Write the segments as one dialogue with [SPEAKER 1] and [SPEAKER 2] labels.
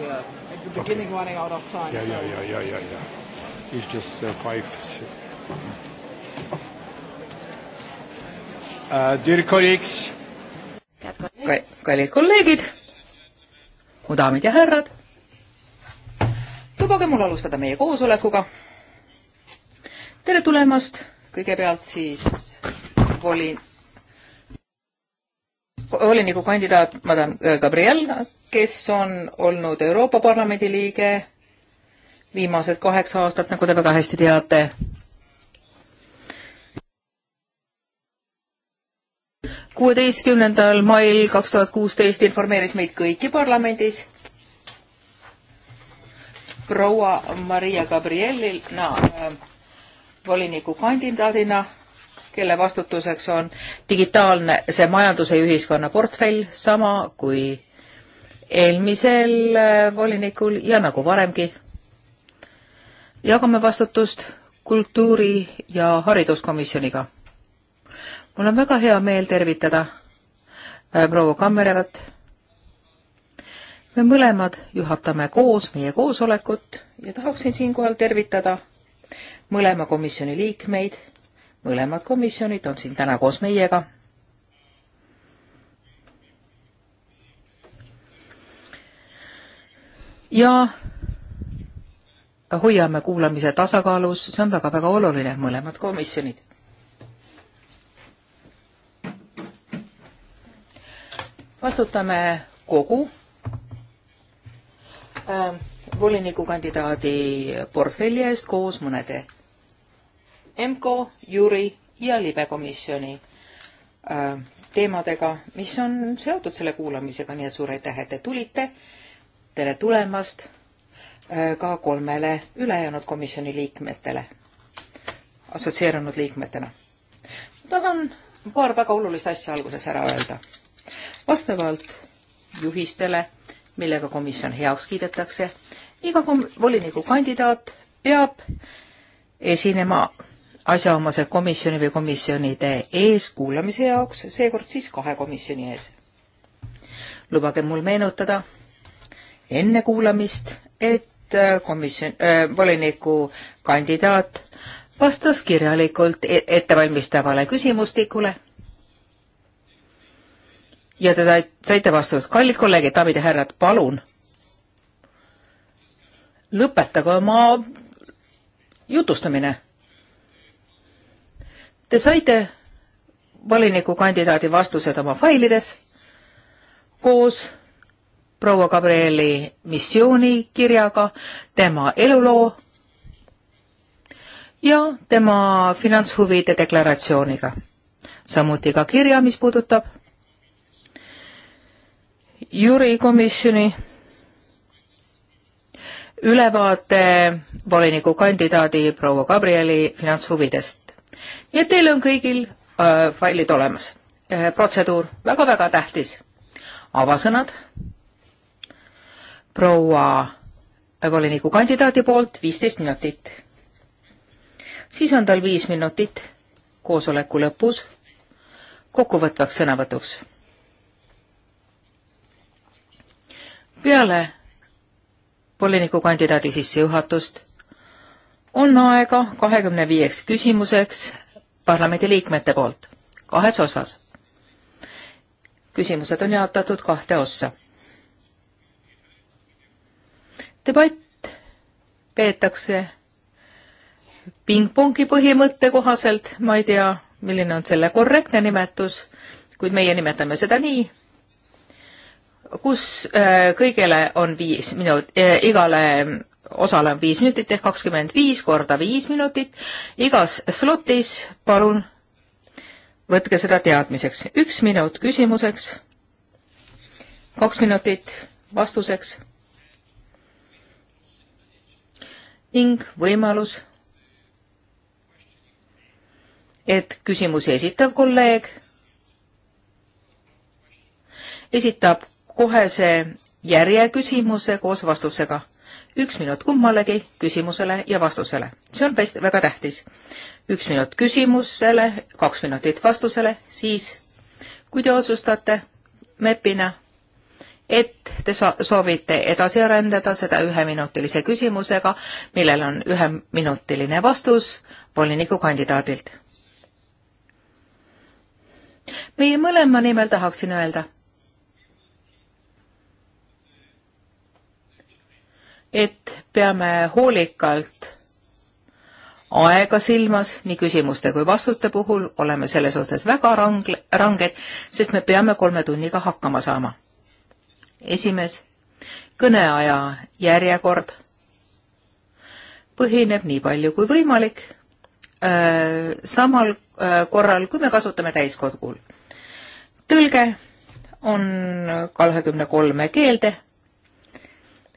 [SPEAKER 1] we're at the beginning okay. running out of time. Yeah, so. yeah, yeah, yeah, yeah, yeah. He's just uh,
[SPEAKER 2] five. Six.
[SPEAKER 3] Uh, dear colleagues. head kolleegid, kallid kolleegid, mu daamid ja härrad. lubage mul alustada meie koosolekuga. tere tulemast kõigepealt siis volin volinikukandidaat madam äh, Gabriel, kes on olnud Euroopa Parlamendi liige viimased kaheksa aastat, nagu te väga hästi teate. kuueteistkümnendal mail kaks tuhat kuusteist informeeris meid kõiki parlamendis proua Maria Gabrielina äh, volinikukandidaadina kelle vastutuseks on digitaalne, see majanduse ja ühiskonna portfell, sama kui eelmisel äh, volinikul ja nagu varemgi. jagame vastutust kultuuri- ja hariduskomisjoniga. mul on väga hea meel tervitada äh, proua Kammerevat. me mõlemad juhatame koos meie koosolekut ja tahaksin siinkohal tervitada mõlema komisjoni liikmeid mõlemad komisjonid on siin täna koos meiega. ja hoiame kuulamise tasakaalus, see on väga-väga oluline, mõlemad komisjonid. vastutame kogu äh, volinikukandidaadi portfelli eest koos mõnede EMCO, Jüri ja libekomisjoni äh, teemadega, mis on seotud selle kuulamisega, nii et suur aitäh, et te tulite. tere tulemast äh, ka kolmele ülejäänud komisjoni liikmetele, assotsieerunud liikmetena. tahan paar väga olulist asja alguses ära öelda. vastavalt juhistele, millega komisjon heaks kiidetakse, iga kom-, voliniku kandidaat peab esinema asjaomase komisjoni või komisjonide ees kuulamise jaoks, seekord siis kahe komisjoni ees. lubage mul meenutada enne kuulamist, et äh, komisjon äh,, voliniku kandidaat vastas kirjalikult e-, ettevalmistavale küsimustikule ja teda saite vastust. kallid kolleegid, daamid ja härrad, palun lõpetage oma jutustamine Te saite volinikukandidaadi vastused oma failides koos proua Gabrieli missioonikirjaga, tema eluloo ja tema finantshuvide deklaratsiooniga. samuti ka kirja, mis puudutab jurikomisjoni ülevaate volinikukandidaadi proua Gabrieli finantshuvidest nii et teil on kõigil äh, failid olemas äh,. protseduur väga-väga tähtis. avasõnad proua äh, volinikukandidaadi poolt viisteist minutit. siis on tal viis minutit koosoleku lõpus kokkuvõtvaks sõnavõtuks. peale volinikukandidaadi sissejuhatust on aega kahekümne viieks küsimuseks parlamendiliikmete poolt kahes osas. küsimused on jaotatud kahte ossa. debatt peetakse pingpongi põhimõtte kohaselt, ma ei tea, milline on selle korrektne nimetus, kuid meie nimetame seda nii, kus äh, kõigele on viis minut, äh, igale osale on viis minutit ehk kakskümmend viis korda viis minutit. igas slotis palun võtke seda teadmiseks. üks minut küsimuseks, kaks minutit vastuseks ning võimalus, et küsimusi esitav kolleeg esitab kohese järjeküsimuse koos vastusega üks minut kummalegi küsimusele ja vastusele. see on päris väga tähtis. üks minut küsimusele, kaks minutit vastusele, siis kui te otsustate MEP-ina, et te soovite edasi arendada seda üheminutilise küsimusega, millel on üheminutiline vastus volinikukandidaadilt. meie mõlema nimel tahaksin öelda et peame hoolikalt aega silmas nii küsimuste kui vastuste puhul, oleme selle suhtes väga rang-, ranged, sest me peame kolme tunniga hakkama saama. esimees, kõneaja järjekord põhineb nii palju kui võimalik öö, äh, samal öö, äh, korral, kui me kasutame täiskogul. tõlge on kahekümne kolme keelde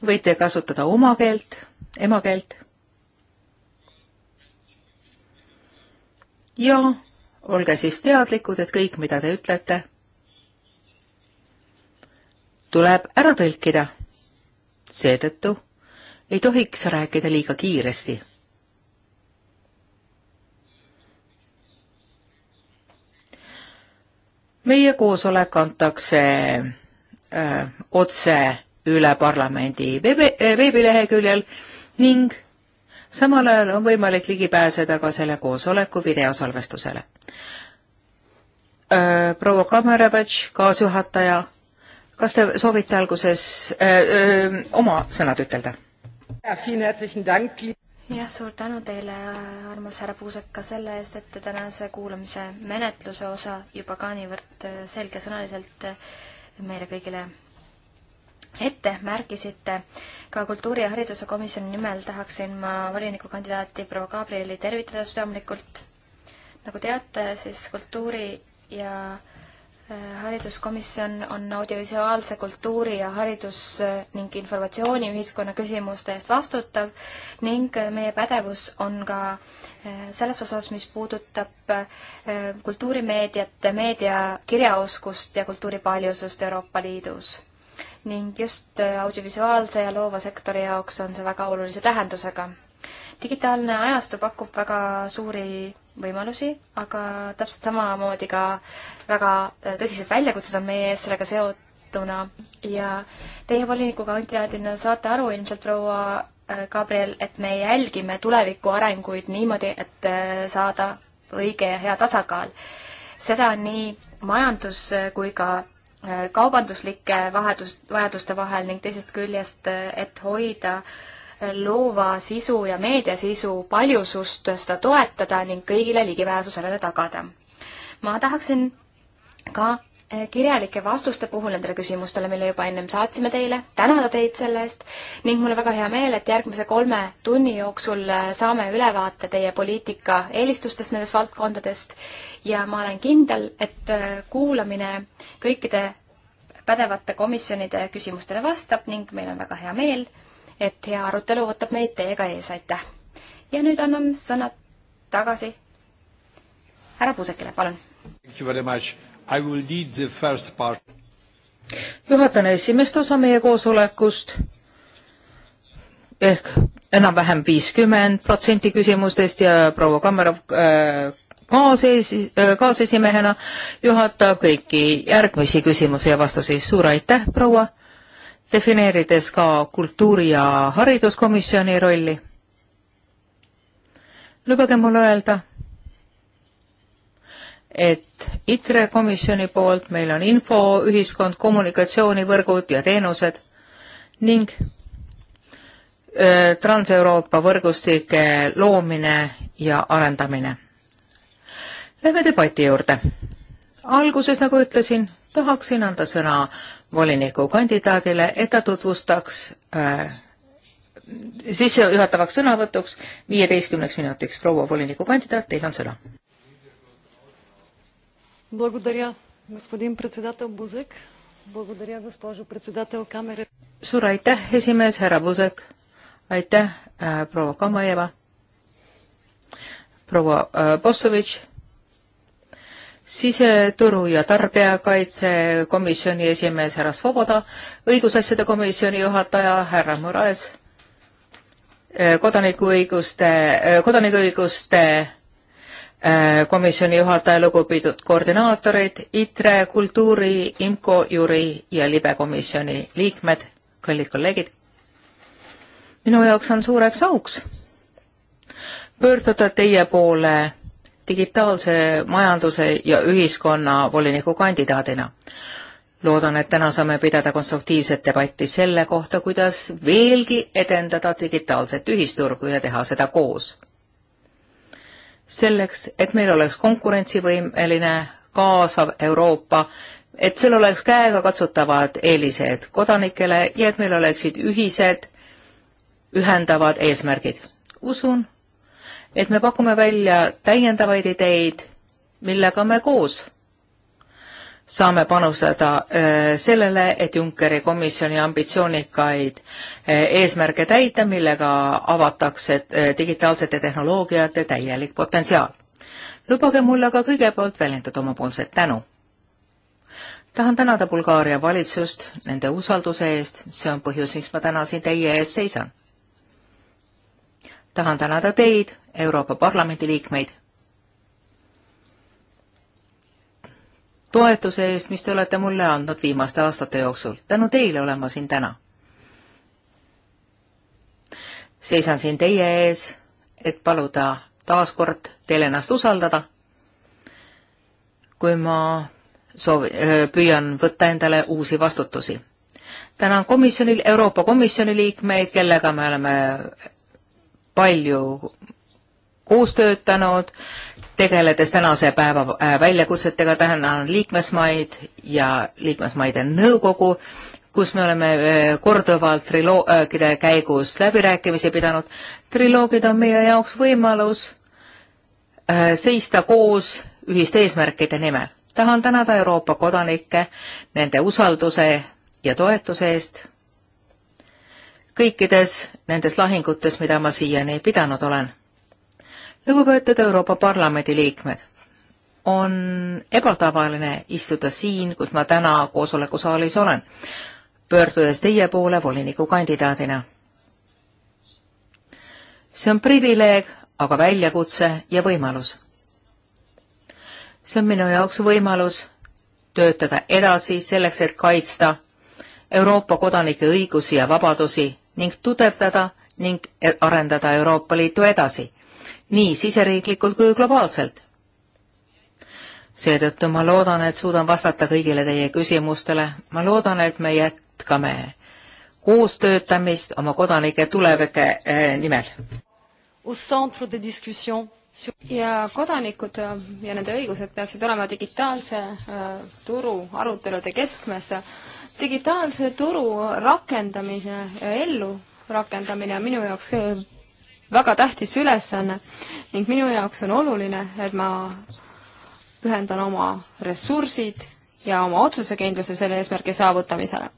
[SPEAKER 3] võite kasutada oma keelt, emakeelt. ja olge siis teadlikud, et kõik, mida te ütlete, tuleb ära tõlkida. seetõttu ei tohiks rääkida liiga kiiresti meie koosolek antakse öö, äh, otse üle parlamendi eh, veebileheküljel ning samal ajal on võimalik ligi pääseda ka selle koosoleku videosalvestusele. Äh, proua Kamerabetš, kaasjuhataja, kas te soovite alguses öö, äh, öö, äh, oma sõnad ütelda?
[SPEAKER 1] jah, suur tänu teile,
[SPEAKER 2] armas härra Puusek, ka selle eest, et te tänase kuulamise menetluse osa juba ka niivõrd selgesõnaliselt meile kõigile ette märkisite. ka kultuuri- ja haridusekomisjoni nimel tahaksin ma volinikukandidaati proua Gabrieli tervitada südamlikult. nagu teate, siis kultuuri- ja äh, hariduskomisjon on audiovisuaalse kultuuri ja haridus- äh, ning informatsiooniühiskonna küsimuste eest vastutav ning äh, meie pädevus on ka selles osas, mis puudutab kultuurimeediat, meedia kirjaoskust ja kultuuri paljusust Euroopa Liidus ning just audiovisuaalse ja loova sektori jaoks on see väga olulise tähendusega. digitaalne ajastu pakub väga suuri võimalusi, aga täpselt samamoodi ka väga äh, tõsised väljakutsed on meie ees sellega seotuna ja teie volinikukandidaadina saate aru ilmselt, proua äh, Gabriel, et me jälgime tuleviku arenguid niimoodi, et äh, saada õige ja hea tasakaal. seda nii majandus kui ka Äh, kaubanduslike vahedus, vajaduste vahel ning teisest küljest, äh, et hoida äh, loova sisu ja meediasisu paljusust, seda toetada ning kõigile ligipääsu sellele tagada. ma tahaksin ka Eh, kirjalike vastuste puhul nendele küsimustele, mille juba ennem saatsime teile, tänada teid selle eest ning mul on väga hea meel, et järgmise kolme tunni jooksul eh, saame ülevaate teie poliitika eelistustest nendest valdkondadest ja ma olen kindel, et eh, kuulamine kõikide pädevate komisjonide küsimustele vastab ning meil on väga hea meel, et hea arutelu ootab meid teiega ees, aitäh! ja nüüd annan sõnad
[SPEAKER 3] tagasi härra Puusekile, palun!
[SPEAKER 1] Thank you very much. I will lead the first part.
[SPEAKER 3] juhatan esimest osa meie koosolekust ehk enam-vähem viiskümmend protsenti küsimustest ja proua Kammerov äh, kaasesi-, äh, kaasesimehena juhatab kõiki järgmisi küsimusi ja vastuseid. suur aitäh, proua, defineerides ka kultuuri- ja hariduskomisjoni rolli. lubage mul öelda et ITRE komisjoni poolt meil on info, ühiskond, kommunikatsioonivõrgud ja teenused ning Trans-Euroopa võrgustike loomine ja arendamine. Lähme debati juurde. alguses, nagu ütlesin, tahaksin anda sõna volinikukandidaadile, et ta tutvustaks äh, sissejuhatavaks sõnavõtuks viieteistkümneks minutiks. proua volinikukandidaat, teil on sõna
[SPEAKER 1] Благодаря, господин председател Бузек. Благодаря, госпожо председател Камера.
[SPEAKER 3] suur aitäh, esimees härra Buzek. aitäh äh,, proua Kamajeva, proua äh, Bossovitš siseturu ja tarbijakaitsekomisjoni esimees härra Svoboda, õigusasjade komisjoni juhataja härra Moraes, e, kodanikuõiguste, e, kodanikuõiguste Äh, komisjoni juhataja, lugupeetud koordinaatorid, ITRE, Kultuuri, IMCO, Jüri ja Libe komisjoni liikmed, kallid kolleegid. minu jaoks on suureks auks pöörduda teie poole digitaalse majanduse ja ühiskonna voliniku kandidaadina. loodan, et täna saame pidada konstruktiivset debatti selle kohta, kuidas veelgi edendada digitaalset ühisturgu ja teha seda koos selleks, et meil oleks konkurentsivõimeline kaasav Euroopa, et seal oleks käegakatsutavad eelised kodanikele ja et meil oleksid ühised ühendavad eesmärgid. usun, et me pakume välja täiendavaid ideid, millega me koos saame panustada äh, sellele, et Junckeri komisjoni ambitsioonikaid äh, eesmärke täita, millega avatakse äh, digitaalsete tehnoloogiate täielik potentsiaal. lubage mul aga kõigepealt väljendada omapoolset tänu. tahan tänada Bulgaaria valitsust nende usalduse eest, see on põhjus, miks ma täna siin teie ees seisan. tahan tänada teid, Euroopa Parlamendi liikmeid toetuse eest, mis te olete mulle andnud viimaste aastate jooksul. tänu teile olen ma siin täna. seisan siin teie ees, et paluda taas kord teil ennast usaldada. kui ma soovi-, püüan võtta endale uusi vastutusi. tänan komisjonil, Euroopa Komisjoni liikmeid, kellega me oleme palju koos töötanud tegeledes tänase päeva äh, väljakutsetega, tänan liikmesmaid ja liikmesmaide nõukogu, kus me oleme äh, korduvalt triloogide käigus läbirääkimisi pidanud. triloogid on meie jaoks võimalus äh, seista koos ühiste eesmärkide nimel. tahan tänada Euroopa kodanikke nende usalduse ja toetuse eest kõikides nendes lahingutes, mida ma siiani pidanud olen lugupeetud Euroopa Parlamendi liikmed, on ebatavaline istuda siin, kus ma täna koosolekusaalis olen, pöördudes teie poole volinikukandidaadina. see on privileeg, aga väljakutse ja võimalus. see on minu jaoks võimalus töötada edasi selleks, et kaitsta Euroopa kodanike õigusi ja vabadusi ning tugevdada ning arendada Euroopa Liitu edasi nii siseriiklikult kui globaalselt. seetõttu ma loodan, et suudan vastata kõigile teie küsimustele, ma loodan, et me jätkame koostöötamist oma kodanike tulevike eh, nimel.
[SPEAKER 4] ja kodanikud ja nende õigused peaksid olema digitaalse eh, turu arutelude keskmes. digitaalse turu rakendamine ja ellu rakendamine on minu jaoks eh, väga tähtis ülesanne ning minu jaoks on oluline, et ma pühendan oma ressursid ja oma otsusekindluse selle eesmärgi saavutamisele.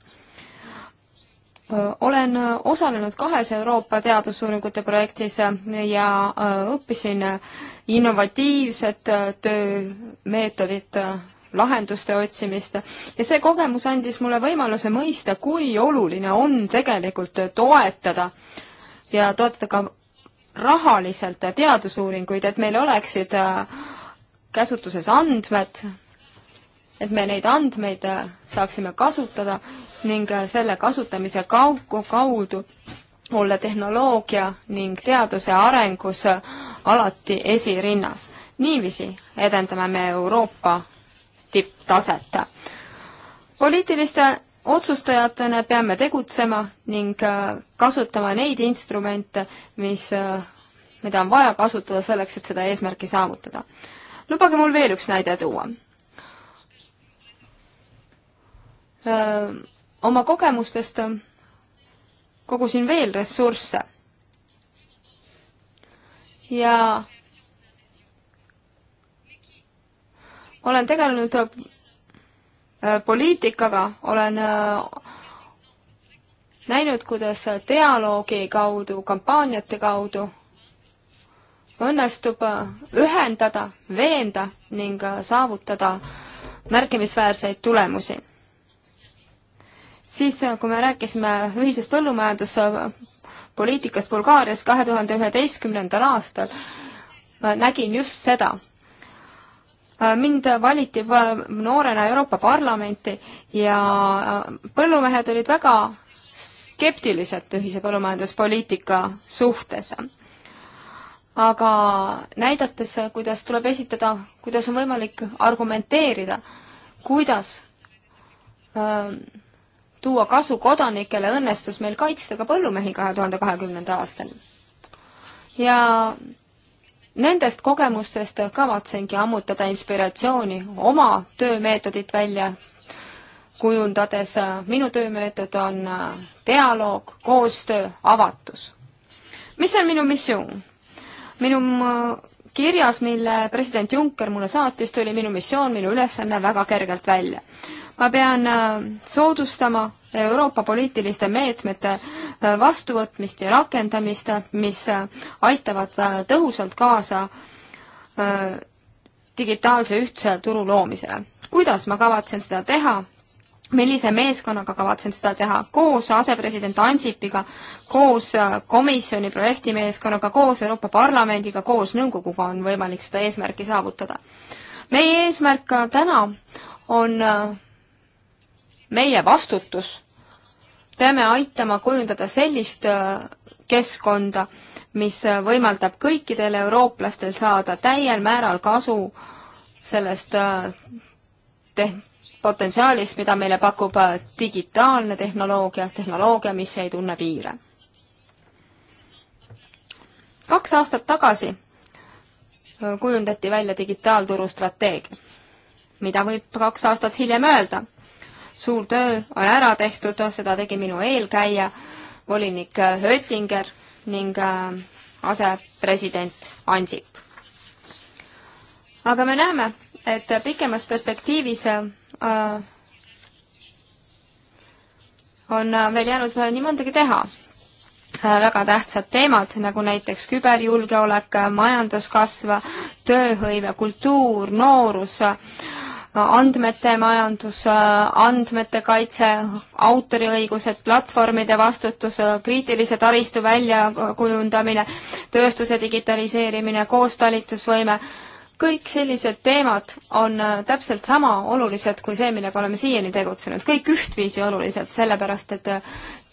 [SPEAKER 4] olen osalenud kahes Euroopa teadusuuringute projektis ja õppisin innovatiivset töömeetodit, lahenduste otsimist ja see kogemus andis mulle võimaluse mõista, kui oluline on tegelikult toetada ja toetada ka rahaliselt teadusuuringuid, et meil oleksid äh, käsutuses andmed, et me neid andmeid äh, saaksime kasutada ning äh, selle kasutamise kaugu, kaudu olla tehnoloogia ning teaduse arengus alati esirinnas. niiviisi edendame me Euroopa tipptaset. poliitiliste otsustajatena peame tegutsema ning äh, kasutama neid instrumente, mis, äh, mida on vaja kasutada selleks, et seda eesmärki saavutada. lubage mul veel üks näide tuua. Äh, oma kogemustest kogusin veel ressursse ja olen tegelenud Äh, poliitikaga olen äh, näinud, kuidas äh, dialoogi kaudu, kampaaniate kaudu õnnestub ühendada, veenda ning saavutada märkimisväärseid tulemusi. siis, kui me rääkisime ühisest põllumajanduspoliitikast Bulgaarias kahe tuhande üheteistkümnendal aastal, ma nägin just seda, Äh, mind valiti noorena Euroopa Parlamenti ja äh, põllumehed olid väga skeptiliselt ühise põllumajanduspoliitika suhtes. aga näidates, kuidas tuleb esitada, kuidas on võimalik argumenteerida, kuidas öö, äh, tuua kasu kodanikele, õnnestus meil kaitsta ka põllumehi kahe tuhande kahekümnenda aastani. ja Nendest kogemustest kavatsengi ammutada inspiratsiooni oma töömeetodit välja kujundades. minu töömeetod on äh, dialoog, koostöö, avatus. mis on minu missioon? minu äh, kirjas, mille president Juncker mulle saatis, tuli minu missioon, minu ülesanne väga kergelt välja. ma pean äh, soodustama Euroopa poliitiliste meetmete äh, vastuvõtmist ja rakendamist, mis äh, aitavad äh, tõhusalt kaasa digitaalse ühtse turu loomisele. kuidas ma kavatsen seda teha? millise meeskonnaga kavatsen seda teha, koos asepresident Ansipiga, koos komisjoni projektimeeskonnaga, koos Euroopa Parlamendiga, koos nõukoguga on võimalik seda eesmärki saavutada. meie eesmärk täna on meie vastutus peame aitama kujundada sellist äh, keskkonda, mis äh, võimaldab kõikidel eurooplastel saada täiel määral kasu sellest äh, te-, potentsiaalist, mida meile pakub digitaalne tehnoloogia, tehnoloogia, mis ei tunne piire. kaks aastat tagasi kujundati välja digitaalturu strateegia. mida võib kaks aastat hiljem öelda? suur töö on ära tehtud, seda tegi minu eelkäija, volinik Oettinger ning äh, asepresident Ansip. aga me näeme, et pikemas perspektiivis äh, on veel jäänud nii mõndagi teha. Äh, väga tähtsad teemad, nagu näiteks küberjulgeolek, majanduskasv, tööhõive, kultuur, noorus, andmete majandus, andmete kaitse, autoriõigused, platvormide vastutus, kriitilise taristu väljakujundamine, tööstuse digitaliseerimine, koostalitusvõime, kõik sellised teemad on täpselt sama olulised kui see, millega oleme siiani tegutsenud, kõik ühtviisi olulised, sellepärast et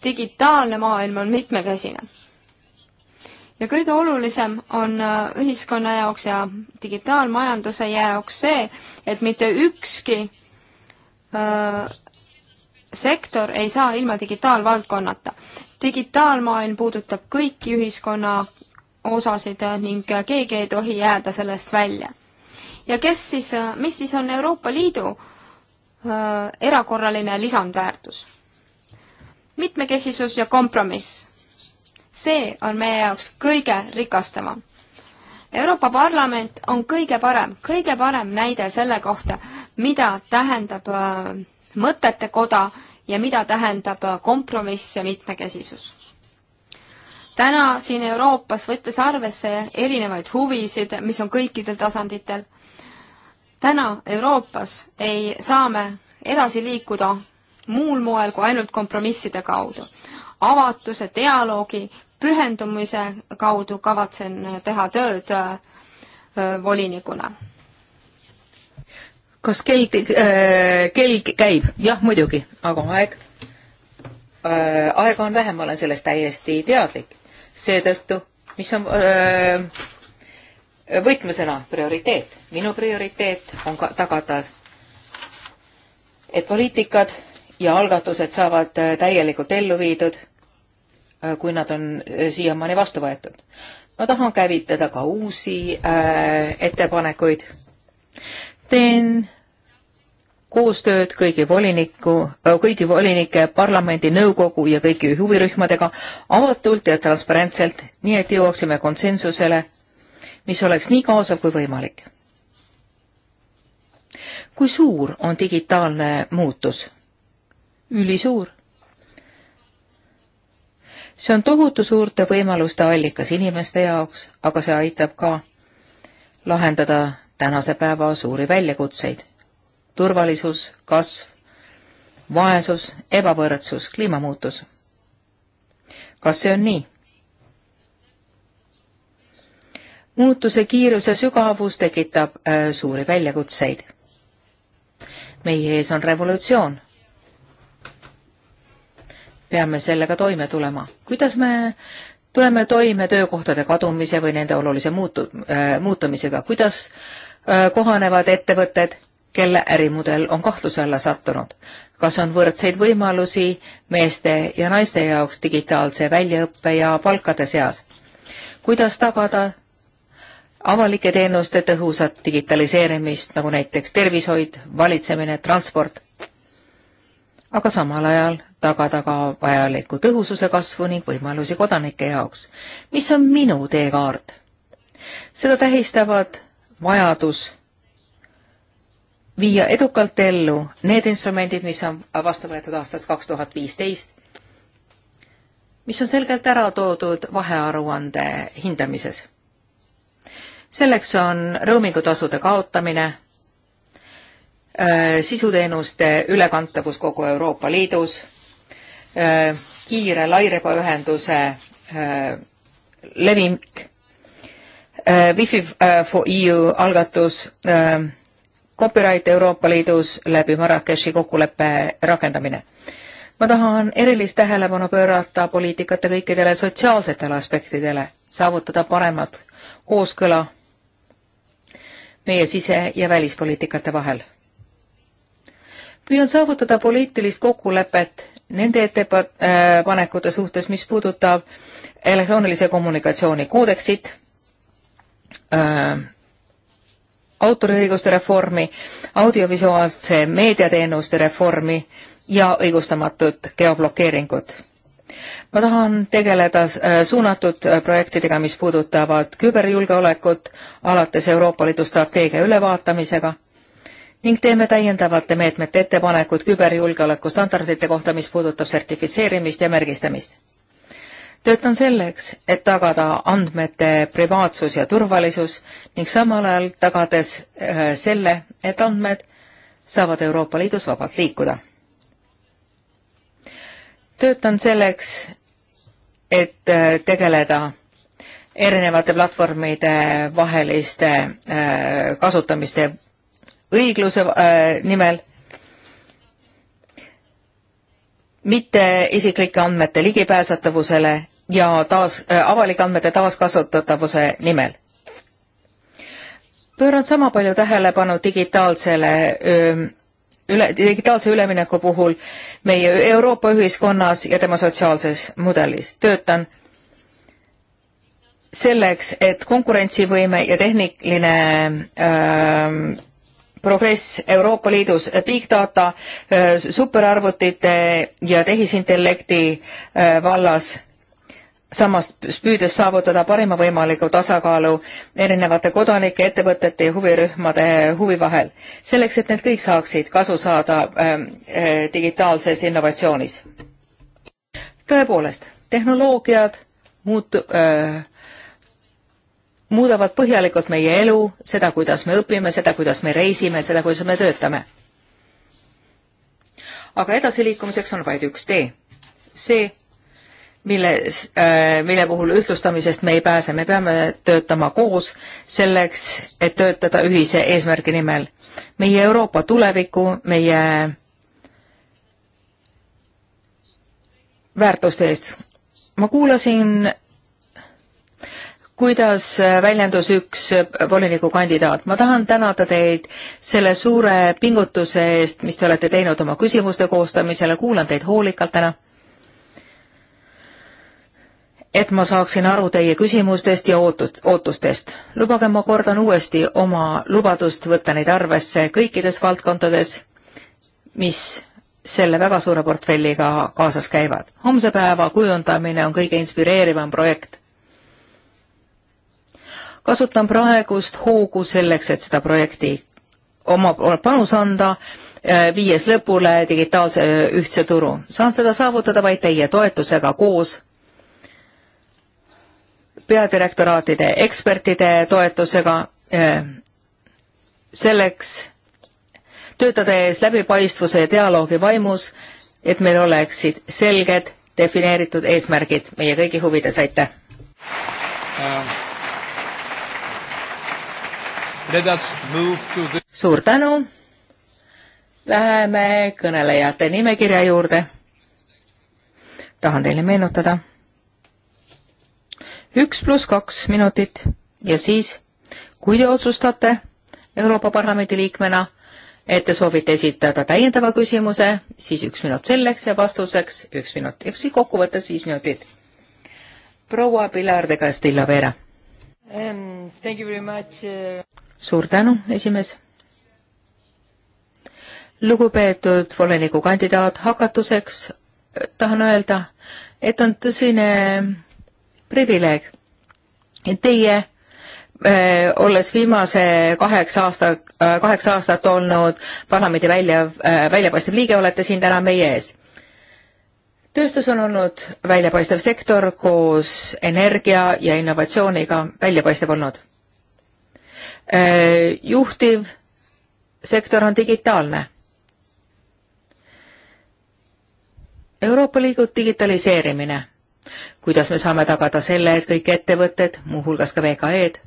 [SPEAKER 4] digitaalne maailm on mitmekesine ja kõige olulisem on äh, ühiskonna jaoks ja digitaalmajanduse jaoks see, et mitte ükski öö, äh, sektor ei saa ilma digitaalvaldkonnata. digitaalmaailm puudutab kõiki ühiskonna osasid äh, ning keegi ei tohi jääda sellest välja. ja kes siis, mis siis on Euroopa Liidu öö, erakorraline lisandväärtus? mitmekesisus ja kompromiss see on meie jaoks kõige rikastavam. Euroopa Parlament on kõige parem, kõige parem näide selle kohta, mida tähendab äh, mõtete koda ja mida tähendab äh, kompromiss ja mitmekesisus. täna siin Euroopas, võttes arvesse erinevaid huvisid, mis on kõikidel tasanditel, täna Euroopas ei saa me edasi liikuda muul moel kui ainult kompromisside kaudu. avatuse, dialoogi, pühendumise kaudu kavatsen teha tööd äh, volinikuna.
[SPEAKER 3] kas kell äh,, kell käib? jah, muidugi, aga aeg äh,, aega on vähe, ma olen sellest täiesti teadlik. seetõttu, mis on äh, võtmesõna prioriteet. minu prioriteet on ka tagada, et poliitikad ja algatused saavad äh, täielikult ellu viidud, äh, kui nad on äh, siiamaani vastu võetud. ma tahan käivitada ka uusi äh, ettepanekuid. teen koostööd kõigi voliniku, kõigi volinike, parlamendi, nõukogu ja kõigi huvirühmadega avatult ja transparentselt, nii et jõuaksime konsensusele, mis oleks nii kaasav kui võimalik. kui suur on digitaalne muutus? ülisuur. see on tohutu suurte võimaluste allikas inimeste jaoks, aga see aitab ka lahendada tänase päeva suuri väljakutseid. turvalisus, kasv, vaesus, ebavõrdsus, kliimamuutus. kas see on nii? muutuse kiiruse sügavus tekitab äh, suuri väljakutseid. meie ees on revolutsioon peame sellega toime tulema. kuidas me tuleme toime töökohtade kadumise või nende olulise muutu- äh,, muutumisega, kuidas äh, kohanevad ettevõtted, kelle ärimudel on kahtluse alla sattunud? kas on võrdseid võimalusi meeste ja naiste jaoks digitaalse väljaõppe ja palkade seas? kuidas tagada avalike teenuste tõhusat digitaliseerimist, nagu näiteks tervishoid, valitsemine, transport? aga samal ajal tagada ka vajaliku tõhususe kasvu ning võimalusi kodanike jaoks, mis on minu teekaart. seda tähistavad vajadus viia edukalt ellu need instrumendid, mis on vastu võetud aastast kaks tuhat viisteist, mis on selgelt ära toodud vahearuande hindamises. selleks on roamingutasude kaotamine Äh, sisuteenuste ülekantavus kogu Euroopa Liidus, äh, kiire lairebaühenduse äh, levik, Wi-Fi for EU algatus, copyright Euroopa Liidus läbi Marrakechi kokkuleppe rakendamine. ma tahan erilist tähelepanu pöörata poliitikate kõikidele sotsiaalsetele aspektidele, saavutada paremat kooskõla meie sise- ja välispoliitikate vahel püüan saavutada poliitilist kokkulepet nende ettepanekute äh, suhtes, mis puudutab elektroonilise kommunikatsiooni koodeksit äh,, autoriõiguste reformi, audiovisuaalse meediateenuste reformi ja õigustamatut geoblokeeringut. ma tahan tegeleda äh, suunatud äh, projektidega, mis puudutavad küberjulgeolekut, alates Euroopa Liidu strateegia ülevaatamisega ning teeme täiendavate meetmete ettepanekud küberjulgeoleku standardite kohta, mis puudutab sertifitseerimist ja märgistamist. töötan selleks, et tagada andmete privaatsus ja turvalisus ning samal ajal tagades äh, selle, et andmed saavad Euroopa Liidus vabalt liikuda. töötan selleks, et äh, tegeleda erinevate platvormide vaheliste äh, kasutamiste õigluse äh, nimel, mitte isiklike andmete ligipääsetavusele ja taas äh,, avalike andmete taaskasutatavuse nimel. pööran sama palju tähelepanu digitaalsele öö, üle, digitaalse ülemineku puhul meie Euroopa ühiskonnas ja tema sotsiaalses mudelis. töötan selleks, et konkurentsivõime ja tehniline öö, progress Euroopa Liidus big data, äh, superarvutite ja tehisintellekti äh, vallas, samas püüdes saavutada parima võimaliku tasakaalu erinevate kodanike, ettevõtete ja huvirühmade huvi vahel, selleks et need kõik saaksid kasu saada ähm, äh, digitaalses innovatsioonis. tõepoolest, tehnoloogiad muutu-, muudavad põhjalikult meie elu, seda, kuidas me õpime, seda, kuidas me reisime, seda, kuidas me töötame. aga edasiliikumiseks on vaid üks tee. see, milles äh,, mille puhul ühtlustamisest me ei pääse, me peame töötama koos selleks, et töötada ühise eesmärgi nimel. meie Euroopa tuleviku, meie väärtuste eest. ma kuulasin kuidas väljendus üks volinikukandidaat. ma tahan tänada teid selle suure pingutuse eest, mis te olete teinud oma küsimuste koostamisele, kuulan teid hoolikalt täna. et ma saaksin aru teie küsimustest ja ootud, ootustest. lubage, ma kordan uuesti oma lubadust võtta neid arvesse kõikides valdkondades, mis selle väga suure portfelliga kaasas käivad. homse päeva kujundamine on kõige inspireerivam projekt kasutan praegust hoogu selleks, et seda projekti oma panus anda, äh, viies lõpule digitaalse äh, ühtse turu. saan seda saavutada vaid teie toetusega koos peadirektoraatide ekspertide toetusega äh, selleks töötada ees läbipaistvuse ja dialoogi vaimus, et meil oleksid selged defineeritud eesmärgid meie kõigi huvides, aitäh! Ähm the... suur tänu. Läheme kõnelejate nimekirja juurde. tahan teile meenutada. üks pluss kaks minutit ja siis, kui te otsustate Euroopa Parlamendi liikmena, et te soovite esitada täiendava küsimuse, siis üks minut selleks ja vastuseks üks minut, ehk siis kokkuvõttes viis minutit. proua Pilar de Castillo Vera um, suur tänu, esimees. lugupeetud voliniku kandidaat, hakatuseks äh, tahan öelda, et on tõsine privileeg, et teie äh, olles viimase kaheksa aasta, äh, kaheksa aastat olnud parlamendi välja, väljapaistev liige, olete siin täna meie ees. tööstus on olnud väljapaistev sektor koos energia ja innovatsiooniga väljapaistev olnud. Äh, juhtiv sektor on digitaalne. Euroopa Liidu digitaliseerimine. kuidas me saame tagada selle, et kõik ettevõtted, muuhulgas ka VKE-d,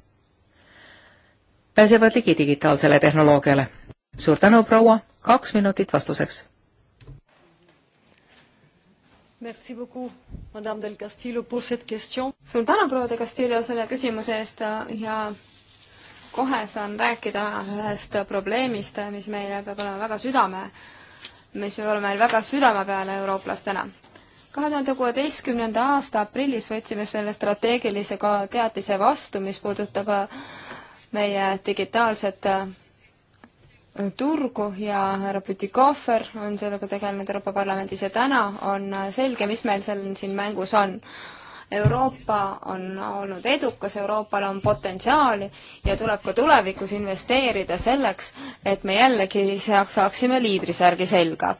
[SPEAKER 3] pääsevad ligi digitaalsele tehnoloogiale? suur tänu, proua, kaks minutit vastuseks.
[SPEAKER 1] Merci beaucoup, madame del Castillo, pour
[SPEAKER 4] cette question. suur tänu, proua de Castillo, selle küsimuse eest ja kohe saan rääkida ühest probleemist, mis meile peab olema väga südame, mis peab olema meil väga südame peal eurooplastena kahe tuhande kuueteistkümnenda aasta aprillis võtsime selle strateegilise teatise vastu, mis puudutab äh, meie digitaalset äh, turgu ja härra Pütikohver on sellega tegelenud Euroopa Parlamendis ja täna on äh, selge, mis meil seal siin mängus on. Euroopa on olnud edukas, Euroopal on potentsiaali ja tuleb ka tulevikus investeerida selleks, et me jällegi saaksime liidrisärgi selga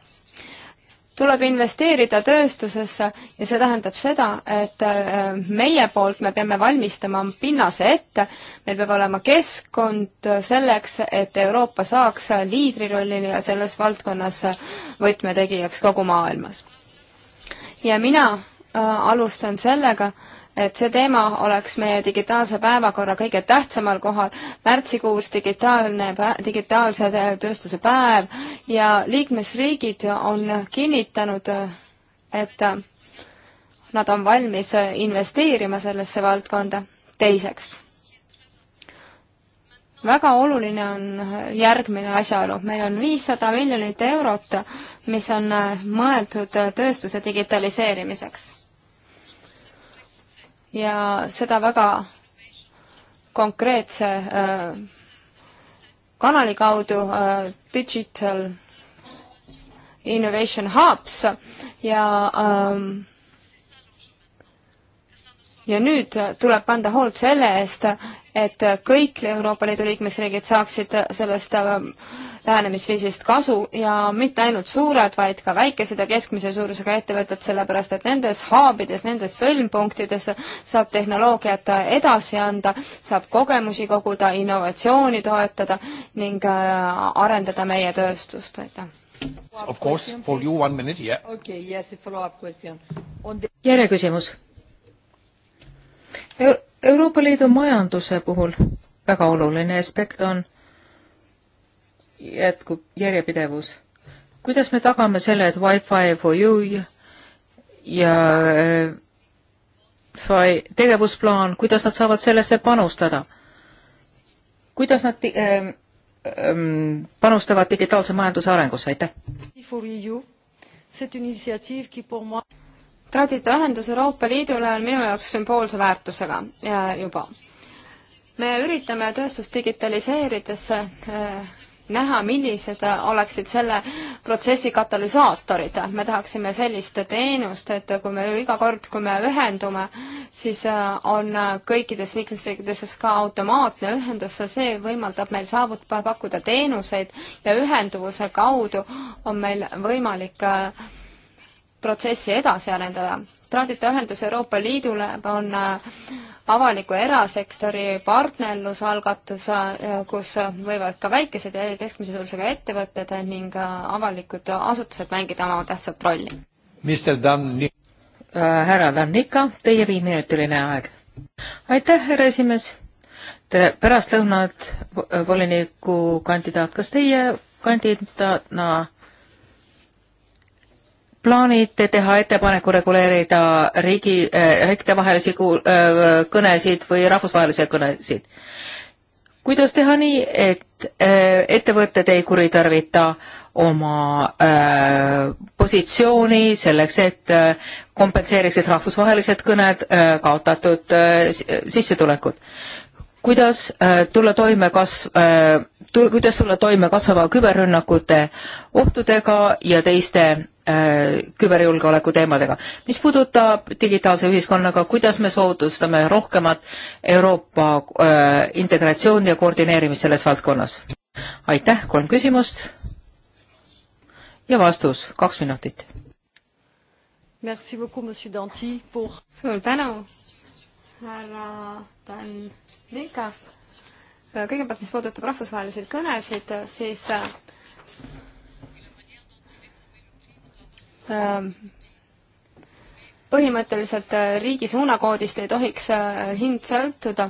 [SPEAKER 4] tuleb investeerida tööstusesse ja see tähendab seda, et äh, meie poolt me peame valmistama pinnase ette, meil peab olema keskkond selleks, et Euroopa saaks liidrirollini ja selles valdkonnas võtmetegijaks kogu maailmas. ja mina Äh, alustan sellega, et see teema oleks meie digitaalse päevakorra kõige tähtsamal kohal. märtsikuus digitaalne, digitaalse tööstuse päev ja liikmesriigid on kinnitanud, et nad on valmis investeerima sellesse valdkonda. teiseks, väga oluline on järgmine asjaolu. meil on viissada miljonit eurot, mis on mõeldud tööstuse digitaliseerimiseks ja seda väga konkreetse äh, kanali kaudu äh, Digital Innovation Hubs ja ähm, ja nüüd tuleb kanda hoolt selle eest, et kõik Euroopa Liidu liikmesriigid saaksid sellest äh, lähenemisviisist kasu ja mitte ainult suured, vaid ka väikesed ja keskmise suurusega ettevõtted, sellepärast et nendes haabides, nendes sõlmpunktides saab tehnoloogiat edasi anda, saab kogemusi koguda, innovatsiooni toetada ning äh, arendada meie tööstust, aitäh.
[SPEAKER 3] Of course, for you one minute, yeah. Okay, yes, a follow-up question. The... järjeküsimus Euro. Euroopa Liidu majanduse puhul väga oluline aspekt on jätkub järjepidevus. kuidas me tagame selle, et Wi-Fi for you ja äh, Fi tegevusplaan, kuidas nad saavad sellesse panustada? kuidas nad äh, äh, panustavad digitaalse majanduse arengusse, aitäh!
[SPEAKER 4] tradita ühendus Euroopa Liidule on minu jaoks sümboolse väärtusega ja juba. me üritame tööstust digitaliseerides äh, näha, millised oleksid selle protsessi katalüsaatorid. me tahaksime sellist teenust, et kui me iga kord, kui me ühendume, siis äh, on kõikides liikmesriikides ka automaatne ühendus ja see võimaldab meil saavut-, pakkuda teenuseid ja ühenduvuse kaudu on meil võimalik äh, protsessi edasi arendada. traadita ühendus Euroopa Liidule on äh, avaliku erasektori partnerlusalgatus, kus võivad ka väikesed ja keskmise suurusega ettevõtted ning avalikud asutused mängida oma tähtsat rolli.
[SPEAKER 3] Äh, härra Dannika, teie viieminutiline aeg. aitäh, härra esimees. Tere pärastlõunat, äh, voliniku kandidaat, kas teie kandidaatna no, plaanite teha ettepaneku reguleerida riigi äh,, eh, riikide vahelisi äh, eh, kõnesid või rahvusvahelisi kõnesid? kuidas teha nii, et äh, ettevõtted ei kuritarvita oma äh, positsiooni selleks, et äh, kompenseeriksid rahvusvahelised kõned äh, kaotatud äh, sissetulekud? kuidas äh, tulla toime kasv äh,, tu, kuidas tulla toime kasvava küberrünnakute ohtudega ja teiste Äh, küberjulgeoleku teemadega. mis puudutab digitaalse ühiskonnaga, kuidas me soodustame rohkemat Euroopa äh, integratsiooni ja koordineerimist selles valdkonnas? aitäh, kolm küsimust ja vastus, kaks minutit.
[SPEAKER 1] Pour... suur tänu,
[SPEAKER 4] härra Dan Mika. kõigepealt, mis puudutab rahvusvahelisi kõnesid, siis äh, Ähm, põhimõtteliselt äh, riigi suunakoodist ei tohiks äh, hind sõltuda,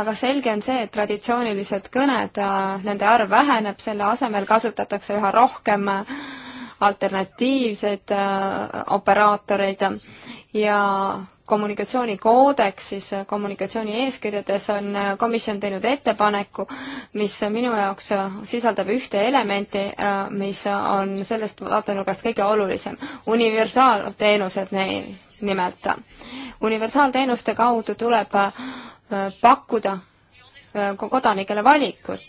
[SPEAKER 4] aga selge on see, et traditsioonilised kõned, äh, nende arv väheneb, selle asemel kasutatakse üha rohkem alternatiivseid operaatoreid ja kommunikatsioonikoodekstis, kommunikatsiooni eeskirjades on komisjon teinud ettepaneku, mis minu jaoks sisaldab ühte elementi, mis on sellest vaatenurgast kõige olulisem. universaalteenused nimelt. universaalteenuste kaudu tuleb pakkuda kodanikele valikut.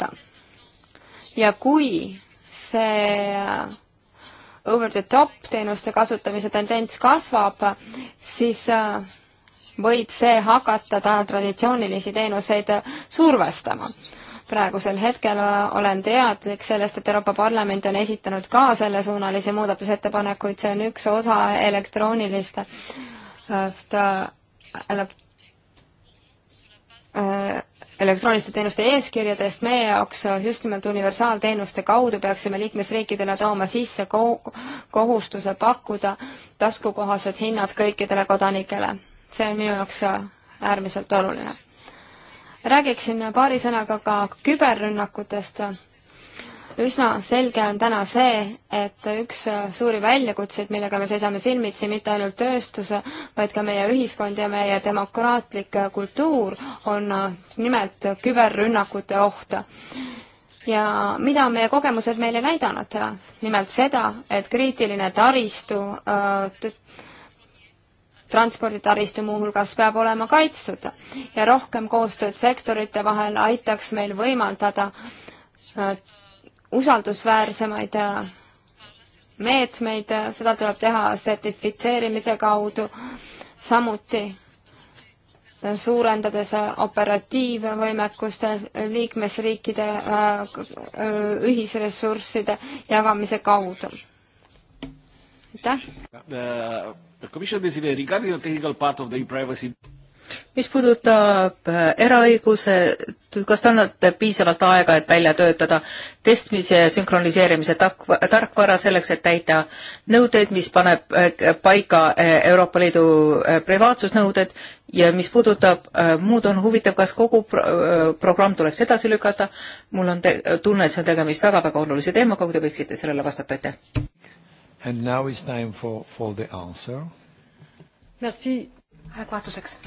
[SPEAKER 4] ja kui see over the top teenuste kasutamise tendents kasvab, siis äh, võib see hakata ta traditsioonilisi teenuseid äh, survestama. praegusel hetkel äh, olen teadlik sellest, et Euroopa Parlament on esitanud ka sellesuunalisi muudatusettepanekuid, see on üks osa elektrooniliste Äh, elektrooniliste teenuste eeskirjadest, meie jaoks äh, just nimelt universaalteenuste kaudu peaksime liikmesriikidele tooma sisse kohustuse pakkuda taskukohased hinnad kõikidele kodanikele. see on minu jaoks äh, äärmiselt oluline. räägiksin paari sõnaga ka küberrünnakutest üsna selge on täna see, et üks suuri väljakutseid, millega me seisame silmitsi, mitte ainult tööstus, vaid ka meie ühiskond ja meie demokraatlik kultuur, on nimelt küberrünnakute oht. ja mida meie kogemused meile näidanud? nimelt seda, et kriitiline taristu äh, transporditaristu muuhulgas peab olema kaitstud ja rohkem koostööd sektorite vahel aitaks meil võimaldada äh, usaldusväärsemaid äh, meetmeid, äh, seda tuleb teha sertifitseerimise kaudu, samuti äh, suurendades operatiivvõimekust liikmesriikide ühisressursside jagamise kaudu.
[SPEAKER 3] aitäh! mis puudutab äh, eraõiguse, kas te annate piisavalt aega, et välja töötada testmise ja sünkroniseerimise tarkvara selleks, et täita nõudeid, mis paneb äh, paika äh, Euroopa Liidu privaatsusnõuded ja mis puudutab muud, on huvitav, kas kogu pro programm tuleks edasi lükata. mul on tunne, et see on tegemist väga-väga olulise teemaga, kui te võiksite sellele vastata, aitäh.
[SPEAKER 1] And now it's time for, for the answer.
[SPEAKER 4] Merci aeg vastuseks.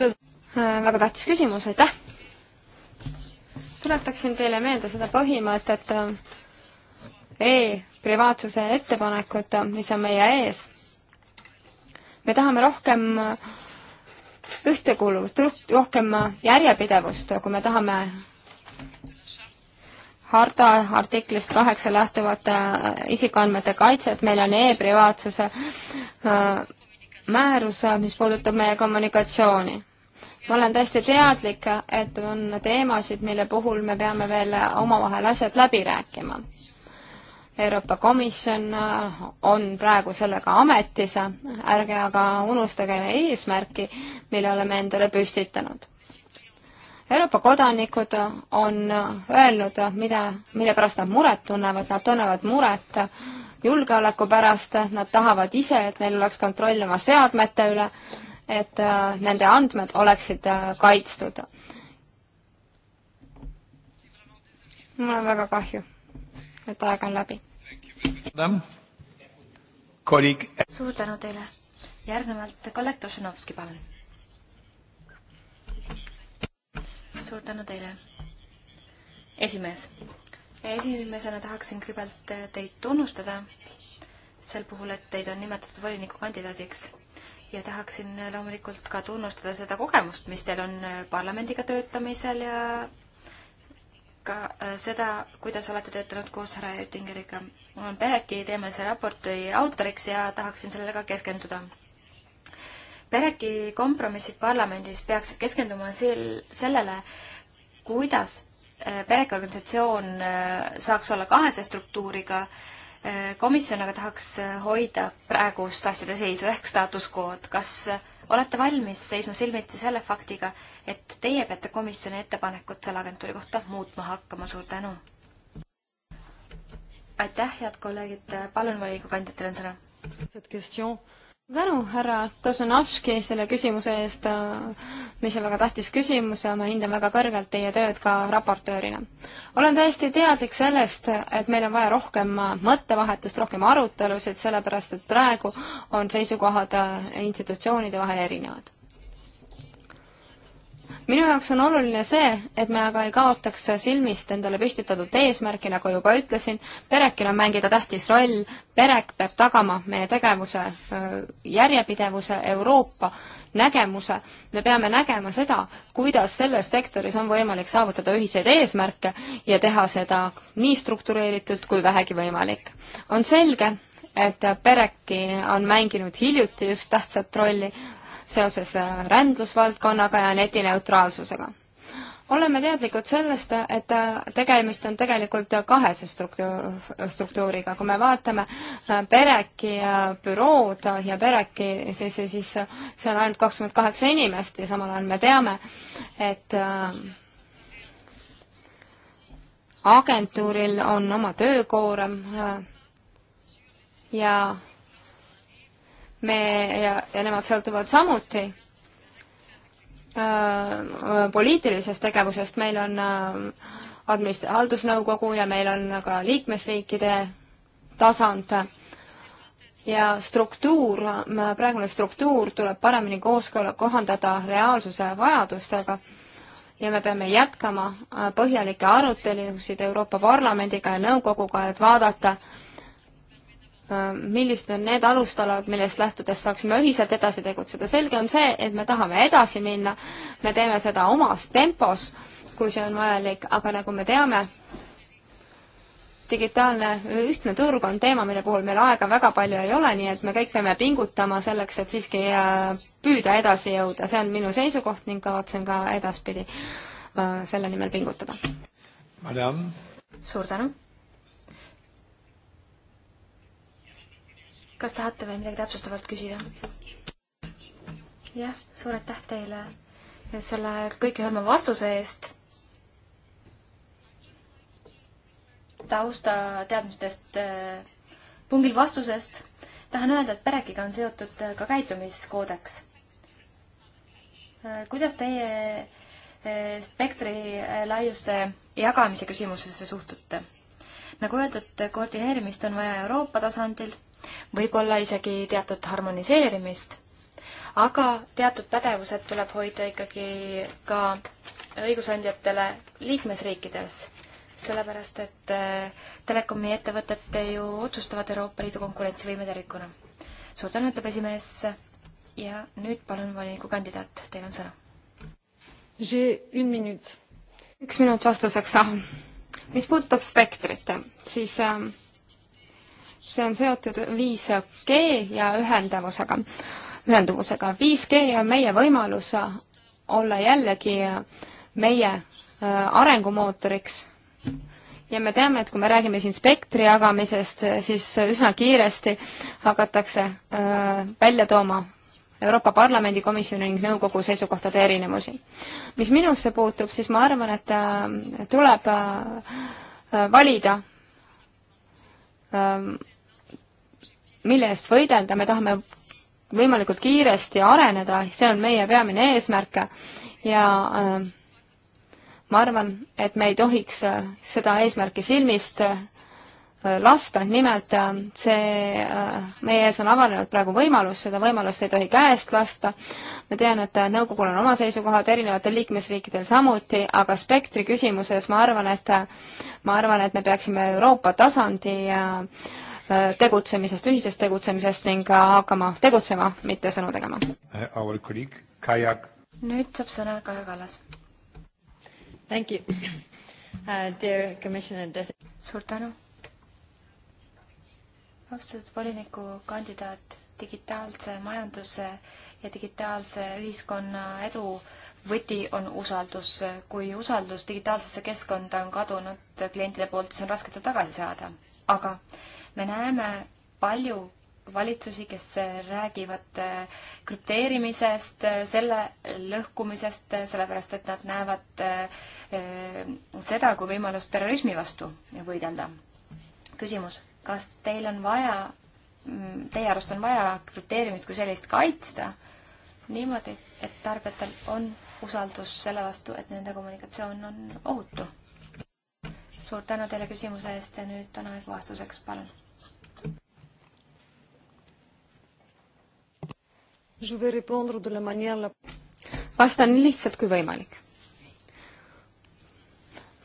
[SPEAKER 4] Äh, väga tähtis küsimus, aitäh! tuletaksin teile meelde seda põhimõtet äh, e-privaatsuse ettepanekut, äh, mis on meie ees. me tahame rohkem ühtekuuluvust, rohkem järjepidevust, kui me tahame harta artiklist kaheksa lähtuvate isikuandmete kaitset, meil on e-privaatsuse määrus, mis puudutab meie kommunikatsiooni. ma olen täiesti teadlik, et on teemasid, mille puhul me peame veel omavahel asjad läbi rääkima. Euroopa Komisjon on praegu sellega ametis, ärge aga unustage eesmärki, mille oleme endale püstitanud. Euroopa kodanikud on öelnud, mida, mille pärast nad muret tunnevad, nad tunnevad muret äh, julgeoleku pärast, nad tahavad ise, et neil oleks kontroll oma seadmete üle, et äh, nende andmed oleksid äh, kaitstud. mul on väga kahju, et aeg on läbi. suur tänu
[SPEAKER 2] teile. järgnevalt kolleeg Tošenovski, palun. suur tänu teile. esimees esimesena tahaksin kõigepealt äh, teid tunnustada sel puhul, et teid on nimetatud volinikukandidaadiks ja tahaksin äh, loomulikult ka tunnustada seda kogemust, mis teil on äh, parlamendiga töötamisel ja ka seda, kuidas olete töötanud koos härra Jütingeriga. ma olen Pereki teemalise raporti autoriks ja tahaksin sellele ka keskenduda. Pereki kompromissid parlamendis peaksid keskenduma sel-, sellele, kuidas Äh, perekonnaorganisatsioon äh, saaks olla kahese struktuuriga, äh, komisjon aga tahaks hoida praegust asjade seisu ehk status quo'd. kas olete valmis seisma silmitsi selle faktiga, et teie peate komisjoni ettepanekut selle agentuuri kohta muutma hakkama, suur tänu. aitäh, head kolleegid, palun volikogu kandidaatile
[SPEAKER 4] sõna tänu, härra Tosunovski, selle küsimuse eest, äh, mis on väga tähtis küsimus ja ma hindan väga kõrgelt teie tööd ka raportöörina. olen täiesti teadlik sellest, et meil on vaja rohkem äh, mõttevahetust, rohkem arutelusid, sellepärast et praegu on seisukohad äh, institutsioonide vahel erinevad minu jaoks on oluline see, et me aga ei kaotaks silmist endale püstitatud eesmärki, nagu juba ütlesin, perekil on mängida tähtis roll, perek peab tagama meie tegevuse järjepidevuse, Euroopa nägemuse, me peame nägema seda, kuidas selles sektoris on võimalik saavutada ühiseid eesmärke ja teha seda nii struktureeritult kui vähegi võimalik. on selge, et pereki on mänginud hiljuti just tähtsat rolli, seoses äh, rändlusvaldkonnaga ja netineutraalsusega. oleme teadlikud sellest, et äh, tegemist on tegelikult kahese struktuur, struktuuriga, kui me vaatame äh, pereki bürood ja pereki, siis, siis see on ainult kakskümmend kaheksa inimest ja samal ajal me teame, et agentuuril on oma töökoorem ja me ja, ja nemad sõltuvad samuti äh, äh poliitilisest tegevusest, meil on äh, administ-, haldusnõukogu ja meil on ka liikmesriikide tasand ja struktuur, äh, praegune struktuur tuleb paremini kooskõla, kohandada reaalsuse vajadustega ja me peame jätkama äh, põhjalikke arutelusid Euroopa Parlamendiga ja nõukoguga, et vaadata äh, millised on need alustalad, millest lähtudes saaksime ühiselt edasi tegutseda. selge on see, et me tahame edasi minna, me teeme seda omas tempos, kui see on vajalik, aga nagu me teame, digitaalne ühtne turg on teema, mille puhul meil aega väga palju ei ole, nii et me kõik peame pingutama selleks, et siiski äh, püüda edasi jõuda. see on minu seisukoht ning kavatsen ka edaspidi äh, selle nimel pingutada. suur tänu!
[SPEAKER 2] kas tahate veel midagi täpsustavalt küsida? jah, suur aitäh teile selle kõikehõlma vastuse eest. taustateadmistest äh, pungil vastusest tahan öelda, et perekiga on seotud äh, ka käitumiskoodeks. Äh, kuidas teie spektri laiuste jagamise küsimusesse suhtute? nagu öeldud, koordineerimist on vaja Euroopa tasandil võib-olla isegi teatud harmoniseerimist, aga teatud pädevused tuleb hoida ikkagi ka õigusandjatele liikmesriikides, sellepärast et äh, telekomi ettevõtted ju otsustavad Euroopa Liidu konkurentsivõime tervikuna. suur tänu, ütleb esimees ja nüüd palun
[SPEAKER 4] volinikukandidaat, teil on sõna. üks minut vastuseks. mis puudutab spektrit, siis äh, see on seotud 5G ja ühendavusega, ühenduvusega. 5G on meie võimalus olla jällegi meie äh, arengumootoriks ja me teame, et kui me räägime siin spektri jagamisest, siis üsna kiiresti hakatakse äh, välja tooma Euroopa Parlamendi komisjoni ning nõukogu seisukohtade erinevusi. mis minusse puutub, siis ma arvan, et äh, tuleb valida ähm, mille eest võidelda, me tahame võimalikult kiiresti areneda, see on meie peamine eesmärk ja äh, ma arvan, et me ei tohiks äh, seda eesmärki silmist äh, lasta, nimelt see, meie ees on avanenud praegu võimalus, seda võimalust ei tohi käest lasta. ma tean, et nõukogul on oma seisukohad, erinevatel liikmesriikidel samuti, aga spektri küsimuses ma arvan, et ma arvan, et me peaksime Euroopa tasandi äh, Äh, tegutsemisest, ühisest tegutsemisest ning hakkama tegutsema, mitte sõnu tegema.
[SPEAKER 1] Äh,
[SPEAKER 2] nüüd saab sõna Kaja Kallas.
[SPEAKER 4] Thank you uh,, dear commissioner. suur tänu.
[SPEAKER 2] austatud volinikukandidaat, digitaalse majanduse ja digitaalse ühiskonna edu võti on usaldus. kui usaldus digitaalsesse keskkonda on kadunud klientide poolt, siis on raske seda tagasi saada. aga äh, me näeme palju valitsusi, kes räägivad äh, krüpteerimisest, äh, selle lõhkumisest, äh, sellepärast et nad näevad seda kui võimalust terrorismi vastu võidelda. küsimus, kas teil on vaja, mm, teie arust on vaja krüpteerimist kui sellist kaitsta niimoodi, et tarbijatel on usaldus selle vastu, et nende kommunikatsioon on ohutu? suur tänu teile küsimuse eest ja nüüd on aeg vastuseks, palun
[SPEAKER 4] vastan nii lihtsalt kui võimalik.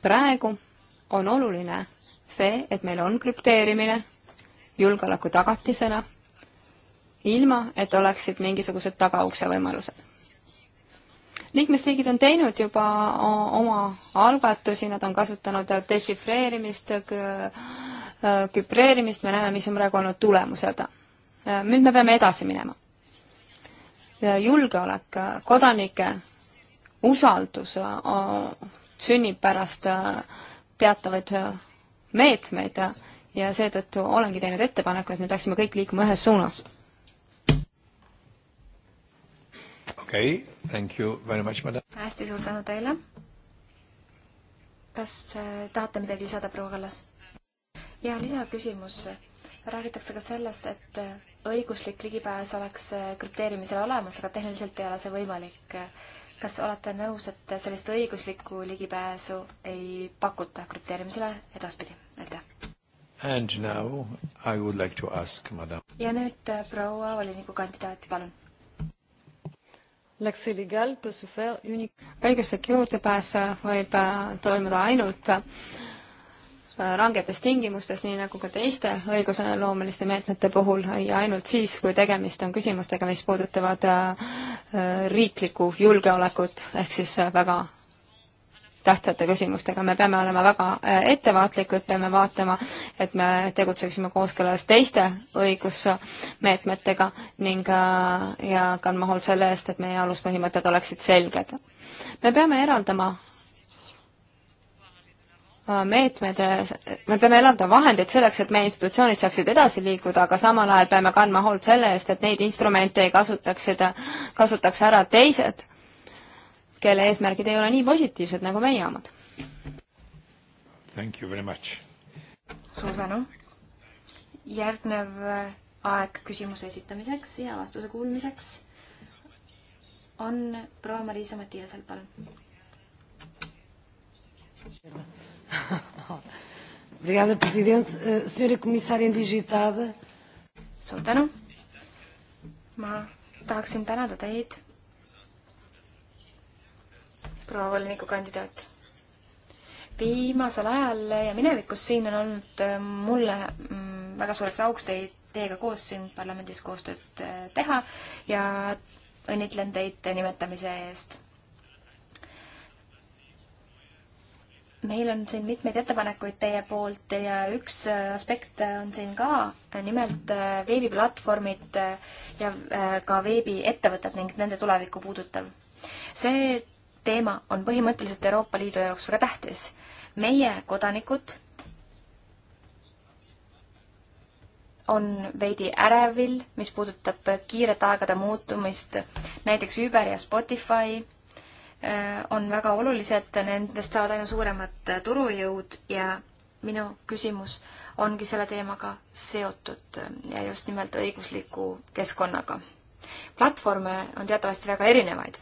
[SPEAKER 4] praegu on oluline see, et meil on krüpteerimine julgeoleku tagatisena, ilma et oleksid mingisugused tagaukse võimalused. liikmesriigid on teinud juba oma algatusi, nad on kasutanud dešifreerimist, küpreerimist, me näeme, mis on praegu olnud tulemused. nüüd me peame edasi minema julgeolek, kodanike usaldus äh, sünnib pärast äh, teatavaid äh, meetmeid ja, ja seetõttu olengi teinud ettepaneku, et me peaksime kõik liikuma ühes suunas.
[SPEAKER 1] okei okay,, thank you very much, madam.
[SPEAKER 2] hästi, suur tänu teile. kas tahate midagi lisada, proua Kallas? ja lisaküsimus. räägitakse ka sellest, et õiguslik ligipääs oleks äh, krüpteerimisel olemas, aga tehniliselt ei ole see võimalik. kas olete nõus, et sellist õiguslikku ligipääsu ei pakuta krüpteerimisele edaspidi? aitäh!
[SPEAKER 1] And now I would like to ask madam. ja nüüd äh, proua volinikukandidaat, palun.
[SPEAKER 4] õiguslik juurdepääs võib äh, toimuda ainult Äh, rangetes tingimustes, nii nagu ka teiste õigusloomeliste meetmete puhul ja ainult siis, kui tegemist on küsimustega, mis puudutavad äh, äh, riiklikku julgeolekut, ehk siis väga tähtsate küsimustega, me peame olema väga ettevaatlikud, peame vaatama, et me tegutseksime kooskõlas teiste õigusmeetmetega ning ja kandma hoolt selle eest, et meie aluspõhimõtted oleksid selged. me peame eraldama Äh, meetmed, äh, me peame eraldama vahendeid selleks, et meie institutsioonid saaksid edasi liikuda, aga samal ajal peame kandma hoolt selle eest, et neid instrumente ei kasutaks seda, kasutaks ära teised, kelle eesmärgid ei ole nii positiivsed nagu meie omad.
[SPEAKER 2] Thank you very much.
[SPEAKER 4] suur tänu. järgnev
[SPEAKER 2] äh, aeg küsimuse esitamiseks ja vastuse kuulmiseks on proua Marisa Matiasel, palun.
[SPEAKER 1] Obrigada, presidente. Eh, Senhora komissaria indigitada. suur tänu. ma tahaksin tänada teid,
[SPEAKER 2] proua volinikukandidaat viimasel ajal ja minevikus siin on olnud eh, mulle mm, väga suureks auks teid, teiega koos siin parlamendis koostööd eh, teha ja õnnitlen teid nimetamise eest. meil on siin mitmeid ettepanekuid teie poolt ja üks äh, aspekt äh, on siin ka, äh, nimelt veebiplatvormid ja ka veebiettevõtted ning nende tulevikku puudutav. see teema on põhimõtteliselt Euroopa Liidu jaoks väga tähtis. meie kodanikud on veidi ärevil, mis puudutab kiiret aegade muutumist, näiteks Uber ja Spotify Äh, on väga olulised, nendest saavad aina suuremad turujõud ja minu küsimus ongi selle teemaga seotud ja just nimelt õigusliku keskkonnaga. platvorme on teatavasti väga erinevaid.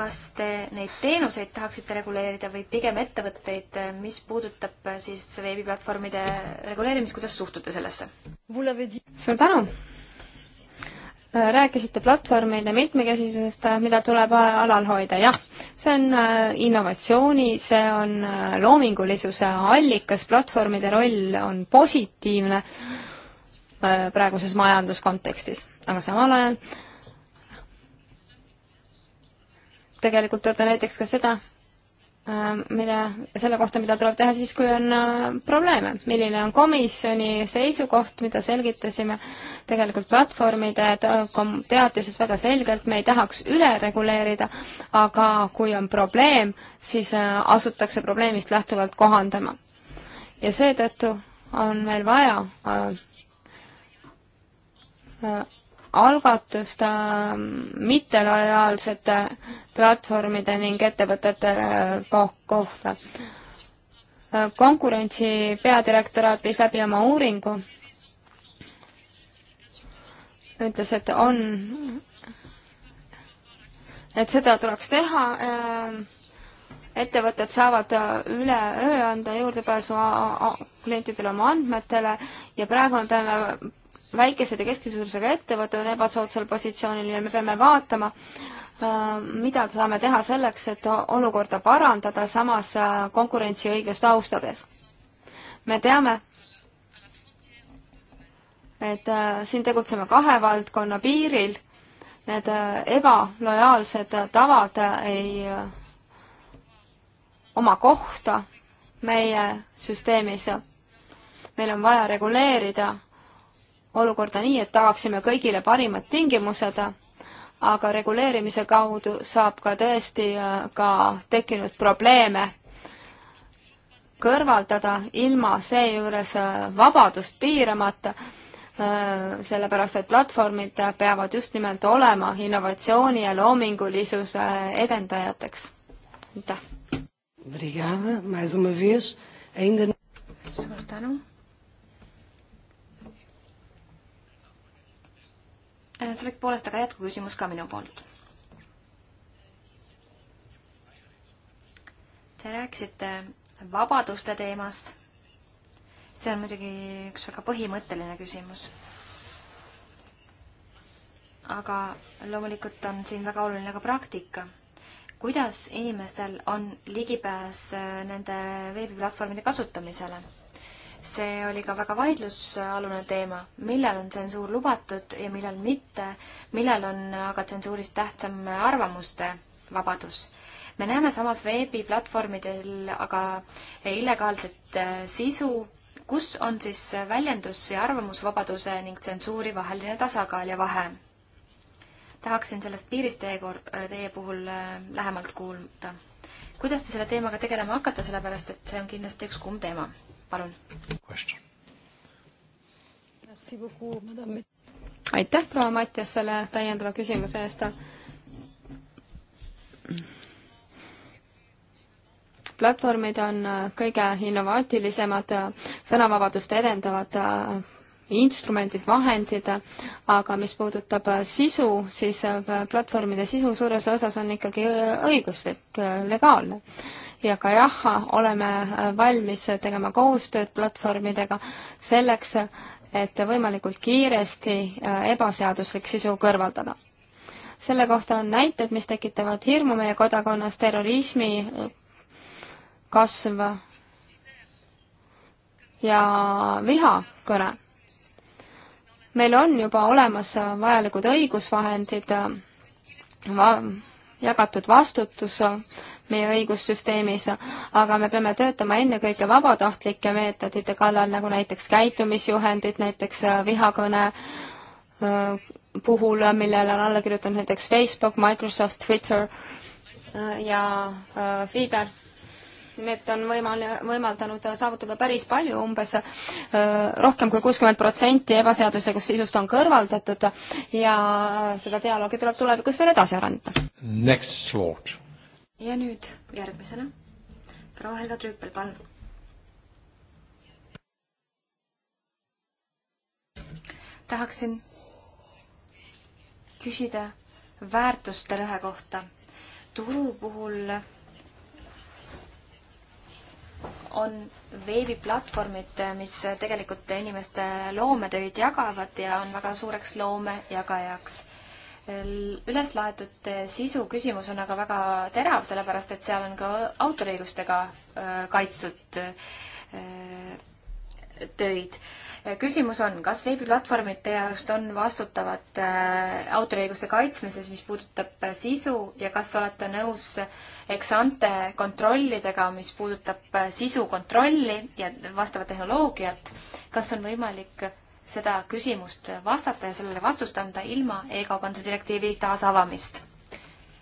[SPEAKER 2] kas te neid teenuseid tahaksite reguleerida või pigem ettevõtteid, mis puudutab siis veebiplatvormide reguleerimist, kuidas suhtute sellesse?
[SPEAKER 4] suur tänu! Äh, rääkisite platvormide mitmekesisusest, äh, mida tuleb alal hoida, jah, see on äh, innovatsiooni, see on loomingulisuse allikas, platvormide roll on positiivne praeguses majanduskontekstis, aga samal ajal tegelikult öelda näiteks ka seda, Äh, mille, selle kohta, mida tuleb teha siis, kui on äh, probleeme. milline on komisjoni seisukoht, mida selgitasime tegelikult platvormide äh, teatises väga selgelt, me ei tahaks üle reguleerida, aga kui on probleem, siis asutakse probleemist lähtuvalt kohandama. ja seetõttu on meil vaja algatust ähm, mittelojaalsete platvormide ning ettevõtete äh, kohta. Äh, konkurentsi peadirektoraat viis läbi oma uuringu, ütles, et on, et seda tuleks teha äh, ettevõtted saavad äh, üleöö anda juurdepääsu klientidele oma andmetele ja praegu me peame väikesed ja keskmise suurusega ettevõtted on ebasoodsal positsioonil ja me peame vaatama, äh, mida saame teha selleks, et olukorda parandada, samas äh, konkurentsiõigust austades. me teame, et äh, siin tegutseme kahe valdkonna piiril, need ebalojaalsed tavad ei oma kohta meie süsteemis. meil on vaja reguleerida olukorda nii, et tagaksime kõigile parimad tingimused, aga reguleerimise kaudu saab ka tõesti äh, ka tekkinud probleeme kõrvaldada ilma seejuures äh, vabadust piiramata, äh, sellepärast et platvormid peavad just nimelt olema innovatsiooni ja loomingulisuse edendajateks. aitäh!
[SPEAKER 1] suur tänu!
[SPEAKER 2] Äh, sellegipoolest aga jätkuküsimus ka minu poolt. Te rääkisite vabaduste teemast. see on muidugi üks väga põhimõtteline küsimus. aga loomulikult on siin väga oluline ka praktika. kuidas inimestel on ligipääs äh, nende veebiplatvormide kasutamisele see oli ka väga vaidlusalune teema, millal on tsensuur lubatud ja millal mitte, millal on aga tsensuurist tähtsam arvamuste vabadus. me näeme samas veebiplatvormidel aga illegaalset äh, sisu, kus on siis väljendus- ja arvamusvabaduse ning tsensuuri vaheline tasakaal ja vahe. tahaksin sellest piirist teie kor-, äh, teie puhul äh, lähemalt kuulda. kuidas te selle teemaga tegelema hakkate, sellepärast et see on kindlasti üks kuum teema palun.
[SPEAKER 4] aitäh, proua Mattias, selle täiendava küsimuse eest. platvormid on kõige innovaatilisemad, sõnavabadust edendavad instrumendid, vahendid, aga mis puudutab sisu, siis platvormide sisu suures osas on ikkagi õiguslik, legaalne ja ka jah, oleme äh, valmis tegema koostööd platvormidega selleks, et võimalikult kiiresti äh, ebaseaduslik sisu kõrvaldada selle kohta on näited, mis tekitavad hirmu meie kodakonnas, terrorismi äh, kasv ja vihakõne. meil on juba olemas vajalikud õigusvahendid va, jagatud vastutus, meie õigussüsteemis, aga me peame töötama ennekõike vabatahtlike meetodite kallal, nagu näiteks käitumisjuhendid, näiteks äh, vihakõne äh, puhul, millele on alla kirjutanud näiteks Facebook, Microsoft, Twitter äh, ja Viber need on võimal-, võimaldanud saavutada päris palju, umbes rohkem kui kuuskümmend protsenti ebaseaduslikust sisust on kõrvaldatud ja seda dialoogi tuleb tulevikus veel edasi arendada.
[SPEAKER 1] Next slot
[SPEAKER 4] ja nüüd
[SPEAKER 2] järgmisena proua Helga Trüüpel, palun. tahaksin küsida väärtuste lõhe kohta. turu puhul on veebiplatvormid, mis tegelikult inimeste loometöid jagavad ja on väga suureks loomejagajaks üles laetud sisu küsimus on aga väga terav, sellepärast et seal on ka autoriõigustega kaitstud töid. küsimus on, kas veebiplatvormide jaoks on vastutavad autoriõiguste kaitsmises, mis puudutab sisu ja kas olete nõus eksante kontrollidega, mis puudutab sisu kontrolli ja vastavat tehnoloogiat, kas on võimalik seda küsimust vastata ja sellele vastust anda ilma e-kaubanduse direktiivi taasavamist.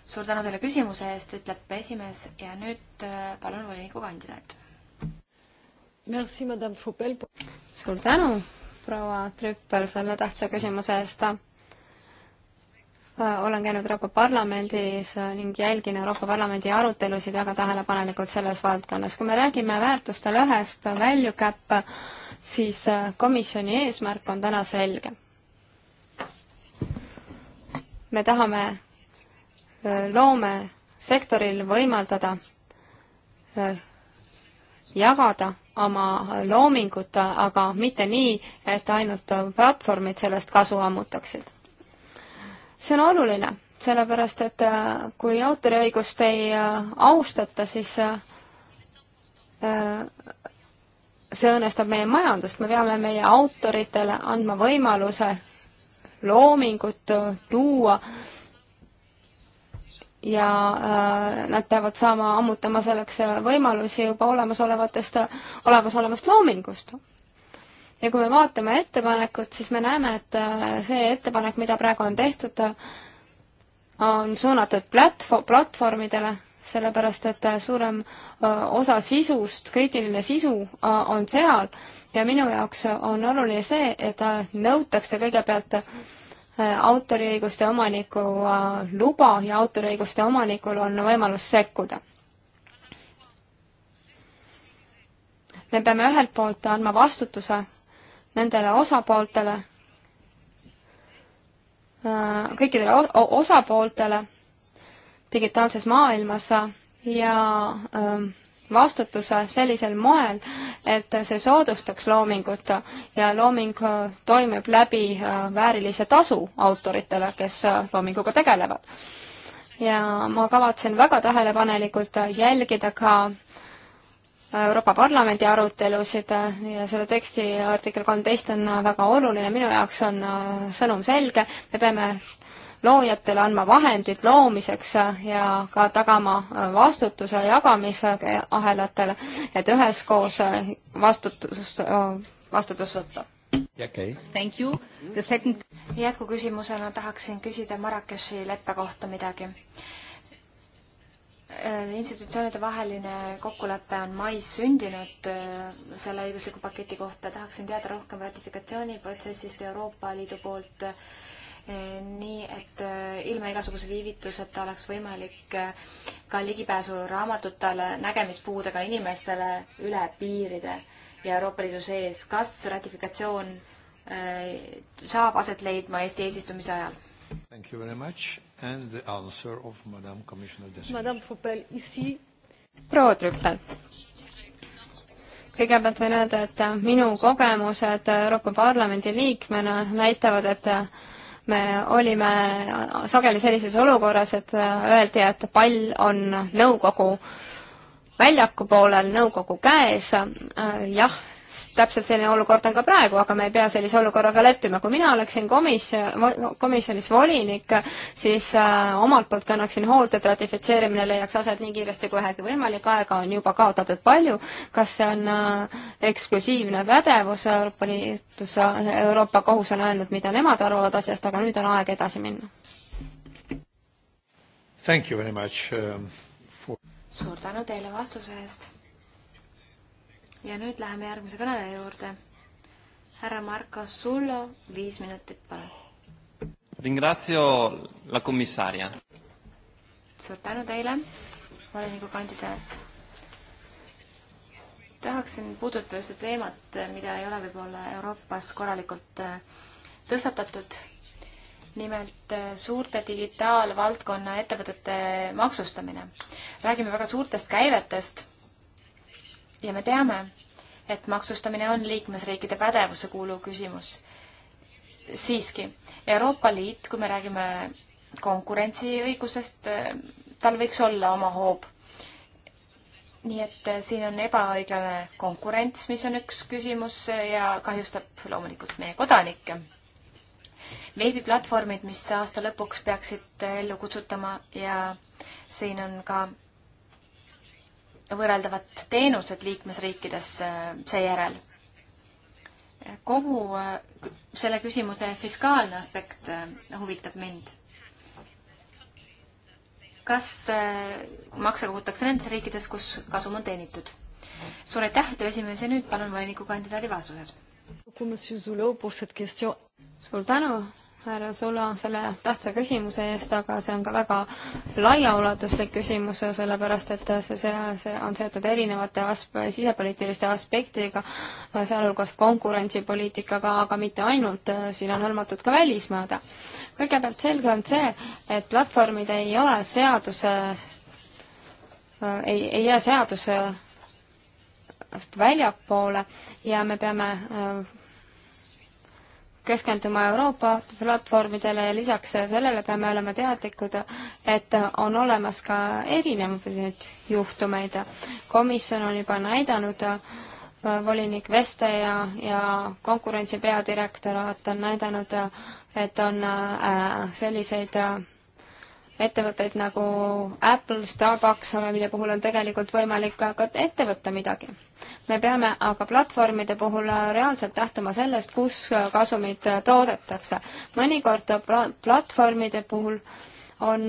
[SPEAKER 2] suur tänu teile küsimuse eest, ütleb esimees ja nüüd äh, palun voliniku kandidaat.
[SPEAKER 4] suur tänu, proua Trüppel, selle tähtsa küsimuse eest Äh, olen käinud Euroopa Parlamendis äh, ning jälgin Euroopa Parlamendi arutelusid väga tähelepanelikult selles valdkonnas. kui me räägime väärtuste lõhest väljukäpp, siis äh, komisjoni eesmärk on täna selge. me tahame loomesektoril võimaldada jagada oma loomingut, aga mitte nii, et ainult platvormid sellest kasu ammutaksid see on oluline, sellepärast et äh, kui autoriõigust ei äh, austata, siis äh, see õõnestab meie majandust, me peame meie autoritele andma võimaluse loomingut luua ja nad peavad saama ammutama selleks võimalusi juba olemasolevatest, olemasolevast loomingust ja kui me vaatame ettepanekut, siis me näeme, et äh, see ettepanek, mida praegu on tehtud, äh, on suunatud platvorm, platvormidele, sellepärast et äh, suurem osa sisust, kriitiline sisu on seal ja minu jaoks on oluline see, et nõutakse kõigepealt autoriõiguste omaniku luba ja autoriõiguste omanikul on võimalus sekkuda. me peame ühelt poolt andma vastutuse nendele osapooltele, äh, kõikidele osapooltele digitaalses maailmas ja ähm, vastutuse sellisel moel, et see soodustaks loomingut ja looming äh, toimib läbi äh, väärilise tasu autoritele, kes loominguga tegelevad. ja ma kavatsen väga tähelepanelikult jälgida ka äh, Euroopa Parlamendi arutelusid ja selle teksti artikkel kolmteist on väga oluline, minu jaoks on äh, sõnum selge, me peame loojatele andma vahendid loomiseks ja ka tagama äh, vastutuse jagamise ahelatele, et üheskoos äh, vastutus, vastutus võtta. Okay. Thank you. The second
[SPEAKER 2] jätkuküsimusena tahaksin küsida Marrakechi leppe kohta midagi Äh, institutsioonide vaheline kokkulepe on mais sündinud äh, selle õigusliku paketi kohta. tahaksin teada rohkem ratifikatsiooniprotsessist Euroopa Liidu poolt, äh, nii et ilma igasuguse viivituseta oleks võimalik ka ligipääsu raamatutele nägemispuudega inimestele üle piiride ja Euroopa Liidu sees. kas ratifikatsioon saab aset leidma Eesti eesistumise ajal?
[SPEAKER 1] Thank you very much and the answer of Madame Commissioner Designate.
[SPEAKER 4] Madame Truppel, ici. proua Truppel. kõigepealt võin öelda, et minu kogemused Euroopa Parlamendi liikmena näitavad, et me olime sageli sellises olukorras, et öeldi, et pall on nõukogu väljaku poolel, nõukogu käes. jah, täpselt selline olukord on ka praegu, aga me ei pea sellise olukorraga leppima. kui mina oleksin komisjon, komisjonis volinik, siis äh, omalt poolt kannaksin hoolt, et ratifitseerimine leiaks aset nii kiiresti kui vähegi võimalik, aega on juba kaotatud palju. kas see on äh, eksklusiivne pädevus Euroopa Liidus, äh, Euroopa Kohus on öelnud, mida nemad arvavad asjast, aga nüüd on aeg edasi minna.
[SPEAKER 2] Thank you very much um, for suur tänu teile vastuse eest ja nüüd läheme järgmise kõneleja juurde. härra Marko Sullo, viis minutit, palun.
[SPEAKER 1] Ringrazio la commissaria.
[SPEAKER 2] suur tänu teile, volinikukandidaat tahaksin puudutada ühte teemat, mida ei ole võib-olla Euroopas korralikult äh, tõstatatud. nimelt äh, suurte digitaalvaldkonna ettevõtete maksustamine. räägime väga suurtest käivetest, ja me teame, et maksustamine on liikmesriikide pädevusse kuuluv küsimus. siiski, Euroopa Liit, kui me räägime konkurentsiõigusest, tal võiks olla oma hoob. nii et eh, siin on ebaõiglane konkurents, mis on üks küsimus eh, ja kahjustab loomulikult meie kodanikke veebiplatvormid, mis aasta lõpuks peaksid eh, ellu kutsutama ja siin on ka võrreldavad teenused liikmesriikides äh, seejärel. kogu äh, selle küsimuse fiskaalne aspekt äh, huvitab mind. kas makse kogutakse nendes riikides, kus kasum on teenitud? suur aitäh, ütleb esimees ja nüüd palun volinikukandidaadi vastused.
[SPEAKER 4] suur tänu härra Sula selle tähtsa küsimuse eest, aga see on ka väga laiaulatuslik küsimus, sellepärast et see, see, see on seotud erinevate asp-, sisepoliitiliste aspektidega, sealhulgas konkurentsipoliitikaga, aga mitte ainult, siin on hõlmatud ka välismaade. kõigepealt selge on see, et platvormid ei ole seadusest, ei, ei jää seaduse väljapoole ja me peame keskenduma Euroopa platvormidele ja lisaks sellele peame olema teadlikud, et on olemas ka erinevaid juhtumeid. komisjon on juba näidanud, volinik Veste ja, ja konkurentsi peadirektoraat on näidanud, et on äh, selliseid äh, ettevõtteid nagu Apple, Starbucks, mille puhul on tegelikult võimalik ka ette võtta midagi. me peame aga platvormide puhul reaalselt lähtuma sellest, kus kasumid toodetakse. mõnikord pla-, platvormide puhul on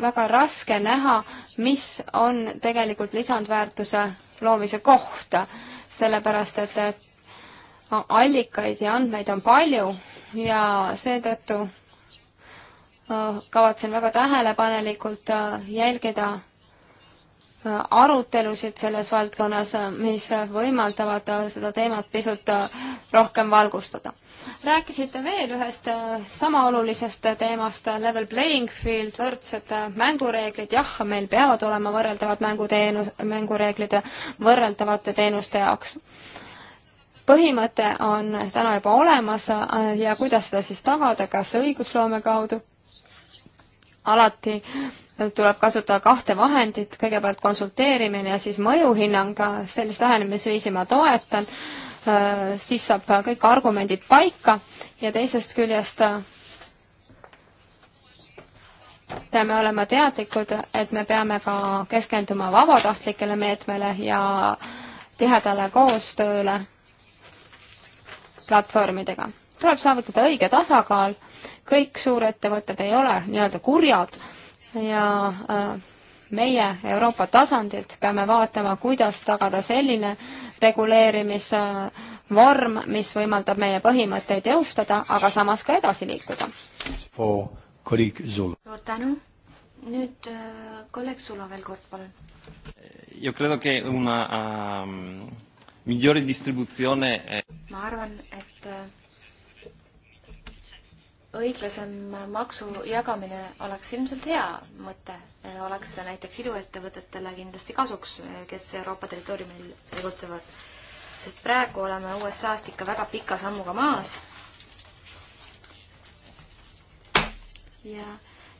[SPEAKER 4] väga raske näha, mis on tegelikult lisandväärtuse loomise koht, sellepärast et allikaid ja andmeid on palju ja seetõttu kavatsen väga tähelepanelikult äh, jälgida äh, arutelusid selles valdkonnas, äh, mis võimaldavad seda teemat pisut rohkem valgustada. rääkisite veel ühest sama olulisest teemast, level playing field, võrdsed mängureeglid, jah, meil peavad olema võrreldavad mänguteenus, mängureeglid võrreldavate teenuste jaoks. põhimõte on täna juba olemas ja kuidas seda siis tagada, kas õigusloome kaudu alati tuleb kasutada kahte vahendit, kõigepealt konsulteerimine ja siis mõjuhinnang, sellist lähenemisviisi ma toetan, äh, siis saab kõik argumendid paika ja teisest küljest äh, peame olema teadlikud, et me peame ka keskenduma vabatahtlikele meetmele ja tihedale koostööle platvormidega. tuleb saavutada õige tasakaal kõik suurettevõtted ei ole nii-öelda kurjad ja äh, meie Euroopa tasandilt peame vaatama, kuidas tagada selline reguleerimisvorm, mis võimaldab meie põhimõtteid jõustada, aga samas ka edasi liikuda. suur
[SPEAKER 2] tänu. nüüd äh, kolleeg Sulo veel kord, palun.
[SPEAKER 1] Io credo che una um, migliore distribuzione eh,
[SPEAKER 2] ma arvan, et äh, õiglasem maksu jagamine oleks ilmselt hea mõte, oleks see näiteks iduettevõtetele kindlasti kasuks, kes Euroopa territooriumil tegutsevad. sest praegu oleme USA-st ikka väga pika sammuga maas. ja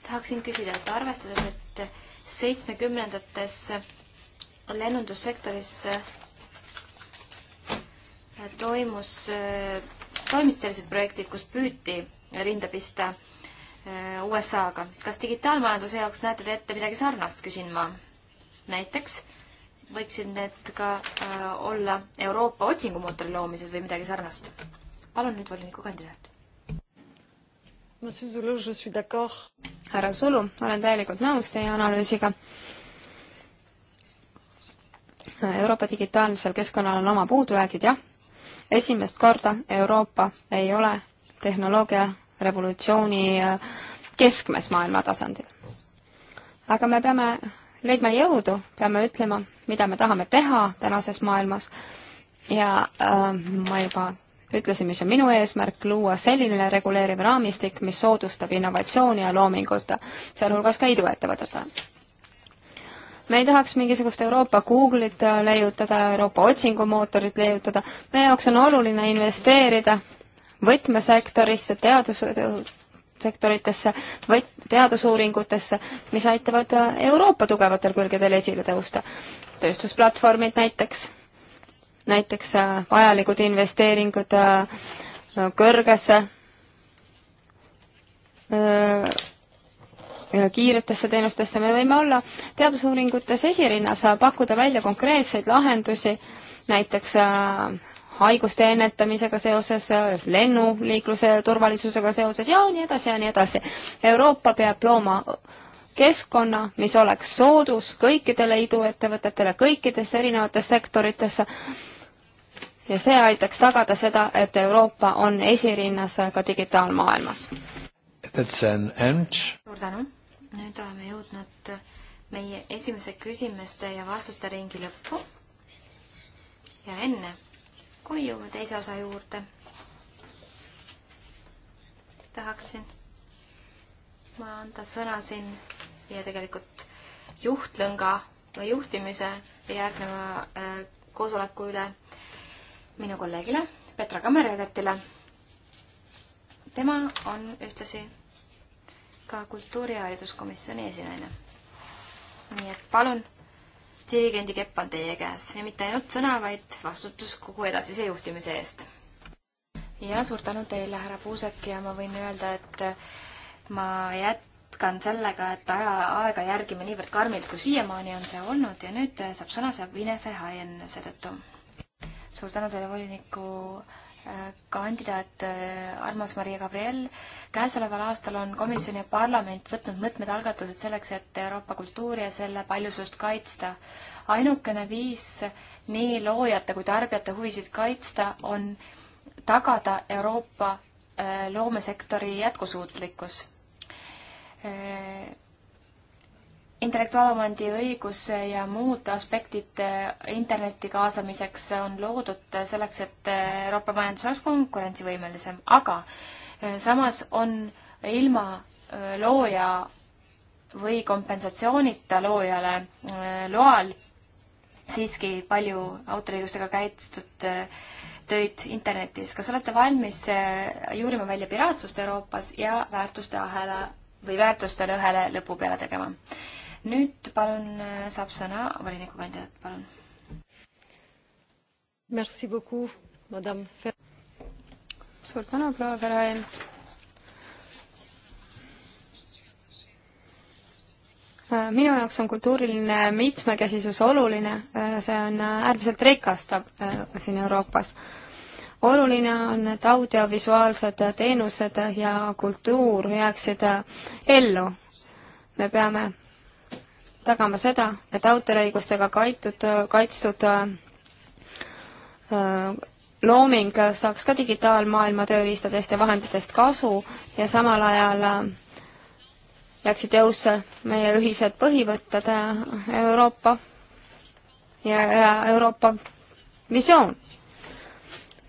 [SPEAKER 2] tahaksin küsida, et arvestades, et seitsmekümnendates lennundussektoris äh, toimus, äh, toimisid sellised projektid, kus püüti rinde pista äh, USA-ga. kas digitaalmajanduse jaoks näete te ette midagi sarnast, küsin ma. näiteks võiksid need ka äh, olla Euroopa otsingumootori loomises või midagi sarnast.
[SPEAKER 1] palun nüüd volinikukandidaat.
[SPEAKER 4] härra Zulu, olen täielikult nõus teie analüüsiga. Euroopa digitaalsel keskkonnal on oma puudujäägid, jah. esimest korda Euroopa ei ole tehnoloogia revolutsiooni äh, keskmes maailma tasandil. aga me peame leidma jõudu, peame ütlema, mida me tahame teha tänases maailmas ja äh, ma juba ütlesin, mis on minu eesmärk, luua selline reguleeriv raamistik, mis soodustab innovatsiooni ja loomingut, sealhulgas ka iduettevõtetele. me ei tahaks mingisugust Euroopa Google'it äh, leiutada, Euroopa otsingumootorit leiutada, meie jaoks on oluline investeerida võtmesektorisse, teadussektoritesse, võt-, teadusuuringutesse, mis aitavad äh, Euroopa tugevatel kõrgedel esile tõusta. tööstusplatvormid näiteks, näiteks äh, vajalikud investeeringud äh, kõrgesse kiiretesse teenustesse, me võime olla teadusuuringutes esirinnas, pakkuda välja konkreetseid lahendusi, näiteks haiguste ennetamisega seoses, lennuliikluse turvalisusega seoses ja nii edasi ja nii edasi. Euroopa peab looma keskkonna, mis oleks soodus kõikidele iduettevõtetele, kõikidesse erinevatesse sektoritesse ja see aitaks tagada seda, et Euroopa on esirinnas ka digitaalmaailmas.
[SPEAKER 2] suur tänu, nüüd oleme jõudnud meie esimese küsimuste ja vastuste ringi lõppu. ja enne kuni jõuame teise osa juurde. tahaksin ma anda sõna siin ja tegelikult juhtlõnga või juhtimise järgneva äh, koosoleku üle minu kolleegile Petra Kammer-Evertile. tema on ühtlasi ka kultuuri- ja hariduskomisjoni esinaine. nii et palun dirigendi kepp on teie käes ja mitte ainult sõna, vaid vastutus kogu edasise juhtimise eest. ja suur tänu teile, härra Puusek, ja ma võin öelda, et äh, ma jätkan sellega, et aja, aega järgime niivõrd karmilt, kui siiamaani on see olnud ja nüüd äh, saab sõna, saab Ine Verhaien seetõttu. suur tänu teile, voliniku äh, kandidaat äh, Armas Maria Gabriel. käesoleval aastal on komisjon ja parlament võtnud mõtmed algatused selleks, et Euroopa kultuuri ja selle paljusust kaitsta. ainukene viis nii loojate kui tarbijate huvisid kaitsta on tagada Euroopa äh, loomesektori jätkusuutlikkus äh, intellektuaalomandi õigus ja muud aspektid interneti kaasamiseks on loodud selleks, et Euroopa majandus oleks konkurentsivõimelisem, aga äh, samas on ilma äh, looja või kompensatsioonita loojale äh, loal siiski palju autoriõigustega kaitstud töid internetis. kas olete valmis juurima välja piraatsust Euroopas ja väärtuste ahela või väärtuste lõhele lõpu peale tegema? nüüd palun äh, saab sõna volinikukandidaat,
[SPEAKER 1] palun. Merci beaucoup, madame Fer-.
[SPEAKER 4] suur tänu, proua Ferrain. Äh, minu jaoks on kultuuriline mitmekesisus oluline, äh, see on äärmiselt rikastav siin Euroopas. oluline on, et audiovisuaalsed teenused ja kultuur jääksid ellu. me peame tagama seda, et autoriõigustega kaitud, kaitstud äh, äh, looming saaks ka digitaalmaailma tööriistadest ja vahenditest kasu ja samal ajal äh, läksid jõusse meie ühised põhivõtted Euroopa ja, ja Euroopa visioon.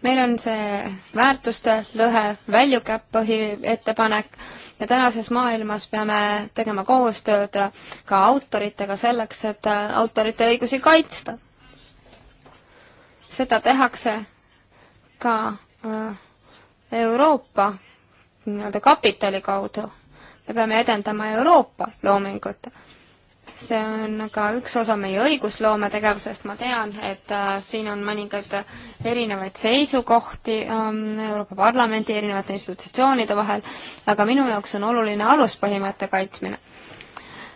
[SPEAKER 4] meil on see väärtuste lõhe väljukäpp põhiettepanek ja tänases maailmas peame tegema koostööd ka autoritega selleks, et autorite õigusi kaitsta. seda tehakse ka äh, Euroopa nii-öelda kapitali kaudu. me peame edendama Euroopa loomingut see on ka üks osa meie õigusloome tegevusest, ma tean, et äh, siin on mõningaid erinevaid seisukohti ähm, Euroopa Parlamendi erinevate institutsioonide vahel, aga minu jaoks on oluline aluspõhimõtte kaitsmine.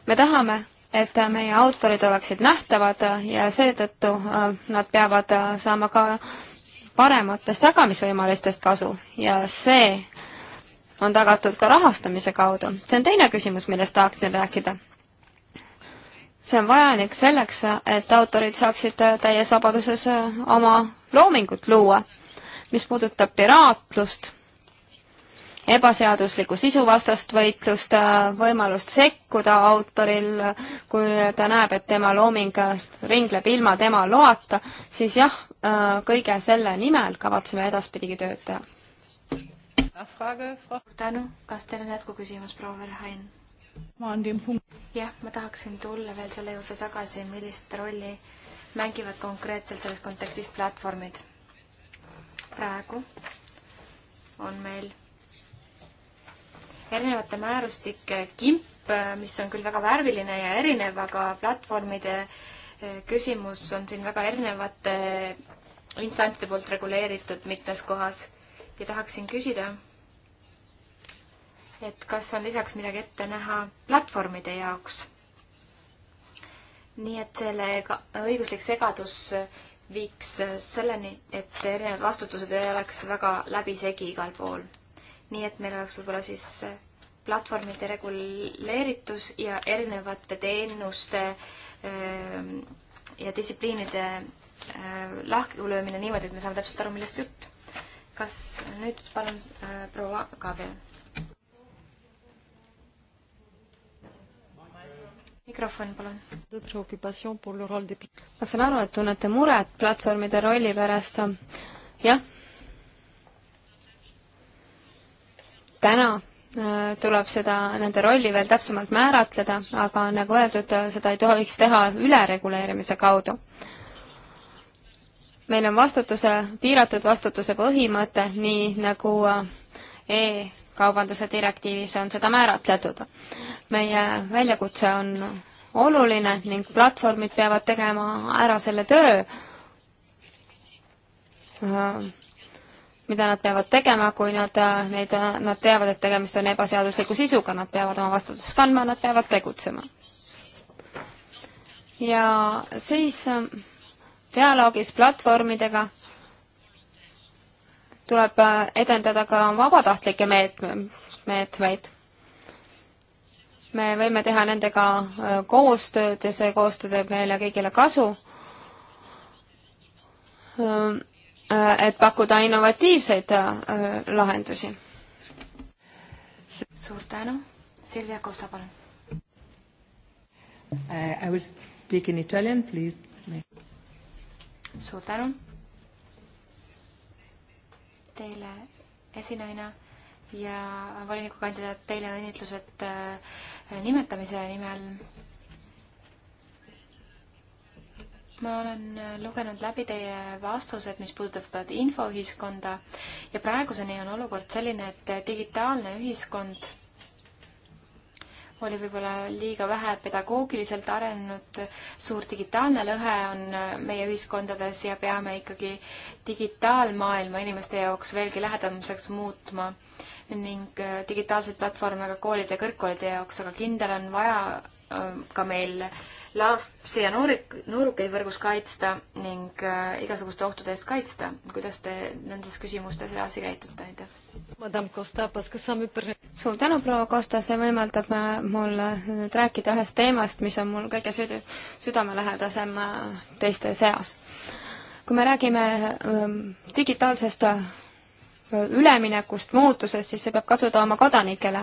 [SPEAKER 4] me tahame, et meie autorid oleksid nähtavad ja seetõttu äh, nad peavad äh, saama ka parematest jagamisvõimalistest kasu ja see on tagatud ka rahastamise kaudu. see on teine küsimus, millest tahaksin rääkida see on vajalik selleks, et autorid saaksid täies vabaduses äh, oma loomingut luua. mis puudutab piraatlust, ebaseaduslikku sisuvastast võitlust, äh, võimalust sekkuda autoril, kui ta näeb, et tema looming ringleb ilma tema loata, siis jah, äh, kõige selle nimel kavatseme edaspidigi tööd teha.
[SPEAKER 2] tänu, kas teil on jätkuküsimus, proua Verhain? jah, ma tahaksin tulla veel selle juurde tagasi, millist rolli mängivad konkreetselt selles kontekstis platvormid. praegu on meil erinevate määrustike kimp, mis on küll väga värviline ja erinev, aga platvormide eh, küsimus on siin väga erinevate instantside poolt reguleeritud mitmes kohas ja tahaksin küsida et kas on lisaks midagi ette näha platvormide jaoks. nii et selle õiguslik segadus viiks selleni, et erinevad vastutused ei oleks väga läbisegi igal pool. nii et meil oleks võib-olla siis platvormide reguleeritus ja erinevate teenuste ähm, ja distsipliinide äh, lahkulöömine niimoodi, et me saame täpselt aru, millest jutt. kas nüüd palun äh, proua Gabriel?
[SPEAKER 1] mikrofon, palun.
[SPEAKER 4] ma saan aru, et tunnete muret platvormide rolli pärast. jah. täna äh, tuleb seda, nende rolli veel täpsemalt määratleda, aga nagu öeldud, äh, seda ei tohiks teha ülereguleerimise kaudu. meil on vastutuse, piiratud vastutuse põhimõte, nii nagu äh, e kaubanduse direktiivis on seda määratletud. meie väljakutse on oluline ning platvormid peavad tegema ära selle töö, mida nad peavad tegema, kui nad, neid, nad teavad, et tegemist on ebaseadusliku sisuga, nad peavad oma vastutust kandma, nad peavad tegutsema. ja siis dialoogis platvormidega tuleb äh, edendada ka vabatahtlikke meetme, meetmeid. me võime teha nendega äh, koostööd ja see koostöö teeb meile kõigile kasu, äh, et pakkuda innovatiivseid lahendusi. suur tänu,
[SPEAKER 2] Silvia
[SPEAKER 3] Kosta, palun. Uh, I will speak in Italian, please. suur tänu
[SPEAKER 2] teile esinaine ja volinikukandidaat, teile õnnitlused äh, nimetamise nimel. ma olen äh, lugenud läbi teie vastused, mis puudutavad infoühiskonda ja praeguseni on olukord selline, et digitaalne ühiskond oli võib-olla liiga vähe pedagoogiliselt arenenud, suur digitaalne lõhe on äh, meie ühiskondades ja peame ikkagi digitaalmaailma inimeste jaoks veelgi lähedamaks muutma ning äh, digitaalseid platvorme ka koolide ja kõrgkoolide jaoks, aga kindel on vaja äh, ka meil lapsi ja noorik, noorukeid võrgus kaitsta ning igasuguste ohtude eest kaitsta. kuidas te nendes küsimustes
[SPEAKER 4] edasi
[SPEAKER 1] käitute, aitäh?
[SPEAKER 4] suur tänu, proua Costa, see võimaldab mul nüüd rääkida ühest teemast, mis on mul kõige süd-, südamelähedasem äh, teiste seas. kui me räägime ähm, digitaalsest äh, üleminekust, muutusest, siis see peab kasu tooma kodanikele.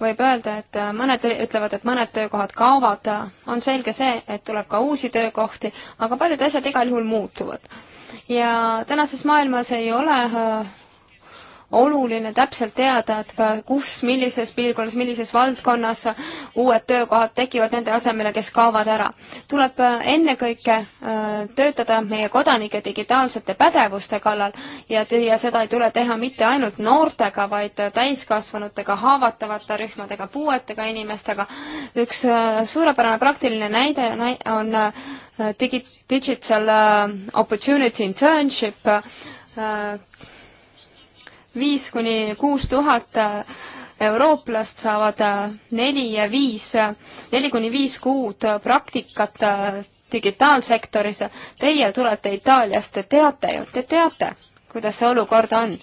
[SPEAKER 4] võib öelda, et äh, mõned ütlevad, et mõned töökohad kaovad, on selge see, et tuleb ka uusi töökohti, aga paljud asjad igal juhul muutuvad ja tänases maailmas ei ole äh, oluline täpselt teada, et ka kus, millises piirkonnas, millises valdkonnas uued töökohad tekivad nende asemele, kes kaovad ära. tuleb äh, ennekõike äh, töötada meie kodanike digitaalsete pädevuste kallal ja, ja seda ei tule teha mitte ainult noortega, vaid täiskasvanutega, haavatavate rühmadega, puuetega inimestega. üks äh, suurepärane praktiline näide on digi-, digital opportunity internship, viis kuni kuus tuhat äh, eurooplast saavad äh, neli ja viis, äh, neli kuni viis kuud praktikat digitaalsektoris. Teie tulete Itaaliast, te teate ju, te teate, kuidas see olukord on.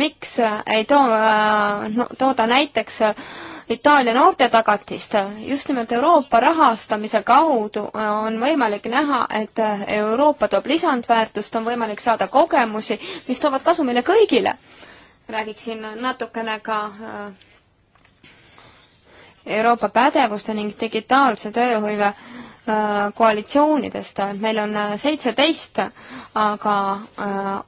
[SPEAKER 4] miks ei too no,, tooda näiteks Itaalia noortetagatist, just nimelt Euroopa rahastamise kaudu on võimalik näha, et Euroopa toob lisandväärtust, on võimalik saada kogemusi, mis toovad kasu meile kõigile räägiksin natukene ka äh, Euroopa pädevuste ning digitaalse tööhõive äh, koalitsioonidest, meil on äh, seitseteist, aga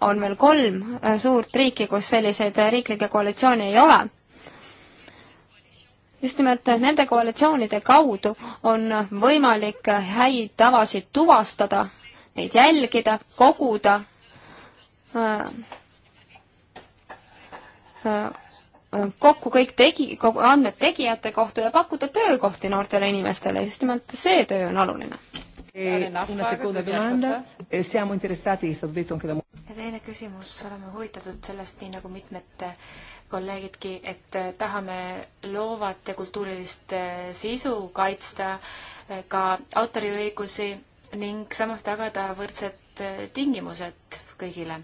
[SPEAKER 4] on veel kolm suurt riiki, kus selliseid riiklikke koalitsioone ei ole. just nimelt nende koalitsioonide kaudu on võimalik häid tavasid tuvastada, neid jälgida, koguda, Äh, äh, kokku kõik tegi, kogu andmed tegijate kohta ja pakkuda töökohti noortele inimestele, just nimelt see töö on oluline.
[SPEAKER 1] Eh, ja teine küsimus,
[SPEAKER 2] oleme huvitatud sellest, nii nagu mitmed eh, kolleegidki, et eh, tahame loovat ja kultuurilist sisu kaitsta, ka autoriõigusi ning samas tagada võrdsed tingimused kõigile.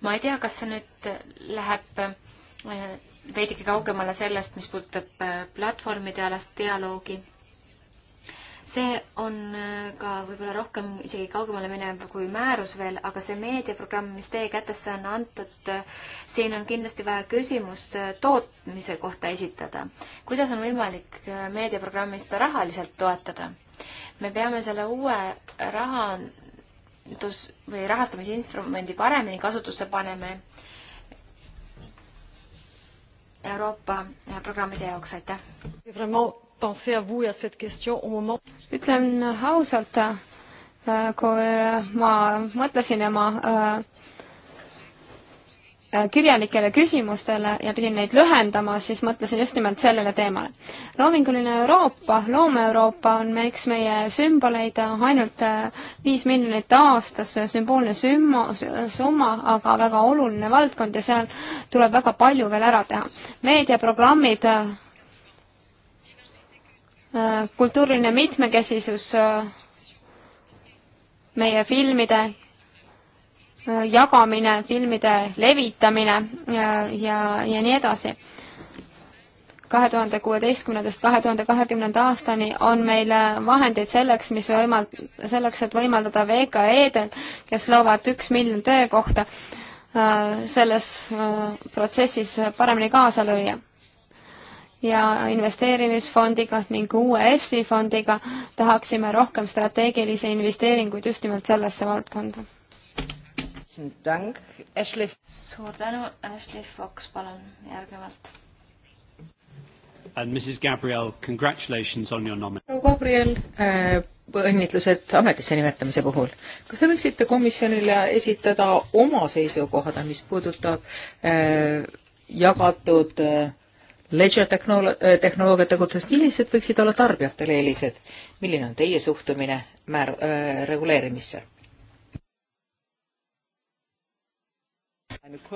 [SPEAKER 2] ma ei tea, kas see nüüd läheb Äh, veidike kaugemale sellest, mis puudutab äh, platvormide alast dialoogi. see on äh, ka võib-olla rohkem isegi kaugemale minev kui määrus veel, aga see meediaprogramm, mis teie kätesse on antud, siin on kindlasti vaja küsimus tootmise kohta esitada. kuidas on võimalik meediaprogrammi seda rahaliselt toetada? me peame selle uue raha rahandus- või rahastamisinstrumendi paremini kasutusse paneme
[SPEAKER 1] Euroopa eh, programmide jaoks, aitäh! ütlen
[SPEAKER 4] ausalt, eh, kui ma mõtlesin oma Äh, kirjalikele küsimustele ja pidin neid lühendama, siis mõtlesin just nimelt sellele teemale. loominguline Euroopa, loome-Euroopa on eks meie sümboleid ainult äh, viis miljonit aastas, äh, sümboolne sümma, summa, aga väga oluline valdkond ja seal tuleb väga palju veel ära teha. meediaprogrammid, kultuuriline mitmekesisus, meie filmide jagamine, filmide levitamine ja, ja, ja nii edasi. kahe tuhande kuueteistkümnendast kahe tuhande kahekümnenda aastani on meil vahendeid selleks, mis võimal-, selleks, et võimaldada VKE-del, kes loovad üks miljon töökohta, selles äh, protsessis paremini kaasa lüüa. ja investeerimisfondiga ning uue EFSI fondiga tahaksime rohkem strateegilisi investeeringuid just nimelt sellesse valdkonda
[SPEAKER 1] suur
[SPEAKER 2] tänu, Ashley Fox, palun järgnevalt.
[SPEAKER 4] And Mrs Gabriel, congratulations on your nomination. proua Gabriel
[SPEAKER 3] äh,, õnnitlused ametisse nimetamise puhul. kas te võiksite komisjonile esitada oma seisukohad, mis puudutab äh, jagatud äh, ledger tehnolo-, äh, tehnoloogiate kohta, millised võiksid olla tarbijatele eelised? milline on teie suhtumine määr- äh,, reguleerimisse?
[SPEAKER 1] lühike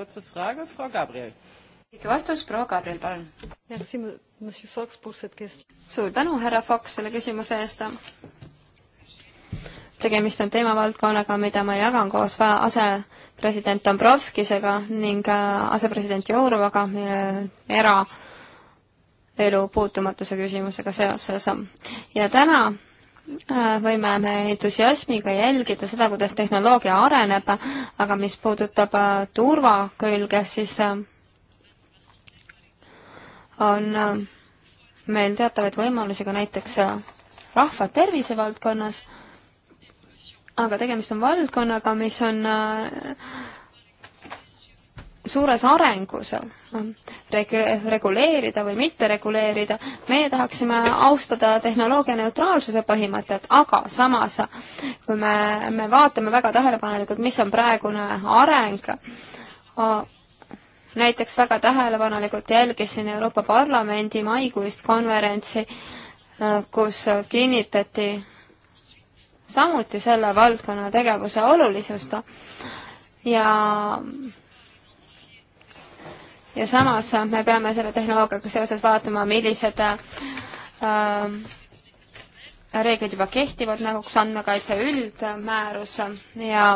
[SPEAKER 1] vastus, proua Gabriel, palun.
[SPEAKER 4] suur tänu, härra Fox, selle küsimuse eest. tegemist on teemavaldkonnaga, mida ma jagan koos asepresident Dombrovskisega ning äh, asepresident Jourovaga äh, eraelu puutumatuse küsimusega seoses. ja täna Äh, võime me entusiasmiga jälgida seda, kuidas tehnoloogia areneb, aga mis puudutab äh, turva külge, siis äh, on meil teatavaid võimalusi ka näiteks rahva tervise valdkonnas, aga tegemist on valdkonnaga, mis on äh, suures arengus reg-, reguleerida või mitte reguleerida, meie tahaksime austada tehnoloogia neutraalsuse põhimõtet, aga samas kui me, me vaatame väga tähelepanelikult, mis on praegune areng, näiteks väga tähelepanelikult jälgisin Euroopa Parlamendi maikuist konverentsi, kus kinnitati samuti selle valdkonna tegevuse olulisust ja ja samas me peame selle tehnoloogiaga seoses vaatama, millised ähm, reeglid juba kehtivad, nagu üks andmekaitse üldmäärus ja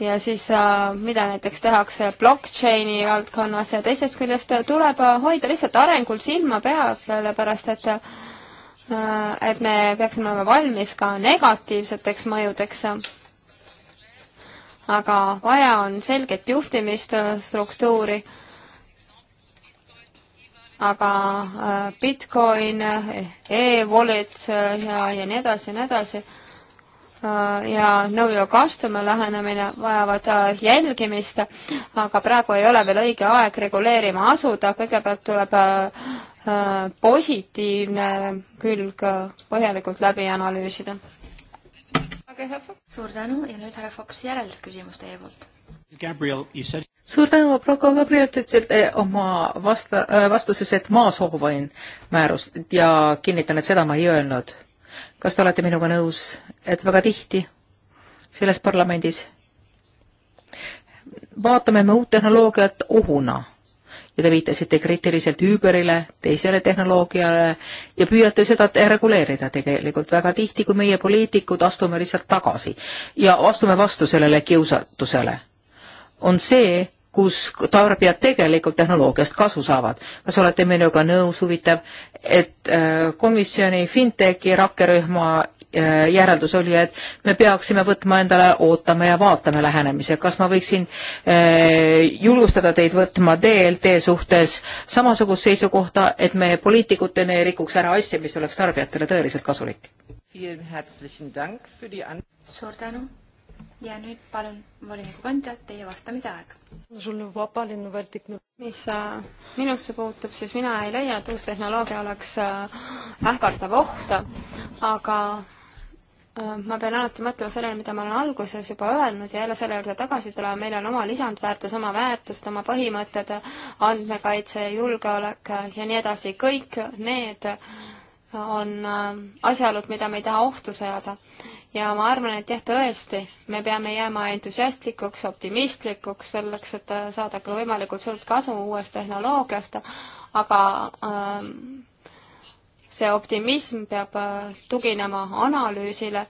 [SPEAKER 4] ja siis äh, mida näiteks tehakse blockchain'i valdkonnas ja teisest küljest tuleb hoida lihtsalt arengul silma peal, sellepärast et äh, et me peaksime olema valmis ka negatiivseteks mõjudeks aga vaja on selget juhtimist, struktuuri, aga äh, Bitcoin e, e-wallets äh, ja, ja nii edasi ja nii edasi äh, ja know your customer lähenemine vajavad jälgimist, aga praegu ei ole veel õige aeg reguleerima asuda, kõigepealt tuleb positiivne külg põhjalikult läbi analüüsida
[SPEAKER 2] suur tänu ja nüüd härra Fox, järelküsimus teie poolt.
[SPEAKER 4] Gabriel, you said
[SPEAKER 3] suur tänu, proua Gabriel, te ütlesite oma vasta-, äh, vastuses, et ma soovin määrust ja kinnitan, et seda ma ei öelnud. kas te olete minuga nõus, et väga tihti selles parlamendis vaatame me uut tehnoloogiat ohuna ja te viitasite kriitiliselt Uberile, teisele tehnoloogiale ja püüate seda reguleerida tegelikult. väga tihti, kui meie poliitikud astume lihtsalt tagasi ja astume vastu sellele kiusatusele, on see, kus tarbijad tegelikult tehnoloogiast kasu saavad. kas olete minuga nõus, huvitav, et äh, komisjoni Fintechi rakkerühma Äh, järeldus oli, et me peaksime võtma endale ootame ja vaatame lähenemise. kas ma võiksin äh, julgustada teid võtma DLT suhtes samasugust seisukohta, et me poliitikutena ei rikuks ära asja, mis oleks tarbijatele tõeliselt kasulik?
[SPEAKER 2] suur tänu ja nüüd palun, voliniku kandja, teie vastamise aeg.
[SPEAKER 4] mis äh, minusse puutub, siis mina ei leia, et uus tehnoloogia oleks ähvardav oht, aga Äh, ma pean alati mõtlema sellele, mida ma olen alguses juba öelnud ja jälle selle juurde tagasi tulema, meil on oma lisandväärtus, oma väärtused, oma põhimõtted, andmekaitse, julgeolek ja nii edasi, kõik need on äh, asjaolud, mida me ei taha ohtu seada. ja ma arvan, et jah, tõesti, me peame jääma entusiastlikuks, optimistlikuks selleks, et saada ka võimalikult suurt kasu uuest tehnoloogiast, aga ähm, see optimism peab äh, tuginema analüüsile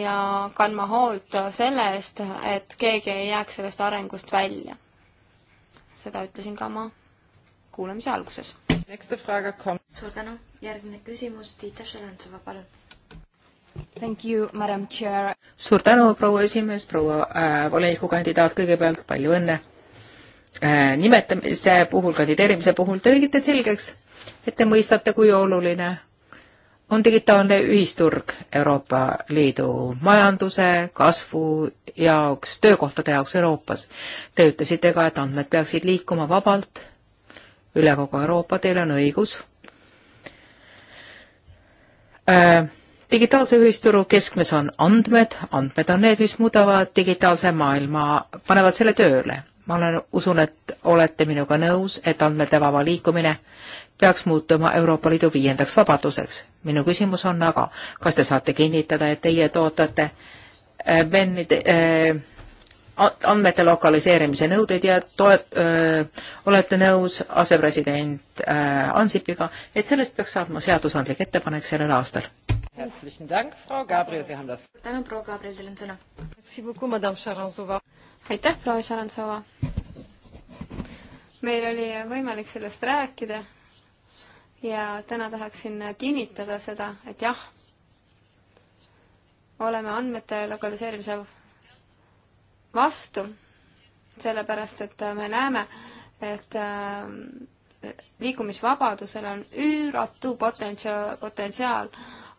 [SPEAKER 4] ja kandma hoolt selle eest, et keegi ei jääks sellest arengust välja. seda ütlesin ka ma kuulamise alguses.
[SPEAKER 2] suur tänu, järgmine küsimus, Tiita Šelentsova, palun.
[SPEAKER 4] Thank you, madam chair.
[SPEAKER 3] suur tänu, proua esimees, proua äh, volinikukandidaat, kõigepealt palju õnne äh,. nimetamise puhul, kandideerimise puhul te tegite selgeks, et te mõistate, kui oluline on digitaalne ühisturg Euroopa Liidu majanduse, kasvu jaoks, töökohtade jaoks Euroopas. Te ütlesite ka, et andmed peaksid liikuma vabalt üle kogu Euroopa, teil on õigus äh, digitaalse ühisturu keskmes on andmed, andmed on need, mis muudavad digitaalse maailma, panevad selle tööle. ma olen, usun, et olete minuga nõus, et andmete vaba liikumine peaks muutuma Euroopa Liidu viiendaks vabaduseks. minu küsimus on aga, kas te saate kinnitada, et teie tootate vennide äh, äh andmete lokaliseerimise nõudeid ja toet, öö, äh, olete nõus asepresident öö, äh, Ansipiga, et sellest peaks saama seadusandlik ettepanek sellel aastal.
[SPEAKER 1] tänu, proua Gabriel,
[SPEAKER 4] teil on sõna. aitäh, proua Šaransova. meil oli võimalik sellest rääkida ja täna tahaksin kinnitada seda, et jah, oleme andmete lokaliseerimise vastu, sellepärast et me näeme, et äh, liikumisvabadusel on üüratu potentsia-, potentsiaal.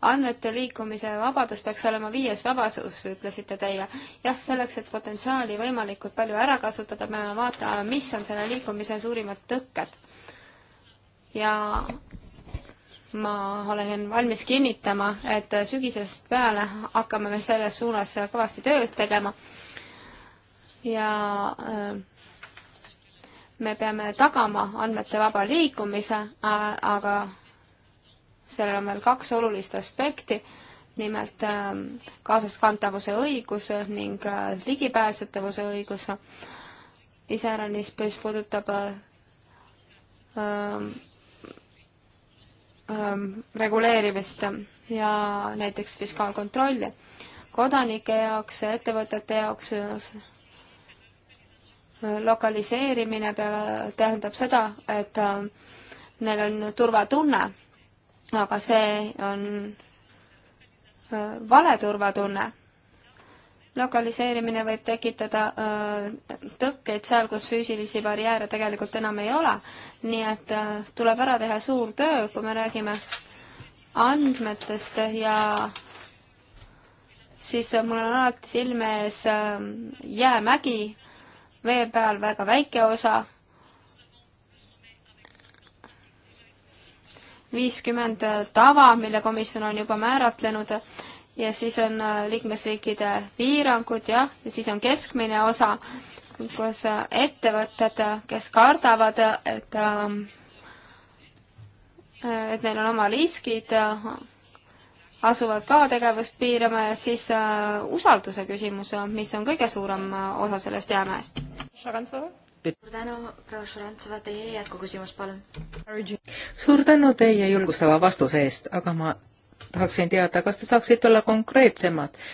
[SPEAKER 4] andmete liikumise vabadus peaks olema viies vabasus, ütlesite teie. jah, selleks, et potentsiaali võimalikult palju ära kasutada, peame vaatama, mis on selle liikumise suurimad tõkked. ja ma olen valmis kinnitama, et sügisest peale hakkame me selles suunas kõvasti tööd tegema. ja äh, me peame tagama andmete vaba liikumise, aga sellel on veel kaks olulist aspekti, nimelt äh, kaasaskantavuse õigus ning äh, ligipääsetavuse õigus. iseäranis, mis puudutab ähm, reguleerimist ja näiteks fiskaalkontrolli. kodanike jaoks, ettevõtete jaoks äh, lokaliseerimine pea-, tähendab seda, et äh, neil on turvatunne, aga see on äh, vale turvatunne lokaliseerimine võib tekitada äh, tõkkeid seal, kus füüsilisi barjääre tegelikult enam ei ole. nii et äh, tuleb ära teha suur töö, kui me räägime andmetest ja siis mul on alati silme ees äh, jäämägi, vee peal väga väike osa, viiskümmend tava, mille komisjon on juba määratlenud ja siis on äh, liikmesriikide piirangud, jah, ja siis on keskmine osa, kus äh, ettevõtted, äh, kes kardavad, et ähm, et neil on oma riskid, asuvad ka tegevust piirama ja siis usalduse küsimus, mis on kõige suurem osa sellest jäämäest.
[SPEAKER 1] suur
[SPEAKER 2] tänu, proua Šarantsova, teie jätkuküsimus, palun.
[SPEAKER 3] suur tänu teie julgustava vastuse eest, aga ma tahaksin teada, kas te saaksite olla konkreetsemad äh,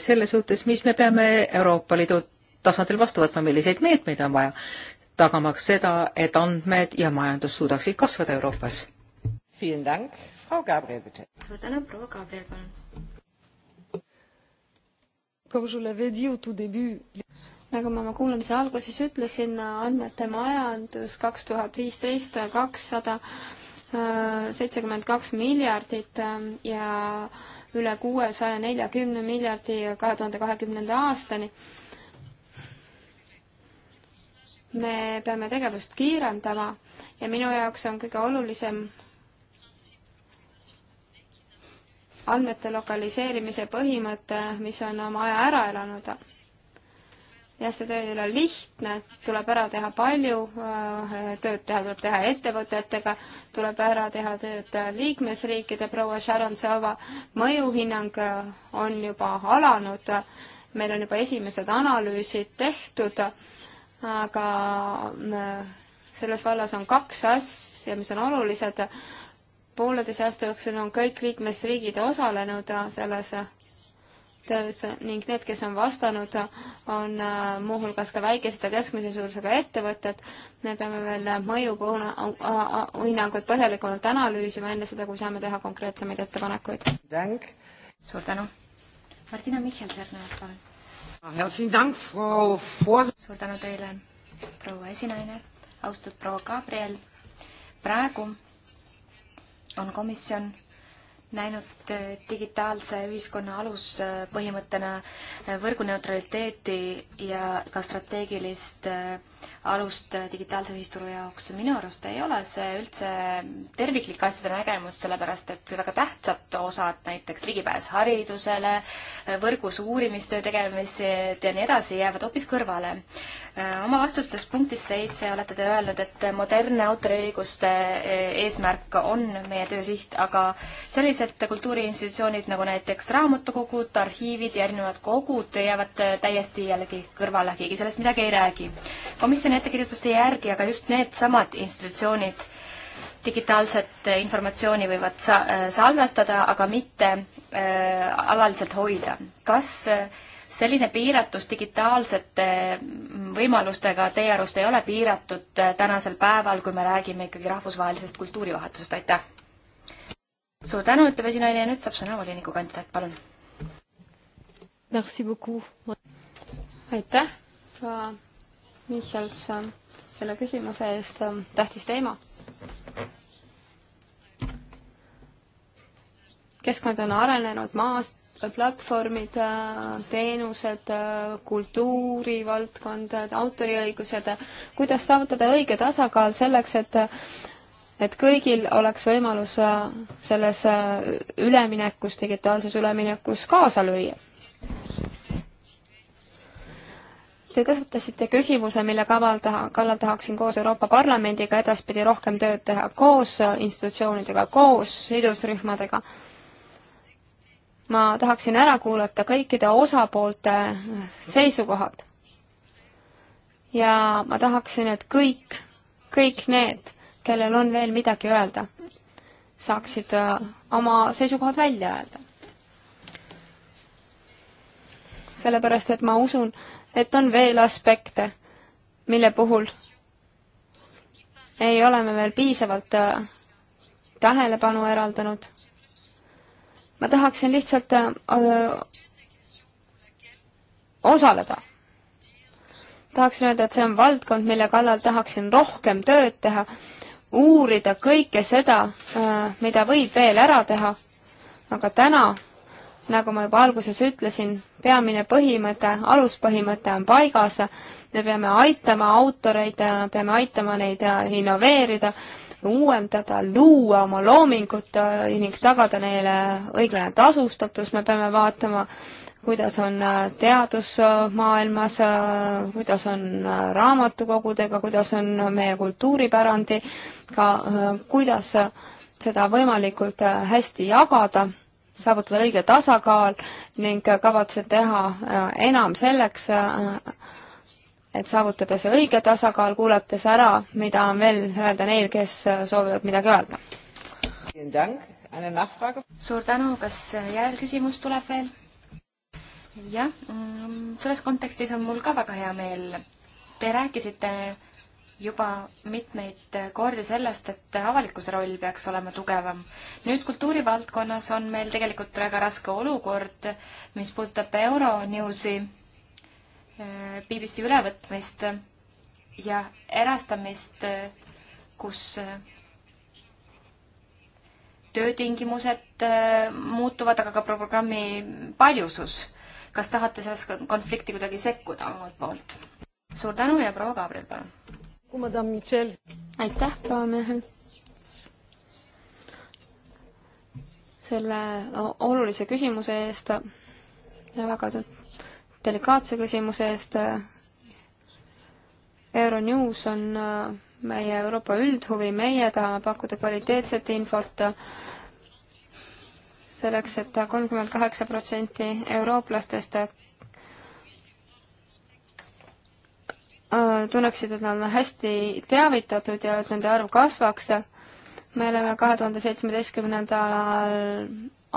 [SPEAKER 3] selles suhtes, mis me peame Euroopa Liidu tasandil vastu võtma, milliseid meetmeid on vaja, tagamaks seda, et andmed ja majandus suudaksid kasvada Euroopas. suur
[SPEAKER 4] tänu, proua Gabriel, palun. nagu ma oma kuulamise alguses ütlesin, andmete majandus kaks tuhat viisteist kakssada seitsekümmend kaks miljardit ähm, ja üle kuuesaja neljakümne miljardi kahe tuhande kahekümnenda aastani. me peame tegevust kiirendama ja minu jaoks on kõige olulisem andmete lokaliseerimise põhimõte, mis on oma aja ära elanud ja see töö ei ole lihtne, tuleb ära teha palju, äh, tööd teha tuleb teha ettevõtetega, tuleb ära teha tööd äh, liikmesriikide, proua Sharontsova mõjuhinnang äh, on juba alanud, meil on juba esimesed analüüsid tehtud, aga selles vallas on kaks asja, mis on olulised, pooleteise aasta jooksul on kõik liikmesriigid osalenud selles töös ning need, kes on vastanud, on äh, muuhulgas ka väikesed ja keskmise suurusega ettevõtted. me peame veel mõjuhinnanguid põhjalikumalt analüüsima enne seda, kui saame teha konkreetsemaid ettepanekuid. suur tänu. Martina Michal, järgnevalt palun. Ah, suur tänu
[SPEAKER 2] teile, proua esinaine, austatud proua Gabriel. praegu on komisjon näinud äh, digitaalse ühiskonna aluspõhimõttena äh, võrguneutraliteeti ja ka strateegilist äh, alust digitaalse ühisturu jaoks, minu arust ei ole see üldse terviklik asjade nägemus, sellepärast et väga tähtsad osad, näiteks ligipääs haridusele, võrgus uurimistöö tegemised ja nii edasi, jäävad hoopis kõrvale. oma vastustes punktis seitse olete te öelnud, et modernne autoriõiguste eesmärk on meie töö siht, aga sellised kultuuriinstitutsioonid nagu näiteks raamatukogud, arhiivid ja erinevad kogud jäävad täiesti jällegi kõrvale, keegi sellest midagi ei räägi komisjoni ettekirjutuste järgi aga just needsamad institutsioonid digitaalset informatsiooni võivad sa-, äh, salvestada, aga mitte äh, alaliselt hoida. kas äh, selline piiratus digitaalsete mm, võimalustega teie arust ei ole piiratud äh, tänasel päeval, kui me räägime ikkagi rahvusvahelisest kultuurivahetusest, aitäh! suur tänu, ütleb esinaine ja nüüd saab sõna voliniku kandidaat, palun!
[SPEAKER 1] aitäh,
[SPEAKER 4] proua Michals selle küsimuse eest, ähm, tähtis teema. keskkond on arenenud, maast, platvormid, äh, teenused, äh, kultuurivaldkond, autoriõigused, kuidas saavutada õige tasakaal selleks, et et kõigil oleks võimalus äh, selles üleminekus, digitaalses üleminekus kaasa lüüa Te tõstatasite küsimuse, mille kaval taha, kallal tahaksin koos Euroopa Parlamendiga edaspidi rohkem tööd teha, koos institutsioonidega, koos sidusrühmadega. ma tahaksin ära kuulata kõikide osapoolte seisukohad. ja ma tahaksin, et kõik, kõik need, kellel on veel midagi öelda, saaksid äh, oma seisukohad välja öelda. sellepärast, et ma usun, et on veel aspekte, mille puhul ei ole me veel piisavalt äh, tähelepanu eraldanud. ma tahaksin lihtsalt äh, äh, osaleda. tahaksin öelda, et see on valdkond, mille kallal tahaksin rohkem tööd teha, uurida kõike seda, mida võib veel ära teha, aga täna nagu ma juba alguses ütlesin, peamine põhimõte, aluspõhimõte on paigas, me peame aitama autoreid, peame aitama neid innoveerida, uuendada, luua oma loomingut ning tagada neile õiglane tasustatus, me peame vaatama, kuidas on teadusmaailmas, kuidas on raamatukogudega, kuidas on meie kultuuripärandiga, kuidas seda võimalikult hästi jagada saavutada õige tasakaal ning kavatsen teha äh, enam selleks, äh, et saavutada see õige tasakaal, kuulates ära, mida on veel öelda neil, kes äh, soovivad midagi öelda. suur tänu, kas järelküsimus tuleb veel?
[SPEAKER 2] jah, mm, selles kontekstis on mul ka väga hea meel. Te rääkisite juba mitmeid kordi sellest, et avalikkuse roll peaks olema tugevam. nüüd kultuurivaldkonnas on meil tegelikult väga raske olukord, mis puudutab Euronewsi äh, BBC ülevõtmist ja erastamist, kus äh, töötingimused äh, muutuvad, aga ka programmi paljusus. kas tahate sellesse konflikti kuidagi sekkuda omalt poolt? suur tänu ja proua Gabriel, palun!
[SPEAKER 4] aitäh, proua Mehel. selle olulise küsimuse eest ja väga delikaatse küsimuse eest. Euronews on äh, meie Euroopa üldhuvi, meie tahame pakkuda kvaliteetset infot selleks et, et kolmkümmend kaheksa protsenti eurooplastest Äh, tunneksid, et nad on hästi teavitatud ja et nende arv kasvaks. me oleme kahe tuhande seitsmeteistkümnendal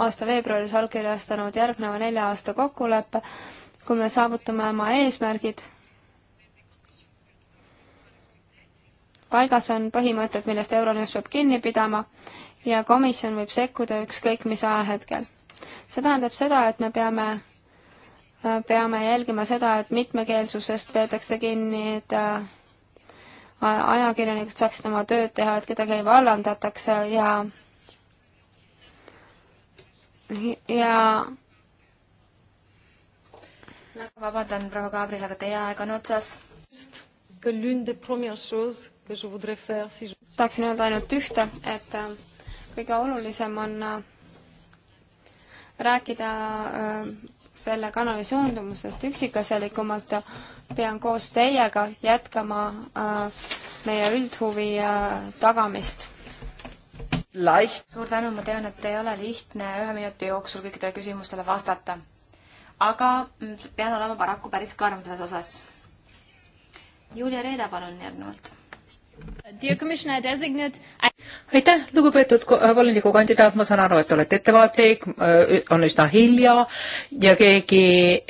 [SPEAKER 4] aasta veebruaris allkirjastanud järgneva nelja aasta kokkuleppe, kui me saavutame oma eesmärgid. paigas on põhimõtted, millest Euronews peab kinni pidama ja komisjon võib sekkuda ükskõik mis ajahetkel. see tähendab seda, et me peame peame jälgima seda, et mitmekeelsusest peetakse kinni, et äh, ajakirjanikud saaksid oma tööd teha, et kedagi ei vallandataks ja ja
[SPEAKER 2] väga vabandan, proua Gabriel, aga teie aeg on otsas.
[SPEAKER 4] tahaksin öelda ainult ühte, et äh, kõige olulisem on äh, rääkida äh, selle kanali suundumusest üksikasjalikumalt, pean koos teiega jätkama äh, meie üldhuvi äh, tagamist.
[SPEAKER 3] Leicht.
[SPEAKER 2] suur tänu, ma tean, et ei ole lihtne ühe minuti jooksul kõikidele küsimustele vastata. aga mm, pean olema paraku päris karm selles osas. Julia Reeda, palun järgnevalt
[SPEAKER 3] aitäh, lugupeetud äh, volinikukandidaat, ma saan aru, et olete ettevaatlik, äh, on üsna hilja ja keegi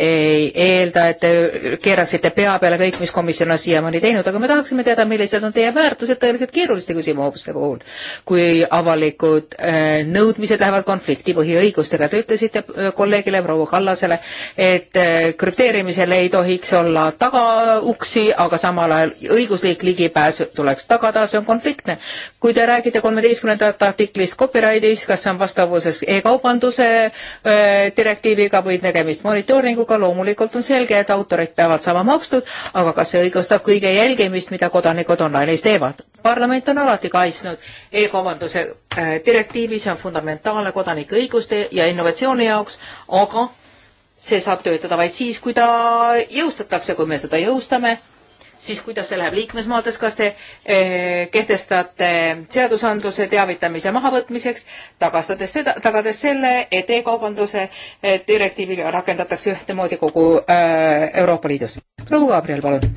[SPEAKER 3] ei eelda, et te keeraksite pea peale kõik, mis komisjon on siiamaani teinud, aga me tahaksime teada, millised on teie väärtused tõeliselt keeruliste küsimuste puhul, kui avalikud äh, nõudmised lähevad konflikti põhiõigustega. Te ütlesite kolleegile proua Kallasele, et krüpteerimisel ei tohiks olla tagauksi, aga samal ajal õiguslik ligipääs tuleks tuleks tagada, see on konfliktne. kui te räägite kolmeteistkümnendat artiklist copyright'is, kas see on vastavuses e-kaubanduse direktiiviga või tegemist monitooringuga, loomulikult on selge, et autorid peavad saama makstud, aga kas see õigustab kõige jälgimist, mida kodanikud online'is teevad? parlament on alati kaitsnud e-kaubanduse direktiivi, see on fundamentaalne kodanike õiguste ja innovatsiooni jaoks, aga see saab töötada vaid siis, kui ta jõustatakse, kui me seda jõustame, siis kuidas see läheb liikmesmaades, kas te eh, kehtestate seadusandluse teavitamise mahavõtmiseks, tagastades seda, tagades selle, et e-kaubanduse eh, direktiiviga rakendatakse ühtemoodi kogu eh, Euroopa Liidus. proua Gabriel, palun.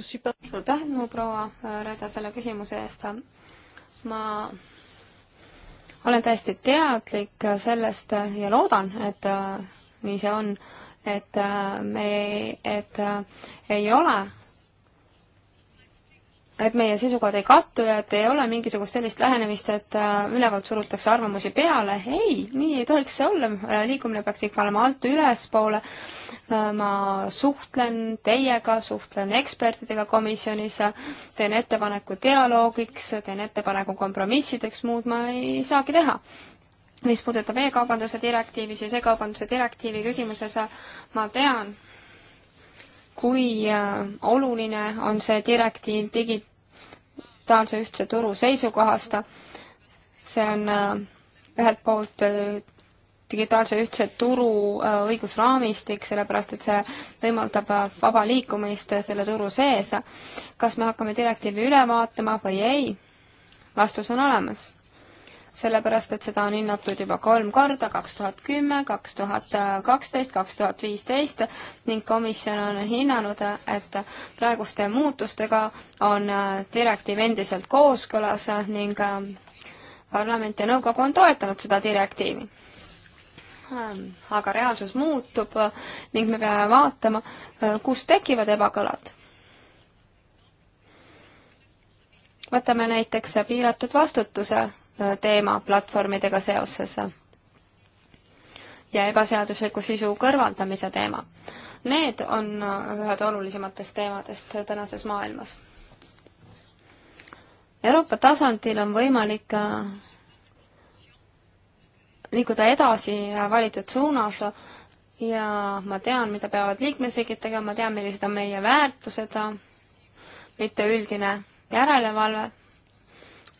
[SPEAKER 1] suur tänu, proua
[SPEAKER 4] Reda, selle küsimuse eest. ma olen täiesti teadlik sellest ja loodan, et nii see on et äh, me, et äh, ei ole et meie seisukohad ei kattu ja et ei ole mingisugust sellist lähenemist, et äh, ülevalt surutakse arvamusi peale. ei, nii ei tohiks see olla, liikumine peaks ikka olema alt ülespoole. ma suhtlen teiega, suhtlen ekspertidega komisjonis, teen ettepaneku dialoogiks, teen ettepaneku kompromissideks, muud ma ei saagi teha mis puudutab e-kaubanduse direktiivi, siis e-kaubanduse direktiivi küsimuses ma tean, kui äh, oluline on see direktiiv digitaalse ühtse turu seisukohast. see on äh, ühelt poolt äh, digitaalse ühtse turu õigusraamistik, sellepärast et see võimaldab vaba liikumist selle turu sees. kas me hakkame direktiivi üle vaatama või ei? vastus on olemas sellepärast et seda on hinnatud juba kolm korda, kaks tuhat kümme, kaks tuhat kaksteist, kaks tuhat viisteist ning komisjon on hinnanud, et praeguste muutustega on direktiiv endiselt kooskõlas ning parlament ja nõukogu on toetanud seda direktiivi. aga reaalsus muutub ning me peame vaatama, kus tekivad ebakõlad võtame näiteks piiratud vastutuse teema platvormidega seoses ja ebaseadusliku sisu kõrvaldamise teema. Need on äh, ühed olulisematest teemadest tänases maailmas. Euroopa tasandil on võimalik äh, liikuda edasi äh, valitud suunas ja ma tean, mida peavad liikmesriigid tegema, ma tean, millised on meie väärtused, mitte üldine järelevalve,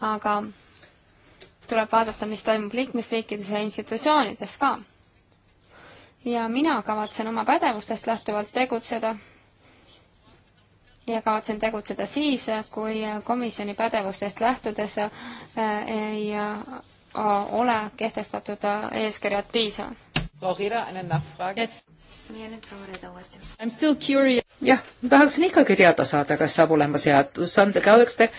[SPEAKER 4] aga tuleb vaadata, mis toimub liikmesriikides ja institutsioonides ka. ja mina kavatsen oma pädevustest lähtuvalt tegutseda ja kavatsen tegutseda siis, kui komisjoni pädevustest lähtudes äh, ei äh, ole kehtestatud äh, eeskirjad piisavad.
[SPEAKER 3] jah, ma tahaksin ikkagi teada saada, kas saab olema seadusandlik, oleks te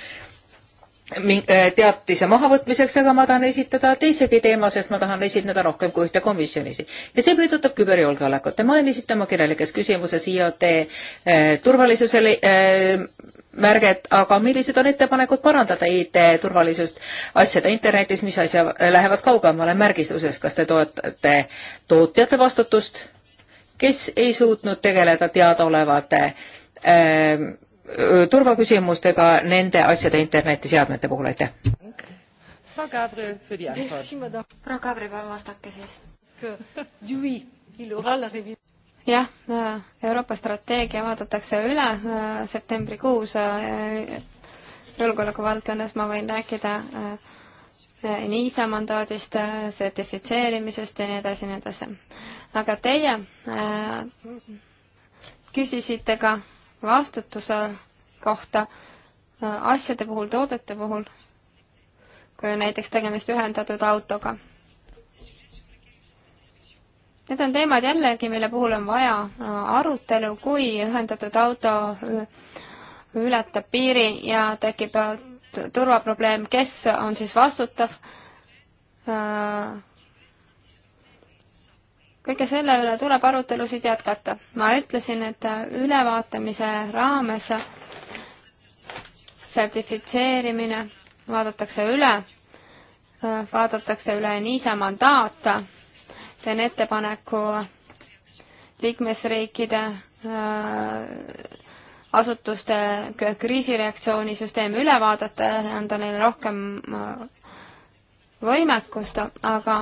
[SPEAKER 3] Äh, teatise mahavõtmiseks, aga ma tahan esitada teisegi teema, sest ma tahan esineda rohkem kui ühte komisjonis. ja see puudutab küberjulgeolekut. Te mainisite oma kirjalikes küsimuses IoT äh, turvalisusele äh, märget, aga millised on ettepanekud parandada IT-turvalisust asjade internetis, mis asja lähevad kaugemale märgistusest, kas te toetate tootjate vastutust, kes ei suutnud tegeleda teadaolevate äh, turvaküsimustega nende asjade internetiseadmete puhul, aitäh.
[SPEAKER 1] proua Gabriel, proua Gabriel, palun vastake siis.
[SPEAKER 4] jah, äh, Euroopa strateegia vaadatakse üle äh, septembrikuus äh, julgeoleku valdkonnas ma võin rääkida niisa mandaadist, sertifitseerimisest ja nii edasi ja nii edasi. aga teie küsisite ka vastutuse kohta äh, asjade puhul, toodete puhul, kui on näiteks tegemist ühendatud autoga. Need on teemad jällegi, mille puhul on vaja äh, arutelu, kui ühendatud auto äh, ületab piiri ja tekib turvaprobleem, kes on siis vastutav kõige selle üle tuleb arutelusid jätkata. ma ütlesin, et ülevaatamise raames sertifitseerimine vaadatakse üle, vaadatakse üle niisa mandaat, teen ettepaneku liikmesriikide äh, asutuste kriisireaktsioonisüsteemi üle vaadata ja anda neile rohkem äh, võimekust, aga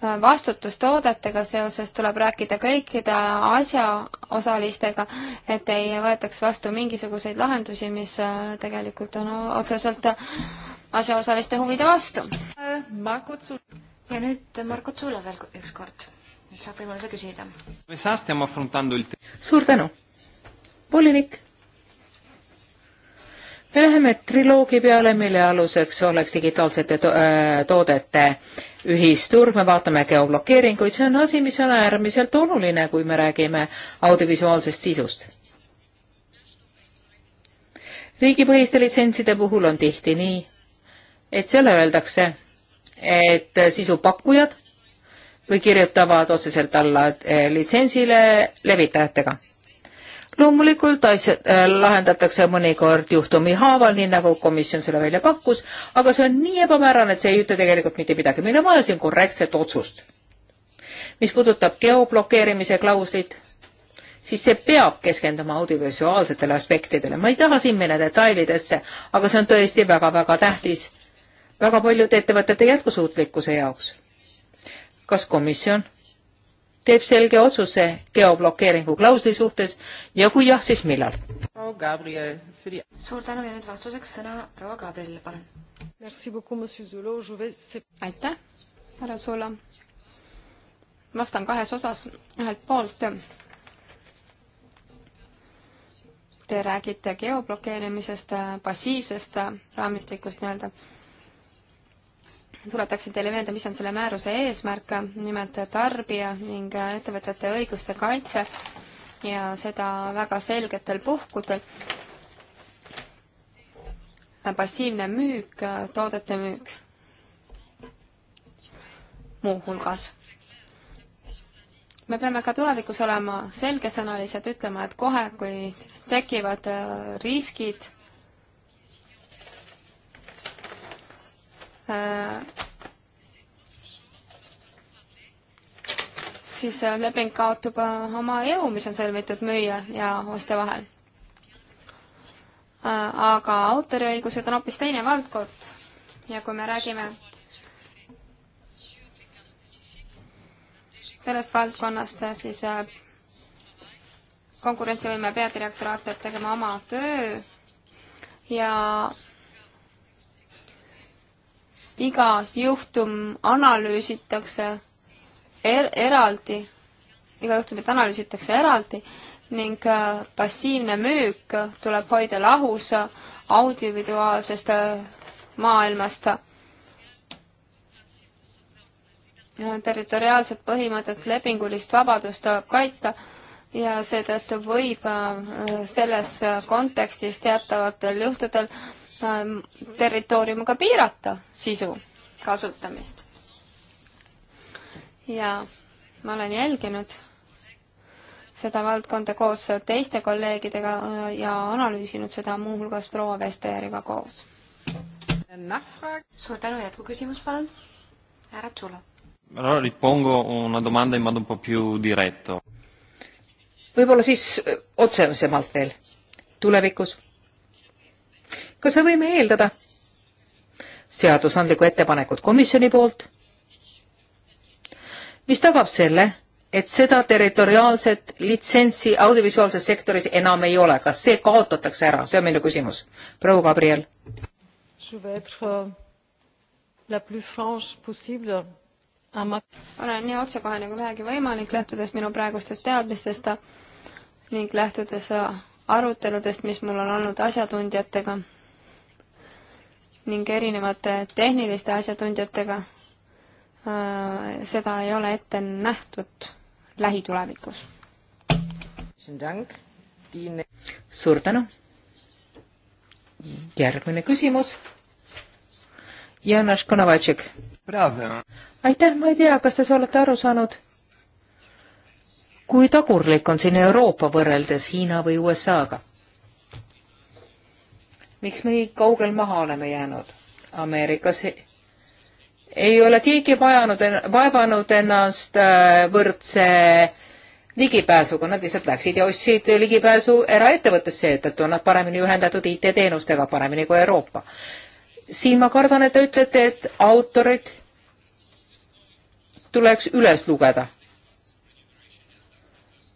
[SPEAKER 4] vastutustoodetega seoses tuleb rääkida kõikide asjaosalistega, et ei võetaks vastu mingisuguseid lahendusi, mis tegelikult on otseselt asjaosaliste huvide vastu.
[SPEAKER 2] ja nüüd Marko Tsula veel üks kord, saab võimaluse küsida.
[SPEAKER 3] suur tänu. volinik me läheme triloogi peale, mille aluseks oleks digitaalsete to äh, toodete ühisturg, me vaatame geoblokeeringuid, see on asi, mis on äärmiselt oluline, kui me räägime audiovisuaalsest sisust. riigipõhiste litsentside puhul on tihti nii, et selle öeldakse, et sisupakkujad või kirjutavad otseselt alla äh, litsentsile levitajatega loomulikult asjad äh, lahendatakse mõnikord juhtumi haaval, nii nagu komisjon selle välja pakkus, aga see on nii ebamäärane, et see ei ütle tegelikult mitte midagi. meil on vaja siin korrektset otsust. mis puudutab geoblokeerimise klauslit, siis see peab keskenduma audiovisuaalsetele aspektidele. ma ei taha siin minna detailidesse, aga see on tõesti väga-väga tähtis väga paljude ettevõtete jätkusuutlikkuse jaoks. kas komisjon teeb selge otsuse geoblokeeringu klausli suhtes ja kui jah, siis millal?
[SPEAKER 2] suur
[SPEAKER 4] tänu ja nüüd vastuseks sõna proua Gabrielile, palun. aitäh, härra Zulo. vastan kahes osas, ühelt poolt te räägite geoblokeerimisest, passiivsest raamistikust nii-öelda tuletaksin teile meelde, mis on selle määruse eesmärk, nimelt tarbija ning ettevõtete õiguste kaitse ja seda väga selgetel puhkudel. passiivne müük, toodete müük muuhulgas. me peame ka tulevikus olema selgesõnalised, ütlema, et kohe, kui tekivad äh, riskid Äh, siis äh, leping kaotab äh, oma jõu, mis on sõlmitud müüja ja ostja vahel. aga autoriõigused on hoopis teine valdkond ja kui me räägime sellest valdkonnast, siis konkurentsivõime peadirektoraat peab tegema oma töö ja iga juhtum analüüsitakse er eraldi, iga juhtumit analüüsitakse eraldi ning äh, passiivne müük tuleb hoida lahus audiovisuaalsest äh, maailmast. territoriaalset põhimõtet, lepingulist vabadust tuleb kaitsta ja seetõttu võib äh, selles kontekstis teatavatel juhtudel Ähm, territooriumiga piirata sisu kasutamist. ja ma olen jälginud seda valdkonda koos teiste kolleegidega ja analüüsinud seda muuhulgas proua Vestajärjega koos.
[SPEAKER 2] suur tänu, jätkuküsimus palun,
[SPEAKER 3] härra Tsulo.
[SPEAKER 1] Allora ripongo una domanda in modo un po' più diretto.
[SPEAKER 3] võib-olla siis otsesemalt veel tulevikus kas me võime eeldada seadusandlikku ettepanekut komisjoni poolt, mis tagab selle, et seda territoriaalset litsentsi audiovisuaalses sektoris enam ei ole, kas see kaotatakse ära, see on minu küsimus. proua Gabriel.
[SPEAKER 4] Euh, olen nii otsekohene kui vähegi võimalik, lähtudes minu praegustest teadmistest ning lähtudes äh, aruteludest, mis mul on olnud asjatundjatega ning erinevate tehniliste asjatundjatega. Äh, seda ei ole ette nähtud lähitulevikus.
[SPEAKER 3] suur tänu. järgmine küsimus. Janas Konovatšik. aitäh, ma ei tea, kas te olete aru saanud, kui tagurlik on siin Euroopa võrreldes Hiina või USA-ga miks me nii kaugel maha oleme jäänud? Ameerikas ei ole keegi vajanud, vaevanud ennast äh, võrdse ligipääsuga, nad lihtsalt läksid ja ostsid ligipääsu eraettevõttesse, seetõttu on nad paremini ühendatud IT-teenustega, paremini kui Euroopa. siin ma kardan, et te ütlete, et autorid tuleks üles lugeda.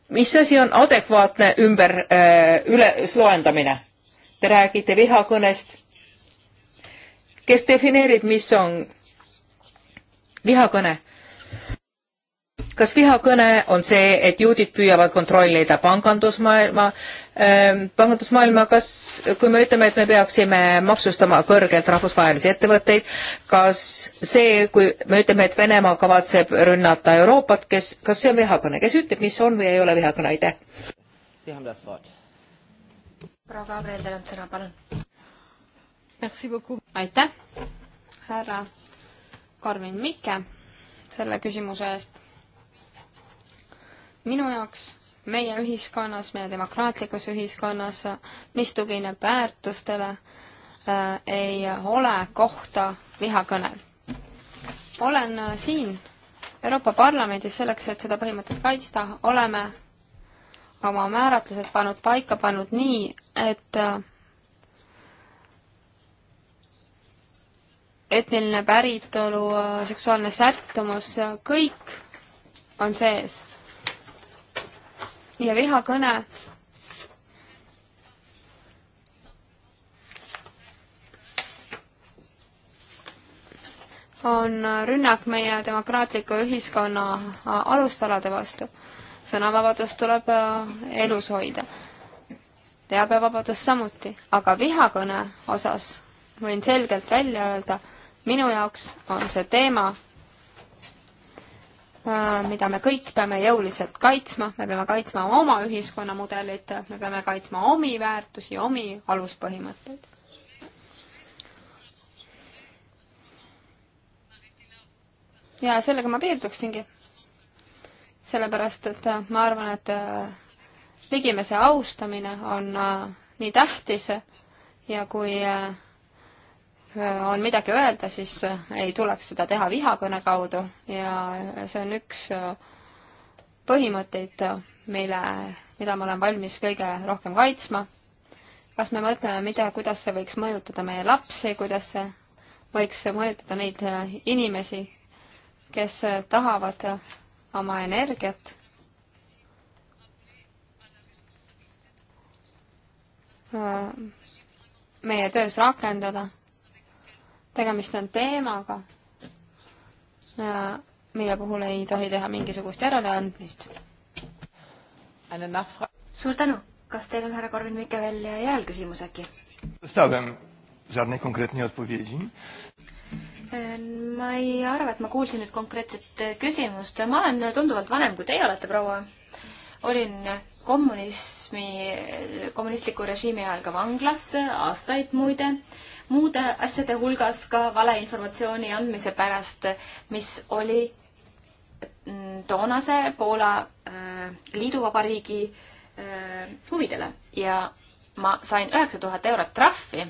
[SPEAKER 3] mis asi on adekvaatne ümber, äh, üles loendamine? Te räägite vihakõnest. kes defineerib, mis on vihakõne? kas vihakõne on see, et juudid püüavad kontrollida pangandusmaailma ähm,, pangandusmaailma, kas, kui me ütleme, et me peaksime maksustama kõrgelt rahvusvahelisi ettevõtteid, kas see, kui me ütleme, et Venemaa kavatseb rünnata Euroopat, kes, kas see on vihakõne, kes ütleb, mis on või ei ole vihakõne, aitäh?
[SPEAKER 4] proua Gabriel, teil on sõna, palun. aitäh, härra Karmin Mikke, selle küsimuse eest. minu jaoks meie ühiskonnas, meie demokraatlikus ühiskonnas, mis tugineb väärtustele äh,, ei ole kohta vihakõnel. olen äh, siin Euroopa Parlamendis selleks, et seda põhimõtet kaitsta, oleme oma määratlused pannud paika pannud nii, et etniline päritolu, äh, seksuaalne sättumus, äh, kõik on sees. ja vihakõne on rünnak meie demokraatliku ühiskonna äh, alustalade vastu. sõnavabadust tuleb elus hoida teabevabadus samuti, aga vihakõne osas võin selgelt välja öelda, minu jaoks on see teema, äh, mida me kõik peame jõuliselt kaitsma, me peame kaitsma oma ühiskonnamudelit, me peame kaitsma omi väärtusi, omi aluspõhimõtteid. ja sellega ma piirduksingi. sellepärast, et ma arvan, et äh, ligimese austamine on äh, nii tähtis ja kui äh, on midagi öelda, siis äh, ei tuleks seda teha vihakõne kaudu ja see on üks põhimõtteid, mille, mida ma olen valmis kõige rohkem kaitsma. kas me mõtleme, mida, kuidas see võiks mõjutada meie lapsi, kuidas see võiks mõjutada neid inimesi, kes tahavad oma energiat Äh, meie töös rakendada. tegemist on teemaga, äh, mille puhul ei tohi teha mingisugust järeleandmist. suur tänu,
[SPEAKER 2] kas teil on härra Korvin Mikke veel järelküsimus äkki?
[SPEAKER 3] żadnej konkretnej odpowiedzi.
[SPEAKER 2] Äh, ma ei arva, et ma kuulsin nüüd konkreetset küsimust. ma olen tunduvalt vanem, kui teie olete, proua olin kommunismi, kommunistliku režiimi ajal ka vanglas, aastaid muide, muude asjade hulgas ka valeinformatsiooni andmise pärast, mis oli mm, toonase Poola äh, liiduvabariigi äh, huvidele ja ma sain üheksa tuhat eurot trahvi,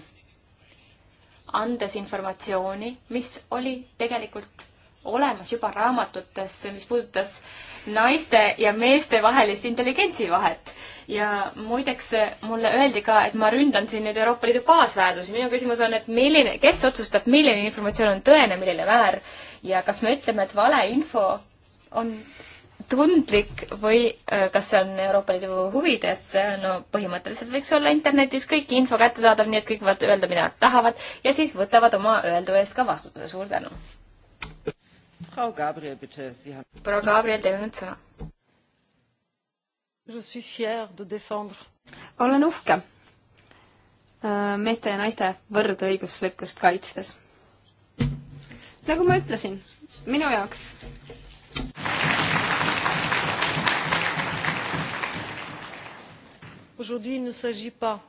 [SPEAKER 2] andes informatsiooni, mis oli tegelikult olemas juba raamatutes, mis puudutas naiste ja meeste vahelist intelligentsi vahet. ja muideks mulle öeldi ka, et ma ründan siin nüüd Euroopa Liidu baasväärtusi. minu küsimus on, et milline, kes otsustab, milline informatsioon on tõene, milline väär ja kas me ütleme, et valeinfo on tundlik või äh, kas see on Euroopa Liidu huvides, no põhimõtteliselt võiks olla internetis kõik info kättesaadav, nii et kõik
[SPEAKER 1] võivad öelda, mida nad
[SPEAKER 2] tahavad ja siis võtavad oma öeldu eest ka vastutuse. suur tänu!
[SPEAKER 1] proua Gabriel, teil on nüüd sõna.
[SPEAKER 4] olen uhke äh, meeste ja naiste võrdõiguslikkust kaitstes. nagu ma ütlesin, minu jaoks
[SPEAKER 1] Aujourd'hui, il ne s'agit pas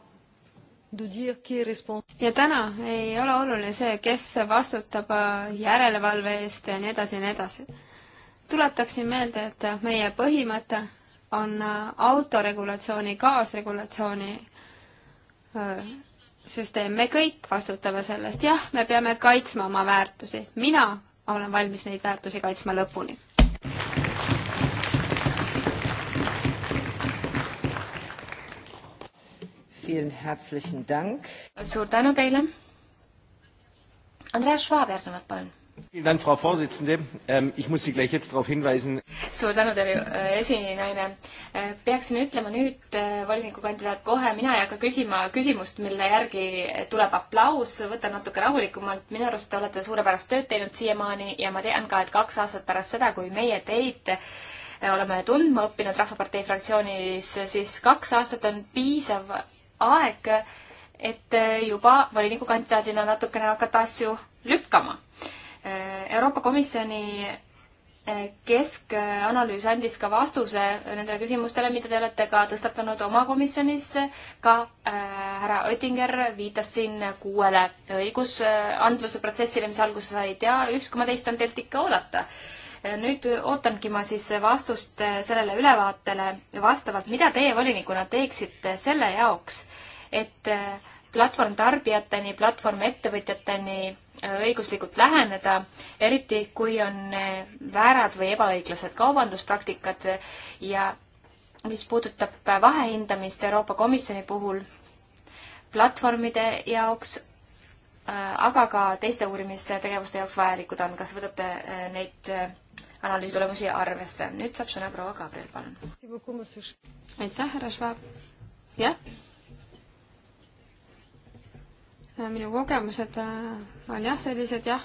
[SPEAKER 4] ja täna ei ole oluline see, kes vastutab äh, järelevalve eest ja nii edasi ja nii edasi. tuletaksin meelde, et meie põhimõte on äh, autoregulatsiooni, kaasregulatsiooni äh, süsteem, me kõik vastutame sellest, jah, me peame kaitsma oma väärtusi, mina olen valmis neid väärtusi kaitsma lõpuni.
[SPEAKER 1] Vielen herzlichen Dank.
[SPEAKER 2] suur tänu teile. Andreas Schwab järgnevalt, palun.
[SPEAKER 4] Vielen Dank, Frau Vorsitzende. Ähm, ich muss Sie gleich jetzt darauf hinweisen.
[SPEAKER 2] Suur tänu teile, äh, esinaine. Äh, peaksin ütlema nüüd äh, volinikukandidaat kohe, mina ei hakka küsima küsimust, mille järgi tuleb applaus, võtan natuke rahulikumalt. minu arust te olete suurepärast tööd teinud siiamaani ja ma tean ka, et kaks aastat pärast seda, kui meie teid oleme tundma õppinud Rahvapartei fraktsioonis, siis kaks aastat on piisav aeg, et juba volinikukandidaadina natukene hakata asju lükkama. Euroopa Komisjoni keskanalüüs andis ka vastuse nendele küsimustele, mida te olete ka tõstatanud oma komisjonis. ka äh, härra Oettinger viitas siin kuuele õigusandluse protsessile, mis alguse sai, et ja üks koma teist on teilt ikka oodata nüüd ootangi ma siis vastust sellele ülevaatele vastavalt, mida teie volinikuna teeksite selle jaoks, et platvorm tarbijateni, platvorm ettevõtjateni õiguslikult läheneda, eriti kui on väärad või ebaõiglased kaubanduspraktikad ja mis puudutab vahehindamist Euroopa Komisjoni puhul platvormide jaoks, äh, aga ka teiste uurimistegevuste jaoks vajalikud on, kas võtate äh, neid äh, analüüsi tulemusi arvesse. nüüd saab sõna proua Gabriel,
[SPEAKER 1] palun.
[SPEAKER 4] aitäh, härra Švab. jah? minu kogemused äh, on jah, sellised jah.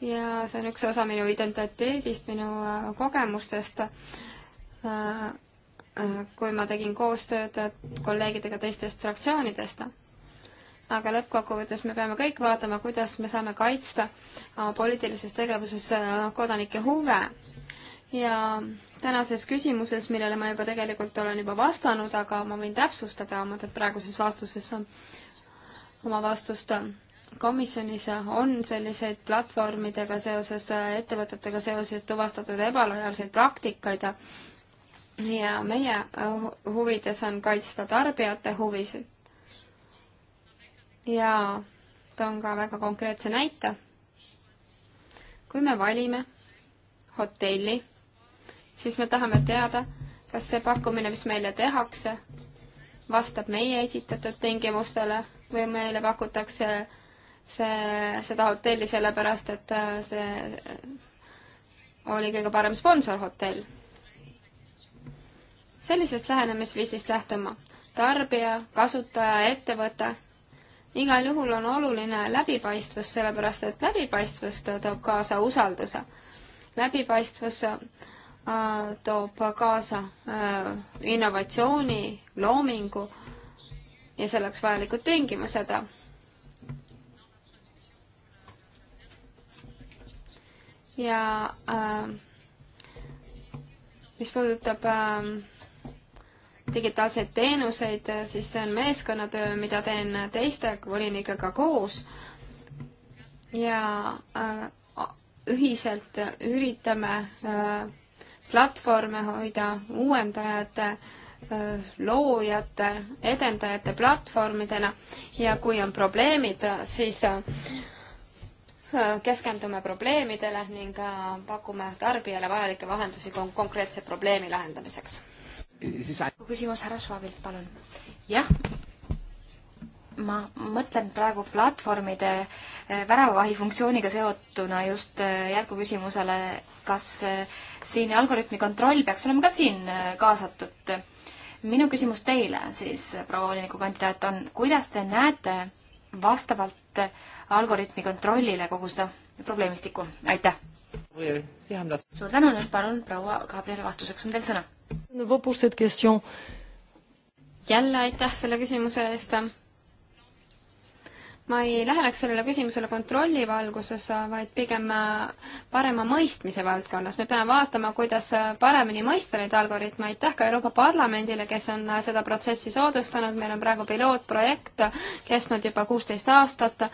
[SPEAKER 4] ja see on üks osa minu identiteedist, minu äh, kogemustest. Äh, kui ma tegin koostööd kolleegidega teistest fraktsioonidest aga lõppkokkuvõttes me peame kõik vaatama, kuidas me saame kaitsta äh, poliitilises tegevuses äh, kodanike huve. ja tänases küsimuses, millele ma juba tegelikult olen juba vastanud, aga ma võin täpsustada oma praeguses vastuses oma vastust komisjonis on selliseid platvormidega seoses, ettevõtetega seoses tuvastatud ebalojaalseid praktikaid ja meie äh, huvides on kaitsta tarbijate huvisid ja toon ka väga konkreetse näite. kui me valime hotelli, siis me tahame teada, kas see pakkumine, mis meile tehakse, vastab meie esitatud tingimustele või meile pakutakse see, seda hotelli sellepärast, et äh, see oli kõige parem sponsorhotell. sellisest lähenemisviisist lähtuma tarbija, kasutaja, ettevõte igal juhul on oluline läbipaistvus, sellepärast et läbipaistvus toob kaasa usalduse. läbipaistvus äh, toob kaasa äh, innovatsiooni, loomingu ja selleks vajalikud tingimused. ja äh, mis puudutab äh, digitaalseid teenuseid, siis see on meeskonnatöö, mida teen teiste volinikega koos ja äh, ühiselt üritame äh, platvorme hoida uuendajate, äh, loojate, edendajate platvormidena ja kui on probleemid, siis keskendume probleemidele ning pakume tarbijale vajalikke vahendusi konkreetse probleemi lahendamiseks küsimus härra Švabilt, palun. jah,
[SPEAKER 2] ma mõtlen praegu platvormide eh, väravavahi funktsiooniga seotuna just eh, jätkuküsimusele, kas eh, siin algoritmi kontroll peaks olema ka siin kaasatud. minu küsimus teile siis, proua volinikukandidaat, on, kuidas te näete vastavalt algoritmi kontrollile kogu seda probleemistikku,
[SPEAKER 3] aitäh suur tänu,
[SPEAKER 2] nüüd palun, proua Gabriel, vastuseks on teil
[SPEAKER 1] sõna.
[SPEAKER 4] jälle aitäh selle küsimuse eest. ma ei läheneks sellele küsimusele kontrolli valguses, vaid pigem äh, parema mõistmise valdkonnas. me peame vaatama, kuidas äh, paremini mõista neid algoritme. aitäh ka Euroopa Parlamendile, kes on äh, seda protsessi soodustanud. meil on praegu pilootprojekt kestnud juba kuusteist aastat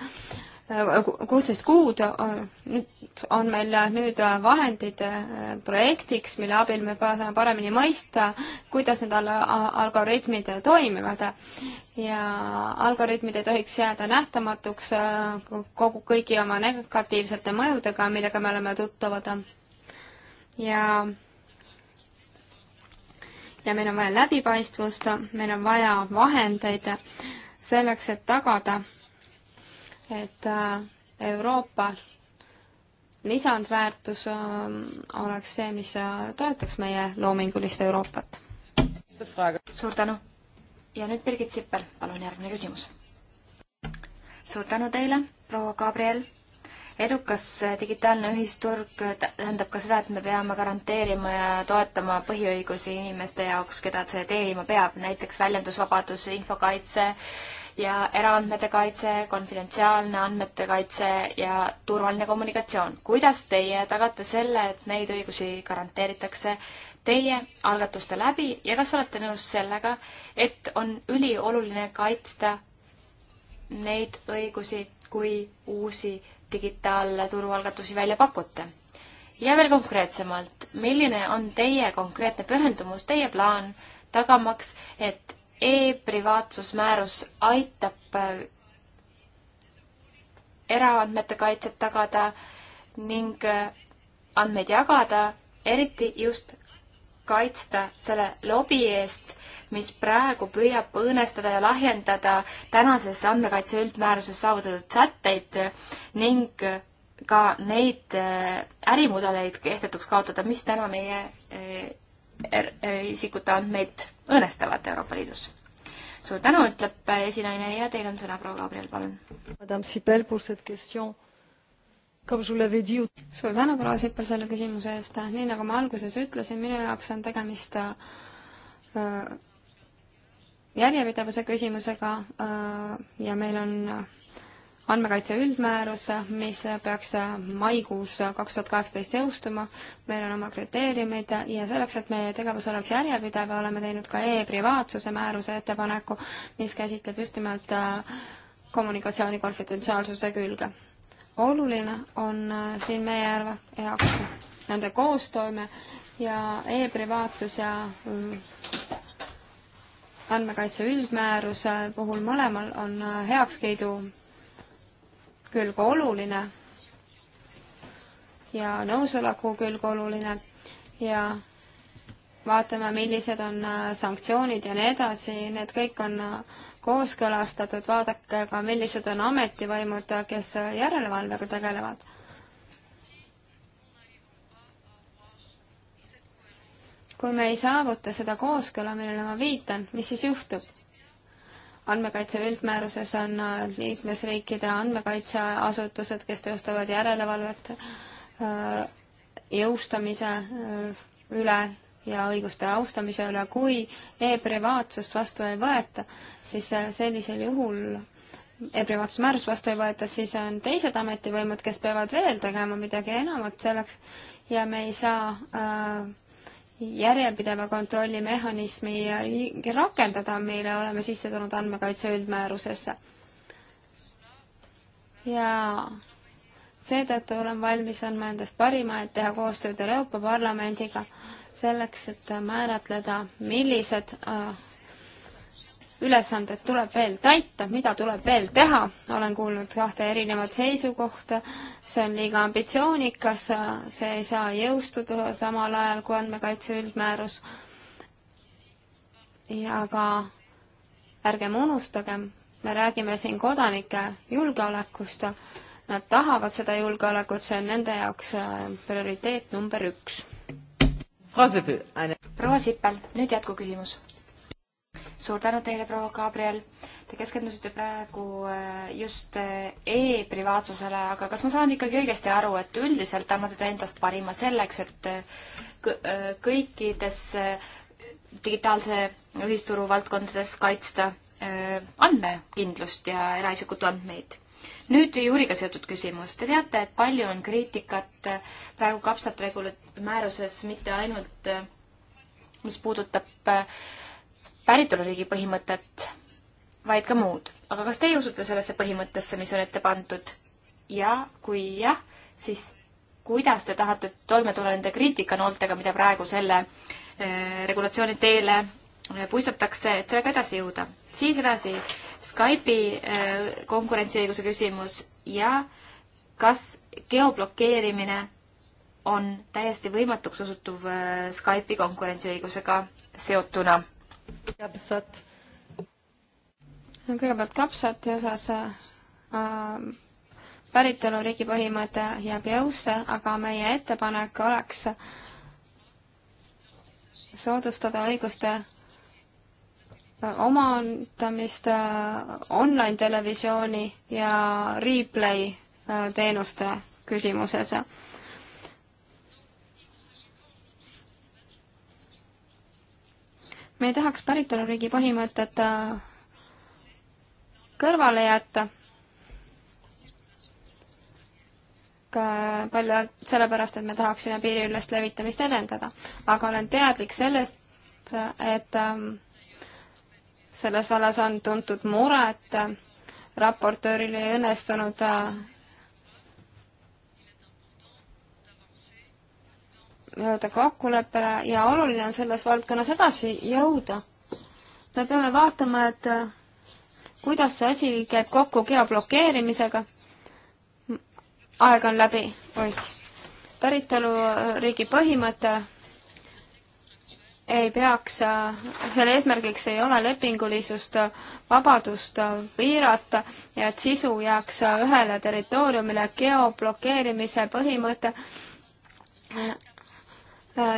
[SPEAKER 4] kuusteist kuud äh, nüüd on meil äh, nüüd äh, vahendid projektiks, mille abil me saame paremini mõista, kuidas need algoritmid toimivad. ja algoritmid ei tohiks jääda nähtamatuks kogu, kõigi oma negatiivsete mõjudega, millega me oleme tuttavad. ja ja meil on vaja läbipaistvust, meil on vaja vahendeid selleks, et tagada et äh, Euroopa lisandväärtus ähm, oleks see, mis äh, toetaks meie loomingulist Euroopat. suur tänu! ja nüüd Birgit Sipper, palun järgmine küsimus.
[SPEAKER 2] suur tänu teile, proua Gabriel! edukas äh, digitaalne ühisturg tähendab ka seda, et me peame garanteerima ja toetama põhiõigusi inimeste jaoks, keda see teenima peab, näiteks väljendusvabadus, infokaitse ja eraandmete kaitse, konfidentsiaalne andmete kaitse ja turvaline kommunikatsioon. kuidas teie tagate selle, et neid õigusi garanteeritakse teie algatuste läbi ja kas olete nõus sellega, et on ülioluline kaitsta neid õigusi, kui uusi digitaalturu algatusi välja pakute? ja veel konkreetsemalt, milline on teie konkreetne pühendumus, teie plaan tagamaks, et e-privaatsusmäärus aitab äh, eraandmete kaitset tagada ning äh, andmeid jagada, eriti just kaitsta selle lobi eest, mis praegu püüab õõnestada ja lahjendada tänases andmekaitse üldmääruses saavutatud sätteid ning äh, ka neid ärimudeleid kehtetuks kaotada, mis täna meie Er-, äh, isikute andmeid õõnestavad Euroopa Liidus. suur tänu, ütleb esinaine ja teil on sõna, proua
[SPEAKER 4] Gabriel, palun. suur tänu, proua Sipel, selle küsimuse eest. nii nagu ma alguses ütlesin, minu jaoks on tegemist äh, järjepidevuse küsimusega äh, ja meil on andmekaitse üldmäärus, mis peaks maikuus kaks tuhat kaheksateist jõustuma, meil on oma kriteeriumid ja selleks, et meie tegevus oleks järjepidev, oleme teinud ka e-privaatsuse määruse ettepaneku, mis käsitleb just nimelt äh, kommunikatsiooni konfidentsiaalsuse külge. oluline on äh, siin meie jaoks nende koostoime ja e-privaatsus ja mm, andmekaitse üldmääruse puhul mõlemal on äh, heakskiidu külg oluline ja nõusoleku külg oluline ja vaatame, millised on äh, sanktsioonid ja nii edasi, need kõik on äh, kooskõlastatud, vaadake ka, millised on ametivõimud, äh, kes järelevalvega tegelevad. kui me ei saavuta seda kooskõla, millele ma viitan, mis siis juhtub? andmekaitse üldmääruses on äh, liikmesriikide andmekaitseasutused, kes teostavad järelevalvet äh, jõustamise äh, üle ja õiguste austamise üle, kui e-privaatsust vastu ei võeta, siis sellisel juhul e-privaatsuse määrus vastu ei võeta, siis on teised ametivõimud, kes peavad veel tegema midagi enamat selleks ja me ei saa äh, järjepideva kontrollimehhanismi rakendada, mille oleme sisse toonud andmekaitse üldmäärusesse. ja seetõttu olen valmis andma endast parima, et teha koostööd Euroopa Parlamendiga selleks, et määratleda, millised äh, ülesandeid tuleb veel täita, mida tuleb veel teha, olen kuulnud kahte erinevat seisukohta, see on liiga ambitsioonikas, see ei saa jõustuda samal ajal kui andmekaitse üldmäärus. aga ärgem unustagem, me räägime siin kodanike julgeolekust, nad tahavad seda julgeolekut, see on nende jaoks äh, prioriteet number üks. proua Sippel, nüüd
[SPEAKER 2] jätkuküsimus suur tänu teile, proua Gabriel. Te keskendusite praegu äh, just äh, e-privaatsusele, aga kas ma saan ikkagi õigesti aru, et üldiselt annate te endast parima selleks, et äh, kõikides digitaalse ühisturu valdkondades kaitsta andmekindlust ja eraisikute andmeid? nüüd juuriga seotud küsimus. Te teate, et palju on kriitikat praegu kapsatregula-, määruses mitte ainult mis puudutab päritoluriigi põhimõtet, vaid ka muud. aga kas teie usute sellesse põhimõttesse, mis on ette pandud? ja kui jah, siis kuidas te tahate toime tulla nende kriitikanooltega, mida praegu selle äh, regulatsiooni teele eh, puistatakse, et sellega edasi jõuda. siis edasi Skype'i äh, konkurentsiõiguse küsimus ja kas geoblokeerimine on täiesti võimatuks osutuv äh, Skype'i konkurentsiõigusega seotuna
[SPEAKER 4] kapsad. kõigepealt kapsate osas äh, päritoluriigi põhimõte jääb jõusse, aga meie ettepanek oleks soodustada õiguste omandamist äh, online-televisiooni ja replay äh, teenuste küsimuses me ei tahaks päritoluriigi põhimõtet äh, kõrvale jätta ka palju sellepärast, et me tahaksime piiriülest levitamist edendada. aga olen teadlik sellest, et ähm, selles vallas on tuntud muret, äh, raportööril ei õnnestunud äh, jõuda kokkuleppele ja oluline on selles valdkonnas edasi jõuda. me peame vaatama, et kuidas see asi käib kokku geoblokeerimisega. aeg on läbi, oih. päritoluriigi põhimõte ei peaks, selle eesmärgiks ei ole lepingulisust, vabadust piirata ja et sisu jääks ühele territooriumile, geoblokeerimise põhimõte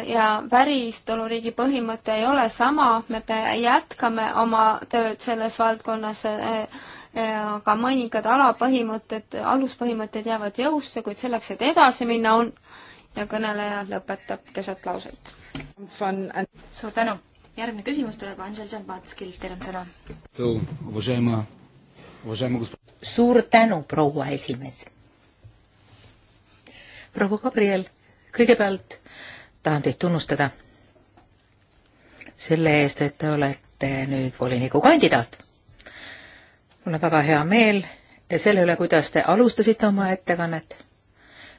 [SPEAKER 4] ja päristoluriigi põhimõte ei ole sama, me jätkame oma tööd selles valdkonnas, e, e, aga mõningad alapõhimõtted, aluspõhimõtted jäävad jõusse, kuid selleks, et edasi minna, on ja kõneleja lõpetab keset lauset. suur tänu. järgmine
[SPEAKER 2] küsimus tuleb Anžel Džambatskilt, teil on
[SPEAKER 3] sõna. suur tänu, proua esimees. proua Gabriel, kõigepealt tahan teid tunnustada selle eest, et te olete nüüd volinikukandidaat. mul on väga hea meel selle üle, kuidas te alustasite oma ettekannet.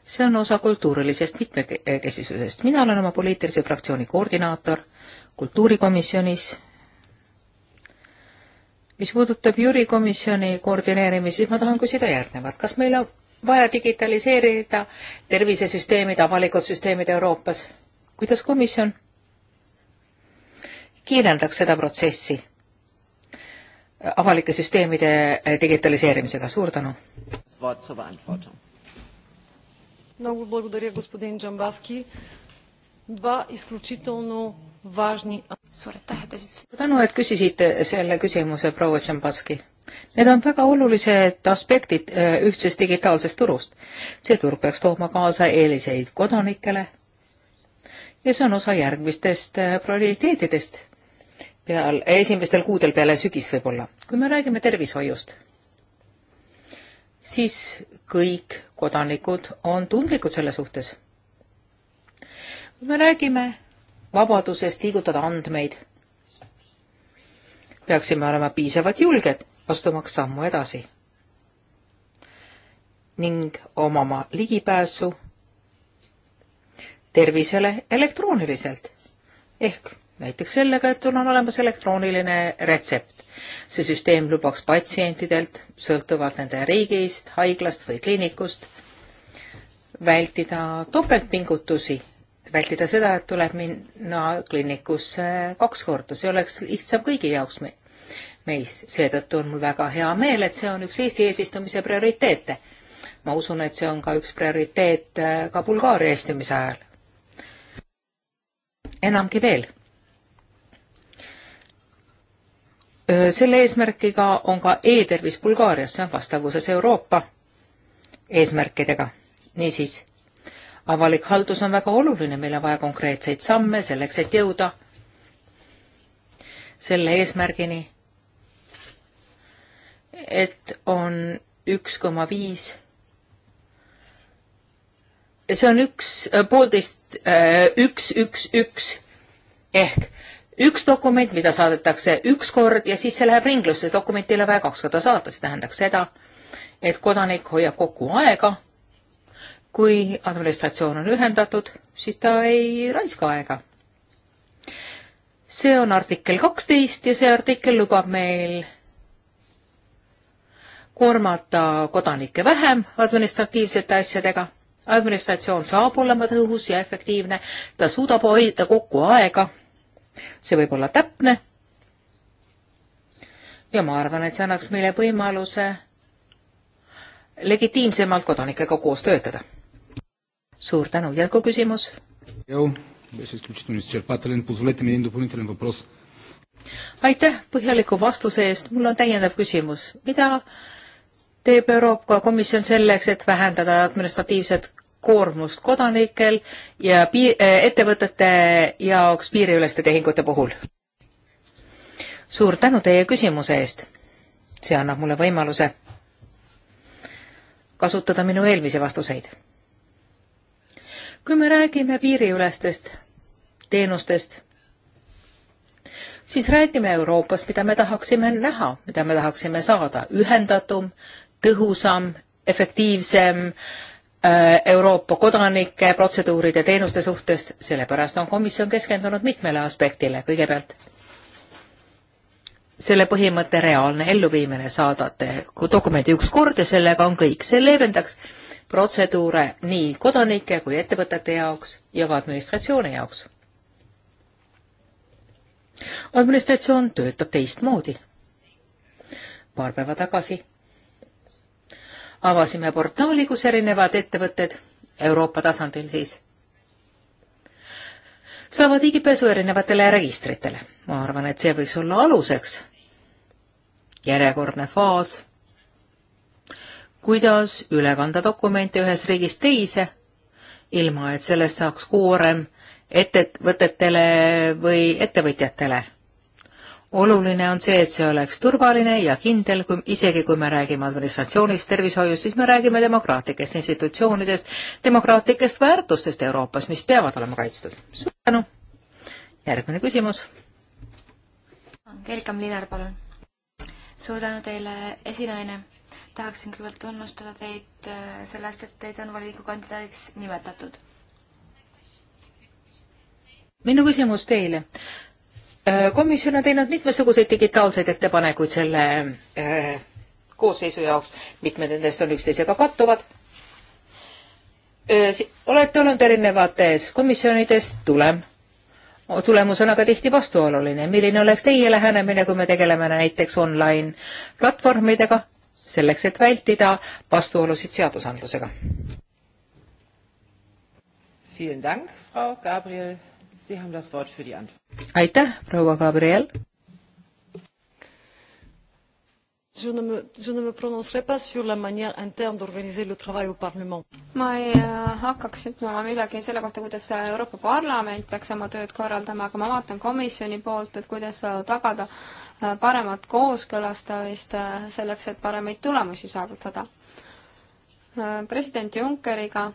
[SPEAKER 3] see on osa kultuurilisest mitmekesisusest. mina olen oma poliitilise fraktsiooni koordinaator kultuurikomisjonis, mis puudutab Jüri komisjoni koordineerimist, siis ma tahan küsida järgnevat. kas meil on vaja digitaliseerida tervisesüsteemid, avalikud süsteemid Euroopas? kuidas komisjon kiirendaks seda protsessi avalike süsteemide digitaliseerimisega, suur tänu!
[SPEAKER 1] Много благодаря, господин Джамбаски. Два изключително важни... Suur aitäh,
[SPEAKER 3] et esitasite. tänu, et küsisite selle küsimuse, proua Džambaski. Need on väga olulised aspektid eh, ühtsest digitaalsest turust. see turg peaks tooma kaasa eeliseid kodanikele ja see on osa järgmistest äh, prioriteetidest peal, esimestel kuudel peale sügist võib-olla. kui me räägime tervishoiust, siis kõik kodanikud on tundlikud selle suhtes. kui me räägime vabadusest liigutada andmeid, peaksime olema piisavalt julged, astumaks sammu edasi ning omama ligipääsu tervisele elektrooniliselt. ehk näiteks sellega, et on olemas elektrooniline retsept. see süsteem lubaks patsientidelt, sõltuvalt nende riigist, haiglast või kliinikust, vältida topeltpingutusi, vältida seda, et tuleb minna kliinikusse kaks korda, see oleks lihtsam kõigi jaoks me meist. seetõttu on mul väga hea meel, et see on üks Eesti eesistumise prioriteete. ma usun, et see on ka üks prioriteet äh, ka Bulgaaria eestimise ajal enamgi veel. selle eesmärkiga on ka e-tervis Bulgaarias, see on vastavuses Euroopa eesmärkidega. niisiis, avalik haldus on väga oluline, meil on vaja konkreetseid samme selleks, et jõuda selle eesmärgini, et on üks koma viis see on üks äh, poolteist, äh, üks, üks, üks ehk üks dokument, mida saadetakse üks kord ja siis see läheb ringlusse, dokumenti ei ole vaja kaks korda saata, see tähendaks seda, et kodanik hoiab kokku aega. kui administratsioon on ühendatud, siis ta ei raiska aega. see on artikkel kaksteist ja see artikkel lubab meil koormata kodanikke vähem administratiivsete asjadega administratsioon saab olema tõhus ja efektiivne, ta suudab hoida kokku aega, see võib olla täpne ja ma arvan, et see annaks meile võimaluse legitiimsemalt kodanikega koos töötada. suur tänu, jätkuküsimus. aitäh põhjaliku vastuse eest, mul on täiendav küsimus, mida teeb Euroopa Komisjon selleks, et vähendada administratiivset koormust kodanikel ja pii-, eh, ettevõtete jaoks piiriüleste tehingute puhul? suur tänu teie küsimuse eest. see annab mulle võimaluse kasutada minu eelmisi vastuseid. kui me räägime piiriülestest teenustest, siis räägime Euroopast, mida me tahaksime näha, mida me tahaksime saada, ühendatum, tõhusam, efektiivsem äh, Euroopa kodanike protseduuride teenuste suhtes, sellepärast on komisjon keskendunud mitmele aspektile. kõigepealt selle põhimõtte reaalne elluviimine, saadate dokumendi üks kord ja sellega on kõik. see leevendaks protseduure nii kodanike kui ettevõtete jaoks ja ka administratsiooni jaoks. administratsioon töötab teistmoodi. paar päeva tagasi avasime portaali, kus erinevad ettevõtted Euroopa tasandil siis saavad ligipääsu erinevatele registritele. ma arvan, et see võiks olla aluseks. järjekordne faas, kuidas üle kanda dokumente ühest riigist teise, ilma et sellest saaks koorem ettevõtetele või ettevõtjatele oluline on see, et see oleks turvaline ja kindel, kui isegi kui me räägime administratsioonist, tervishoiust, siis me räägime demokraatlikest institutsioonidest, demokraatlikest väärtustest Euroopas, mis peavad olema kaitstud. suur tänu. järgmine küsimus.
[SPEAKER 2] Angelika Mlinar, palun. suur tänu teile, esinaine. tahaksin kõigepealt tunnustada teid äh, selle eest, et teid on volikogu kandidaadiks nimetatud.
[SPEAKER 3] minu küsimus teile Äh, komisjon on teinud mitmesuguseid digitaalseid ettepanekuid selle äh, koosseisu jaoks, mitmed nendest on üksteisega kattuvad. Äh, olete olnud erinevates komisjonides, tulem, tulemus on aga tihti vastuoluline. milline oleks teie lähenemine, kui me tegeleme näiteks online platvormidega, selleks et vältida vastuolusid seadusandlusega?
[SPEAKER 1] Vielen Dank, Frau Gabriel
[SPEAKER 3] aitäh, proua Gabriel.
[SPEAKER 1] Je ne, me, je ne me prononcerai pas sur la manière interne d'organiser le travail au Parlement.
[SPEAKER 4] ma ei äh, hakkaks ütlema midagi selle kohta, kuidas äh, Euroopa Parlament peaks oma tööd korraldama, aga ma vaatan komisjoni poolt, et kuidas äh, tagada paremat kooskõlastamist selleks, et paremaid tulemusi saavutada. president Junckeriga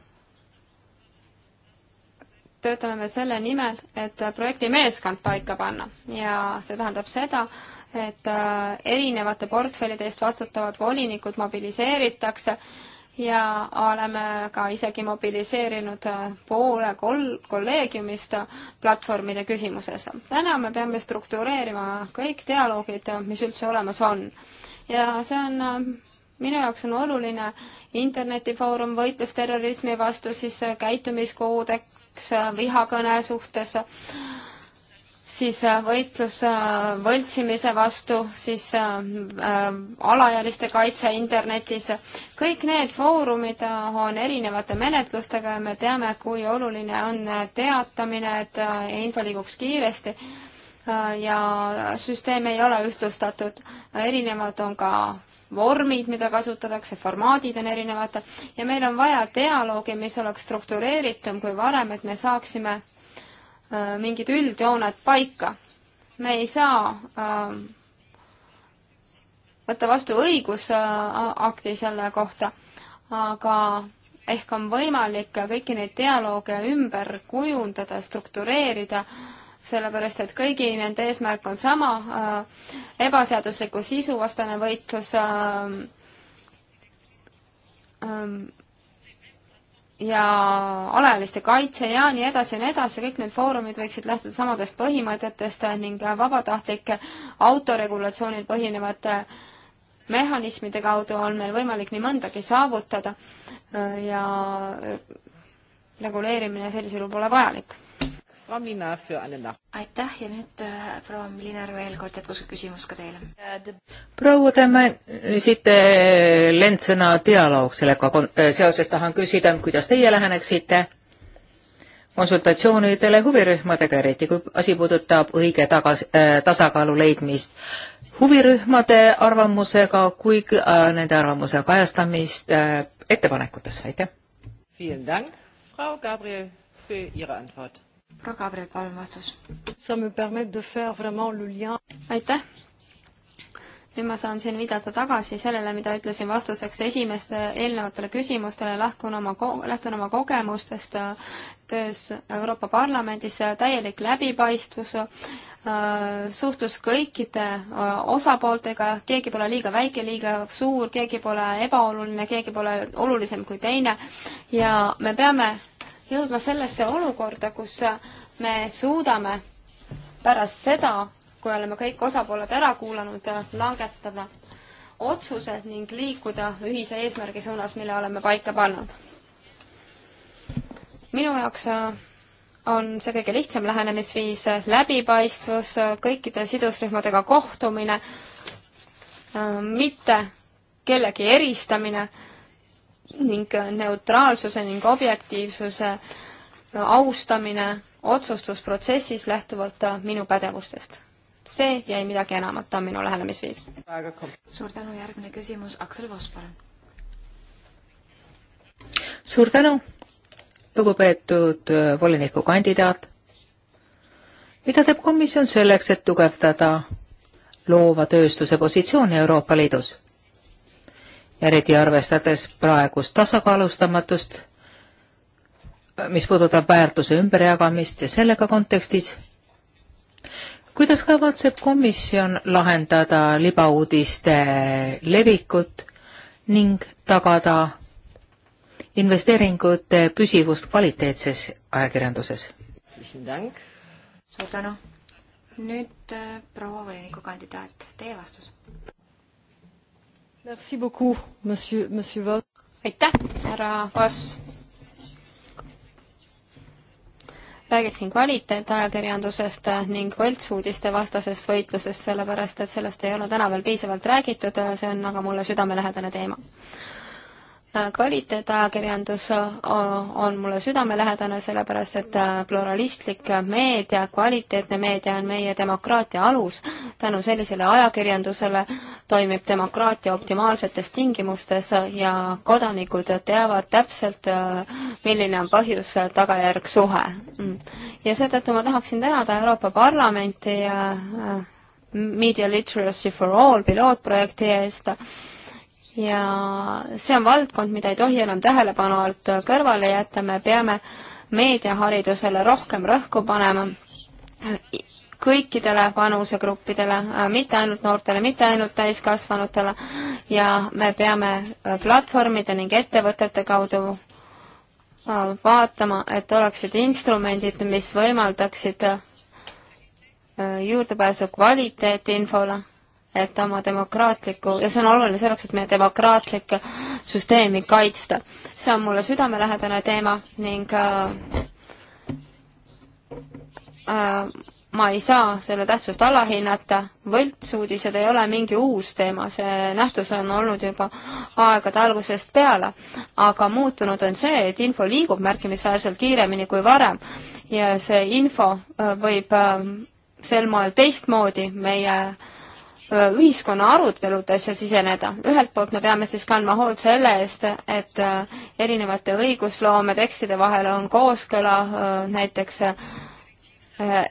[SPEAKER 4] töötame me selle nimel, et projekti meeskond paika panna ja see tähendab seda, et äh, erinevate portfellide eest vastutavad volinikud mobiliseeritakse ja oleme ka isegi mobiliseerinud äh, poole kol-, kolleegiumist platvormide küsimuses. täna me peame struktureerima kõik dialoogid, mis üldse olemas on. ja see on äh, minu jaoks on oluline internetifoorum võitlus terrorismi vastu, siis äh, käitumiskoodeks äh, vihakõne suhtes, siis äh, võitlus võltsimise vastu, siis alaealiste kaitse internetis. kõik need foorumid on erinevate menetlustega ja me teame, kui oluline on teatamine, et info liiguks kiiresti ja süsteem ei ole ühtlustatud. erinevad on ka vormid, mida kasutatakse, formaadid on erinevad ja meil on vaja dialoogi, mis oleks struktureeritum kui varem, et me saaksime äh, mingid üldjooned paika. me ei saa äh, võtta vastu õigusakti äh, selle kohta, aga ehk on võimalik kõiki neid dialoog ümber kujundada, struktureerida äh, sellepärast et kõigi nende eesmärk on sama äh,, ebaseadusliku sisu vastane võitlus äh, äh, ja alaealiste kaitse ja nii edasi ja nii edasi, kõik need foorumid võiksid lähtuda samadest põhimõtetest ning vabatahtlike autoregulatsioonil põhinevate mehhanismide kaudu on meil võimalik nii mõndagi saavutada äh, ja reguleerimine sellisel juhul pole vajalik aitäh ja nüüd äh, proua Milinar
[SPEAKER 2] veel kord jätkuküsimus ka teile.
[SPEAKER 3] proua, te mainisite lendsõna dialoog sellega äh, seoses tahan küsida, kuidas teie läheneksite konsultatsioonidele huvirühmadega, eriti kui asi puudutab õige tagas- äh,, tasakaalu leidmist huvirühmade arvamusega kui ka äh, nende arvamuse kajastamist äh, ettepanekutes, aitäh!
[SPEAKER 4] proua Gabriel, palun vastus. aitäh nüüd ma saan siin viidata tagasi sellele, mida ütlesin vastuseks esimeste eelnevatele küsimustele, lähtun oma, lähtun oma kogemustest äh, töös Euroopa Parlamendis, täielik läbipaistvus, äh, suhtlus kõikide äh, osapooltega, keegi pole liiga väike, liiga suur, keegi pole ebaoluline, keegi pole olulisem kui teine ja me peame jõudma sellesse olukorda, kus me suudame pärast seda, kui oleme kõik osapooled ära kuulanud, langetada otsused ning liikuda ühise eesmärgi suunas, mille oleme paika pannud. minu jaoks äh, on see kõige lihtsam lähenemisviis, äh, läbipaistvus, äh, kõikide sidusrühmadega kohtumine, mitte kellegi eristamine ning neutraalsuse ning objektiivsuse austamine otsustusprotsessis lähtuvalt minu pädevustest. see jäi midagi enamat, on minu lähenemisviis.
[SPEAKER 2] suur tänu, järgmine küsimus, Aksel Voss, palun.
[SPEAKER 3] suur tänu, lugupeetud äh, volinikukandidaat. mida teeb komisjon selleks, et tugevdada loova tööstuse positsiooni Euroopa Liidus? eriti arvestades praegust tasakaalustamatust, mis puudutab väärtuse ümberjagamist ja sellega kontekstis, kuidas kavatseb komisjon lahendada libauudiste levikut ning tagada investeeringute püsivust kvaliteetses ajakirjanduses?
[SPEAKER 2] suur tänu. nüüd äh, proua volinikukandidaat, teie vastus
[SPEAKER 4] aitäh, härra Voss. räägiksin kvaliteetajakirjandusest ning võltsuudiste vastasest võitlusest, sellepärast et sellest ei ole täna veel piisavalt räägitud, see on aga mulle südamelähedane teema kvaliteetajakirjandus on mulle südamelähedane, sellepärast et äh, pluralistlik meedia, kvaliteetne meedia on meie demokraatia alus. tänu sellisele ajakirjandusele toimib demokraatia optimaalsetes tingimustes ja kodanikud teavad täpselt, äh, milline on põhjus-tagajärg äh, suhe. ja seetõttu ma tahaksin tänada Euroopa Parlamenti ja Media Literacy for All pilootprojekti eest ja see on valdkond, mida ei tohi enam tähelepanu alt kõrvale jätta, me peame meediaharidusele rohkem rõhku panema kõikidele vanusegruppidele, mitte ainult noortele, mitte ainult täiskasvanutele ja me peame platvormide ning ettevõtete kaudu äh, vaatama, et oleksid instrumendid, mis võimaldaksid äh, juurdepääsu kvaliteetinfole et oma demokraatlikku, ja see on oluline selleks, et meie demokraatlikku süsteemi kaitsta. see on mulle südamelähedane teema ning äh, äh, ma ei saa selle tähtsust alahinnata, võltsuudised ei ole mingi uus teema, see nähtus on olnud juba aegade algusest peale. aga muutunud on see, et info liigub märkimisväärselt kiiremini kui varem ja see info äh, võib äh, sel moel teistmoodi meie äh, Äh, ühiskonna aruteludesse siseneda. ühelt poolt me peame siis kandma hoolt selle eest, et äh, erinevate õigusloome tekstide vahel on kooskõla, äh, näiteks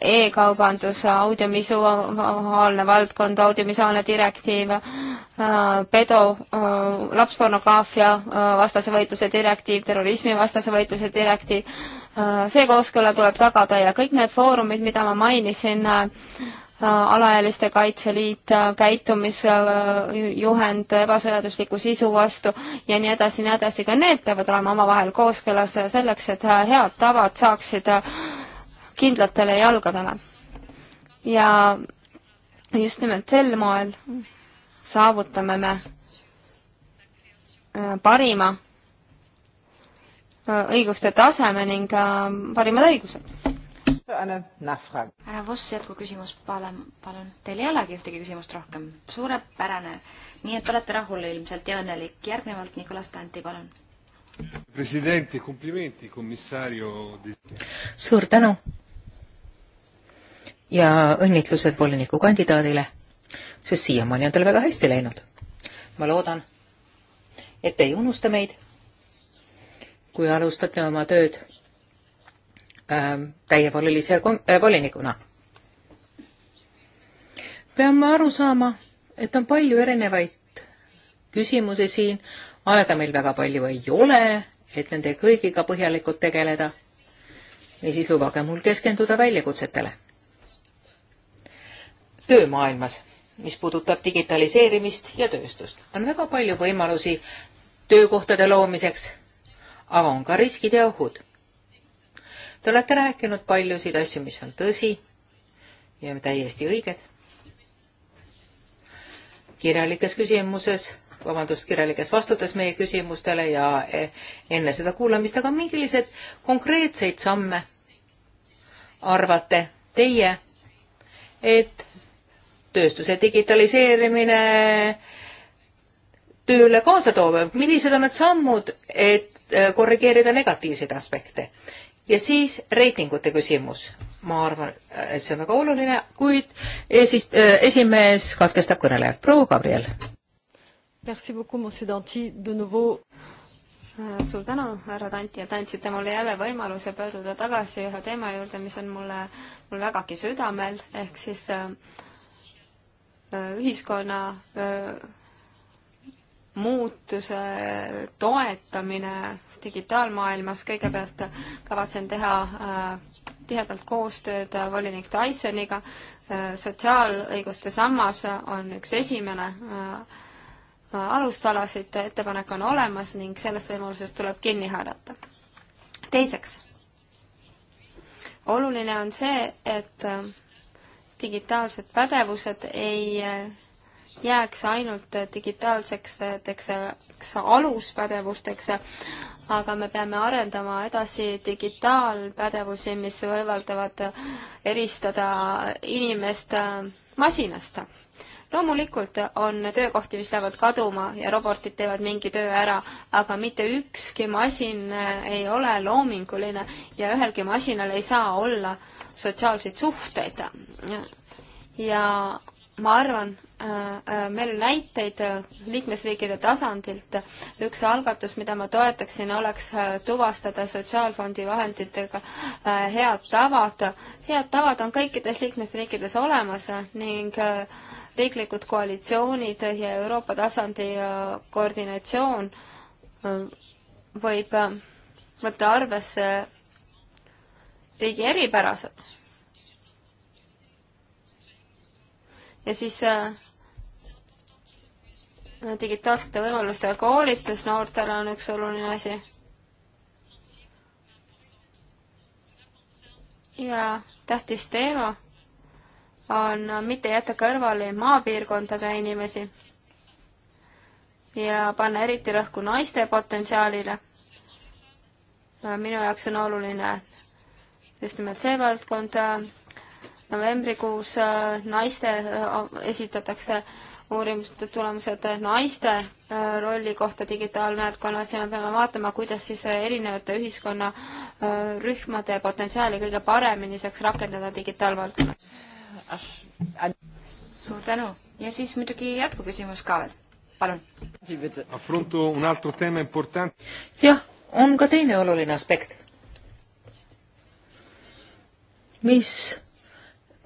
[SPEAKER 4] e-kaubandus, audiovisuaalne valdkond, audiovisuaalne direktiiv, pedo, lapspornograafia vastase võitluse direktiiv, terrorismi vastase võitluse direktiiv, see kooskõla tuleb tagada ja kõik need foorumid, mida ma mainisin, Äh, alaealiste kaitseliit, äh, käitumisjuhend äh, ebaseadusliku sisu vastu ja nii edasi, nii edasi, ka need peavad olema omavahel kooskõlas selleks, et head tavad saaksid kindlatele jalgadele. ja just nimelt sel moel saavutame me parima õiguste taseme ning parimad õigused
[SPEAKER 1] härra
[SPEAKER 2] Voss, jätkuküsimus, palun, palun. Teil ei olegi ühtegi küsimust rohkem. suurepärane. nii et olete rahul ilmselt ja õnnelik. järgnevalt Nicolas Tanti, palun.
[SPEAKER 1] presidenti, komplimenti, komissario.
[SPEAKER 3] suur tänu ja õnnitlused volinikukandidaadile, sest siiamaani on tal väga hästi läinud. ma loodan, et ei unusta meid, kui alustate oma tööd Ähm, täievolilise äh, volinikuna. peame aru saama, et on palju erinevaid küsimusi siin, aega meil väga palju ei ole, et nende kõigiga põhjalikult tegeleda. niisiis lubage mul keskenduda väljakutsetele töömaailmas, mis puudutab digitaliseerimist ja tööstust. on väga palju võimalusi töökohtade loomiseks, aga on ka riskid ja ohud. Te olete rääkinud paljusid asju, mis on tõsi ja täiesti õiged. kirjalikes küsimuses, vabandust, kirjalikes vastutes meie küsimustele ja e, enne seda kuulamist, aga millised konkreetseid samme arvate teie, et tööstuse digitaliseerimine tööle kaasa toob, millised on need sammud, et e, korrigeerida negatiivseid aspekte? ja siis reitingute küsimus. ma arvan, et see on väga oluline, kuid esis-, äh, esimees katkestab kõnelejat. proua Gabriel.
[SPEAKER 4] Merci beaucoup, monsieur Danti, de nouveau äh, suur tänu, härra Tanti, et andsite mulle jälle võimaluse pöörduda tagasi ühe teema juurde, mis on mulle, mul vägagi südamel, ehk siis äh, äh ühiskonna äh, muutuse toetamine digitaalmaailmas, kõigepealt kavatsen teha äh, tihedalt koostööd volinik Dysoniga, äh, sotsiaalõiguste sammas on üks esimene äh, alustalasid, ettepanek on olemas ning sellest võimalusest tuleb kinni haarata. teiseks, oluline on see, et digitaalsed pädevused ei jääks ainult digitaalseks teks, aluspädevusteks, aga me peame arendama edasi digitaalpädevusi, mis võimaldavad eristada inimest masinast. loomulikult on töökohti, mis lähevad kaduma ja robotid teevad mingi töö ära, aga mitte ükski masin ei ole loominguline ja ühelgi masinal ei saa olla sotsiaalseid suhteid. ja ma arvan, äh, äh, meil on näiteid äh, liikmesriikide tasandilt, üks algatus, mida ma toetaksin, oleks tuvastada Sotsiaalfondi vahenditega head tavad. head tavad on kõikides liikmesriikides olemas ning riiklikud koalitsioonid ja Euroopa tasandi koordinatsioon võib võtta arvesse riigi eripärased ja siis äh, digitaalsete võimaluste koolitus noortele on üks oluline asi. ja tähtis teema on mitte jätta kõrvale maapiirkondade inimesi ja panna eriti rõhku naiste potentsiaalile. minu jaoks on oluline just nimelt see valdkond novembrikuus äh, naiste, äh, esitatakse uurimuste tulemused naiste äh, rolli kohta digitaalvaldkonnas ja me peame vaatama, kuidas siis erinevate ühiskonnarühmade potentsiaali kõige paremini saaks rakendada digitaalvaldkonnas. suur tänu ja siis muidugi jätkuküsimus ka veel,
[SPEAKER 3] palun. jah, on ka teine oluline aspekt, mis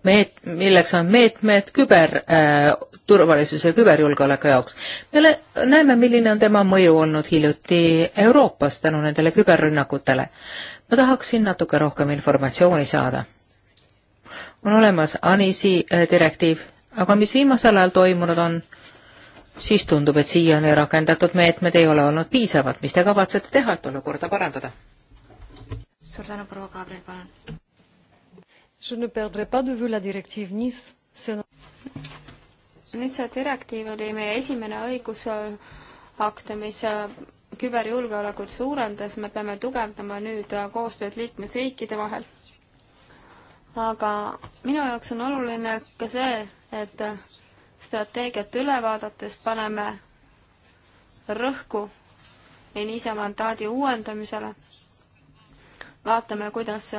[SPEAKER 3] meet-, milleks on meetmed küberturvalisuse äh,, küberjulgeoleku jaoks. me näeme, milline on tema mõju olnud hiljuti Euroopas tänu nendele küberrünnakutele. ma tahaksin natuke rohkem informatsiooni saada. on olemas ANISi äh, direktiiv, aga mis viimasel ajal toimunud on, siis tundub, et siiani rakendatud meetmed ei ole olnud piisavad. mis te kavatsete teha, et olukorda parandada?
[SPEAKER 1] suur tänu, proua Kaabel,
[SPEAKER 4] palun Je ne perdrai pas de vue la directive Nice. Nice direktiiv oli meie esimene õigusakt, mis äh, küberjulgeolekut suurendas, me peame tugevdama nüüd äh, koostööd liikmesriikide vahel. aga minu jaoks on oluline ka see, et äh, strateegiat üle vaadates paneme rõhku Enisa mandaadi uuendamisele. vaatame, kuidas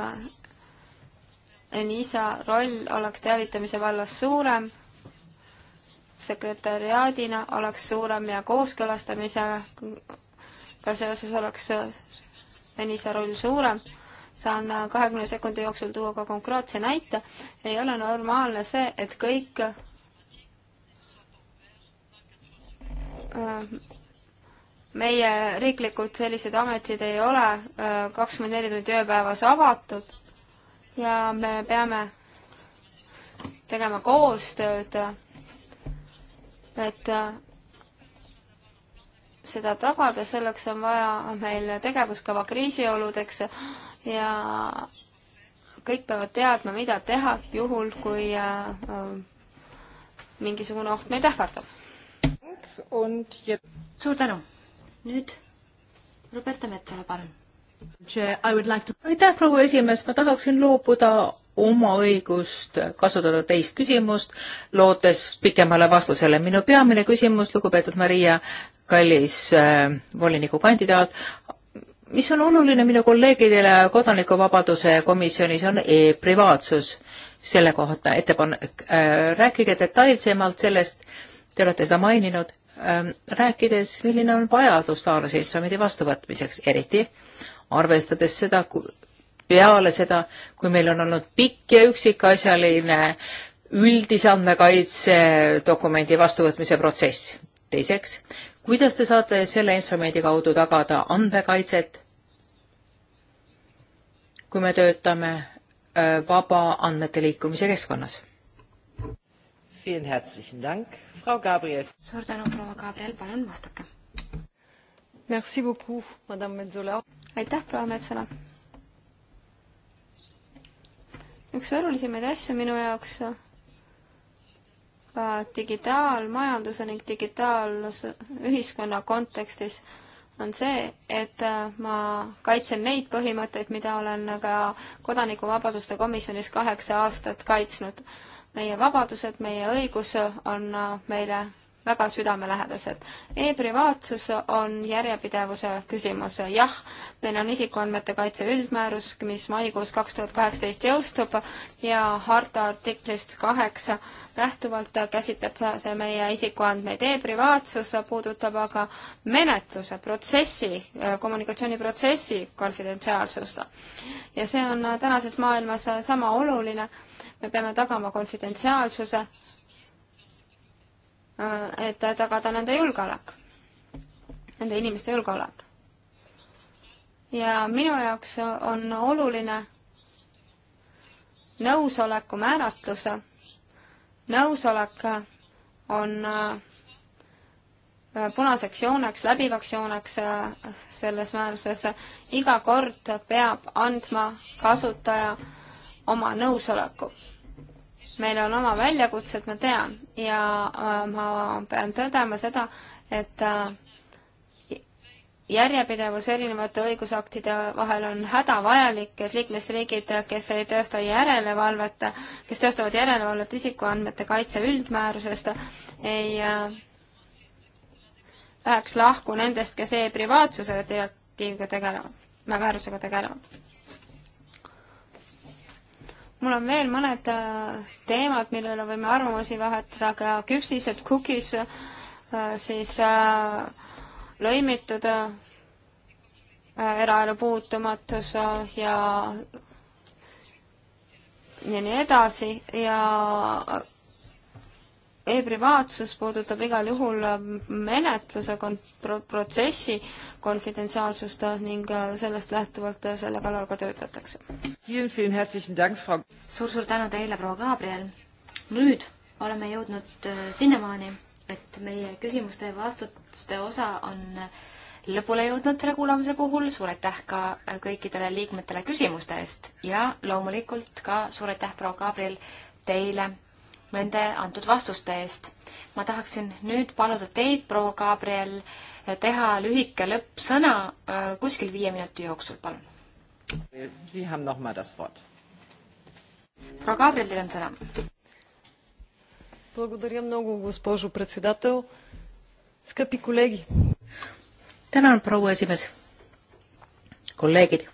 [SPEAKER 4] NISA roll oleks teavitamise vallas suurem, sekretäriaadina oleks suurem ja kooskõlastamisega seoses oleks NISA roll suurem saan kahekümne sekundi jooksul tuua ka konkreetse näite, ei ole normaalne see, et kõik äh, meie riiklikud sellised ametid ei ole äh, kakskümmend neli tundi ööpäevas avatud ja me peame tegema koostööd, et seda tagada, selleks on vaja meil tegevuskava kriisioludeks ja kõik peavad teadma, mida teha juhul, kui äh, mingisugune oht meid ähvardab. suur tänu.
[SPEAKER 2] nüüd Roberta Metsola, palun
[SPEAKER 3] aitäh, proua esimees, ma tahaksin loobuda oma õigust kasutada teist küsimust, lootes pikemale vastusele. minu peamine küsimus, lugupeetud Maria, kallis äh, volinikukandidaat, mis on oluline minu kolleegidele Kodanikuvabaduse komisjonis, on e-privaatsus. selle kohta ettepanek äh,, rääkige detailsemalt sellest, te olete seda maininud äh,, rääkides, milline on vajadus taolise instrumendi vastuvõtmiseks, eriti arvestades seda, peale seda, kui meil on olnud pikk ja üksikasjaline üldise andmekaitse dokumendi vastuvõtmise protsess. teiseks, kuidas te saate selle instrumendi kaudu tagada andmekaitset, kui me töötame äh, vaba andmete liikumise keskkonnas? suur tänu,
[SPEAKER 4] proua Gabriel, palun vastake. Merci beaucoup, madame Metsola aitäh, proua Metsala! üks olulisemaid asju minu jaoks ka digitaalmajanduse ning digitaalühiskonna kontekstis on see, et äh, ma kaitsen neid põhimõtteid, mida olen ka Kodanikuvabaduste komisjonis kaheksa aastat kaitsnud. meie vabadused, meie õigus on äh, meile väga südamelähedased e. E-privaatsus on järjepidevuse küsimus. jah, meil on isikuandmete kaitse üldmäärus, mis maikuus kaks tuhat kaheksateist jõustub ja harta artiklist kaheksa lähtuvalt käsitleb see meie isikuandmeid e. E-privaatsus puudutab aga menetluse, protsessi, kommunikatsiooniprotsessi konfidentsiaalsust. ja see on tänases maailmas sama oluline. me peame tagama konfidentsiaalsuse Äh, et tagada nende julgeolek, nende inimeste julgeolek. ja minu jaoks on oluline nõusoleku määratlus. nõusolek on äh, punaseks jooneks, läbivaks jooneks äh, selles määruses. iga kord peab andma kasutaja oma nõusoleku meil on oma väljakutsed, ma tean, ja äh, ma pean tõdema seda, et äh, järjepidevus erinevate õigusaktide vahel on hädavajalik, et liikmesriigid, kes ei teosta järelevalvet, kes teostavad järelevalvet isikuandmete kaitse üldmäärusest, ei äh, läheks lahku nendest, kes e-privaatsuse direktiiviga tegelevad, määrusega tegelevad mul on veel mõned äh, teemad, mille üle võime arvamusi vahetada, aga küpsised, cookies, äh, siis äh, lõimitud eraelu puutumatus ja ja nii edasi ja e-privaatsus puudutab igal juhul äh, menetluse kon-, pro-, protsessi konfidentsiaalsust äh, ning äh, sellest lähtuvalt selle kallal ka töötatakse.
[SPEAKER 2] suur-suur tänu teile, proua Gabriel!
[SPEAKER 4] nüüd oleme jõudnud
[SPEAKER 2] sinnamaani, et meie küsimuste ja vastuste osa on lõpule jõudnud selle kuulamise puhul, suur aitäh ka kõikidele liikmetele küsimuste eest ja loomulikult ka suur aitäh, proua Gabriel, teile nende antud vastuste eest. ma tahaksin nüüd paluda teid, proua Gabriel, teha lühike lõppsõna äh, kuskil viie minuti jooksul, palun.
[SPEAKER 1] proua Gabriel, teil on sõna. Благодаря много, госпожо председател. Скъпи колеги! Tänan,
[SPEAKER 3] proua esimees! Kolleegid!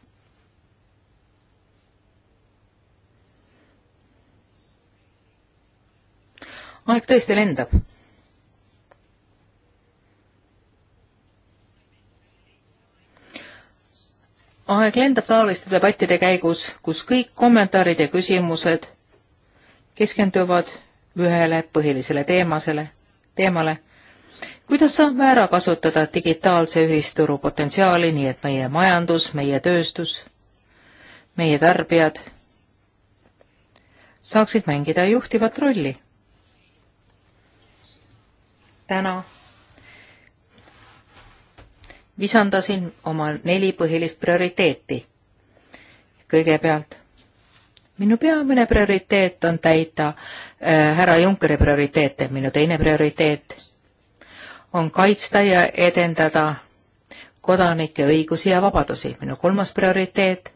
[SPEAKER 3] aeg tõesti lendab. aeg lendab taoliste debattide käigus, kus kõik kommentaarid ja küsimused keskenduvad ühele põhilisele teemasele, teemale. kuidas saame ära kasutada digitaalse ühisturu potentsiaali, nii et meie majandus, meie tööstus, meie tarbijad saaksid mängida juhtivat rolli täna visandasin oma neli põhilist prioriteeti. kõigepealt, minu peamine prioriteet on täita äh, härra Junckeri prioriteete, minu teine prioriteet on kaitsta ja edendada kodanike õigusi ja vabadusi, minu kolmas prioriteet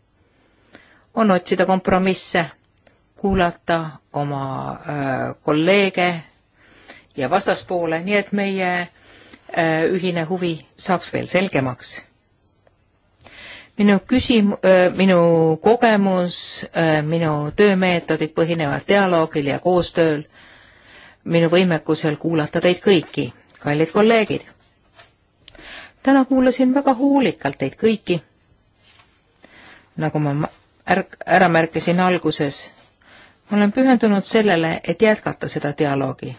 [SPEAKER 3] on otsida kompromisse, kuulata oma äh, kolleege, ja vastaspoole, nii et meie äh, ühine huvi saaks veel selgemaks. minu küsim-, äh, minu kogemus, äh, minu töömeetodid põhinevad dialoogil ja koostööl, minu võimekusel kuulata teid kõiki, kallid kolleegid. täna kuulasin väga hoolikalt teid kõiki. nagu ma ärk-, ära märkisin alguses, ma olen pühendunud sellele, et jätkata seda dialoogi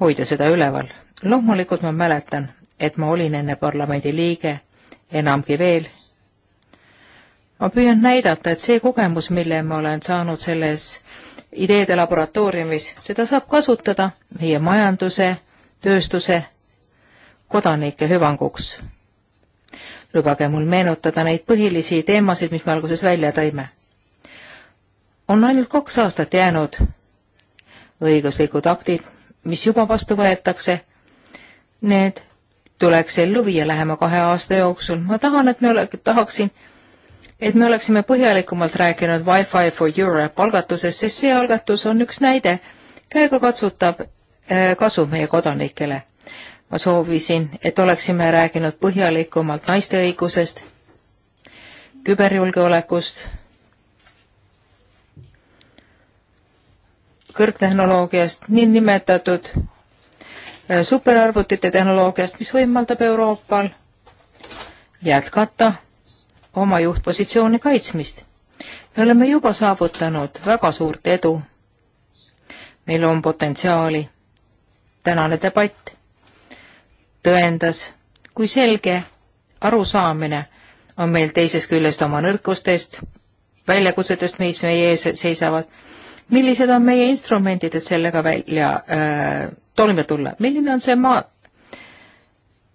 [SPEAKER 3] hoida seda üleval. loomulikult ma mäletan, et ma olin enne parlamendi liige, enamgi veel. ma püüan näidata, et see kogemus, mille ma olen saanud selles ideede laboratooriumis, seda saab kasutada meie majanduse, tööstuse, kodanike hüvanguks. lubage mul meenutada neid põhilisi teemasid, mis me alguses välja tõime. on ainult kaks aastat jäänud õiguslikud aktid, mis juba vastu võetakse, need tuleks ellu viia lähema kahe aasta jooksul. ma tahan, et me ole-, tahaksin, et me oleksime põhjalikumalt rääkinud Wi-Fi for Europe algatusest, sest see algatus on üks näide käegakatsutav äh, kasu meie kodanikele. ma soovisin, et oleksime rääkinud põhjalikumalt naiste õigusest, küberjulgeolekust kõrgtehnoloogiast, niinimetatud äh, superarvutite tehnoloogiast, mis võimaldab Euroopal jätkata oma juhtpositsiooni kaitsmist. me oleme juba saavutanud väga suurt edu. meil on potentsiaali. tänane debatt tõendas, kui selge arusaamine on meil teisest küljest oma nõrkustest, väljakutsetest, mis meie ees seisavad millised on meie instrumendid, et sellega välja äh, toime tulla, milline on see maa,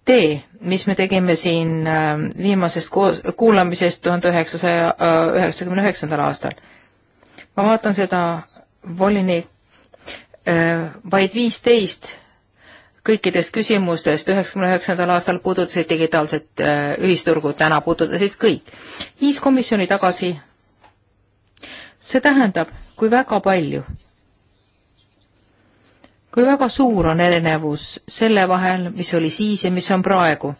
[SPEAKER 3] tee, mis me tegime siin äh, viimasest koos, kuulamisest tuhande üheksasaja äh, üheksakümne üheksandal aastal. ma vaatan seda volinik äh,, vaid viisteist kõikidest küsimustest üheksakümne üheksandal aastal puudutasid digitaalset äh, ühisturgu, täna puudutasid kõik. viis komisjoni tagasi see tähendab, kui väga palju, kui väga suur on erinevus selle vahel, mis oli siis ja mis on praegu.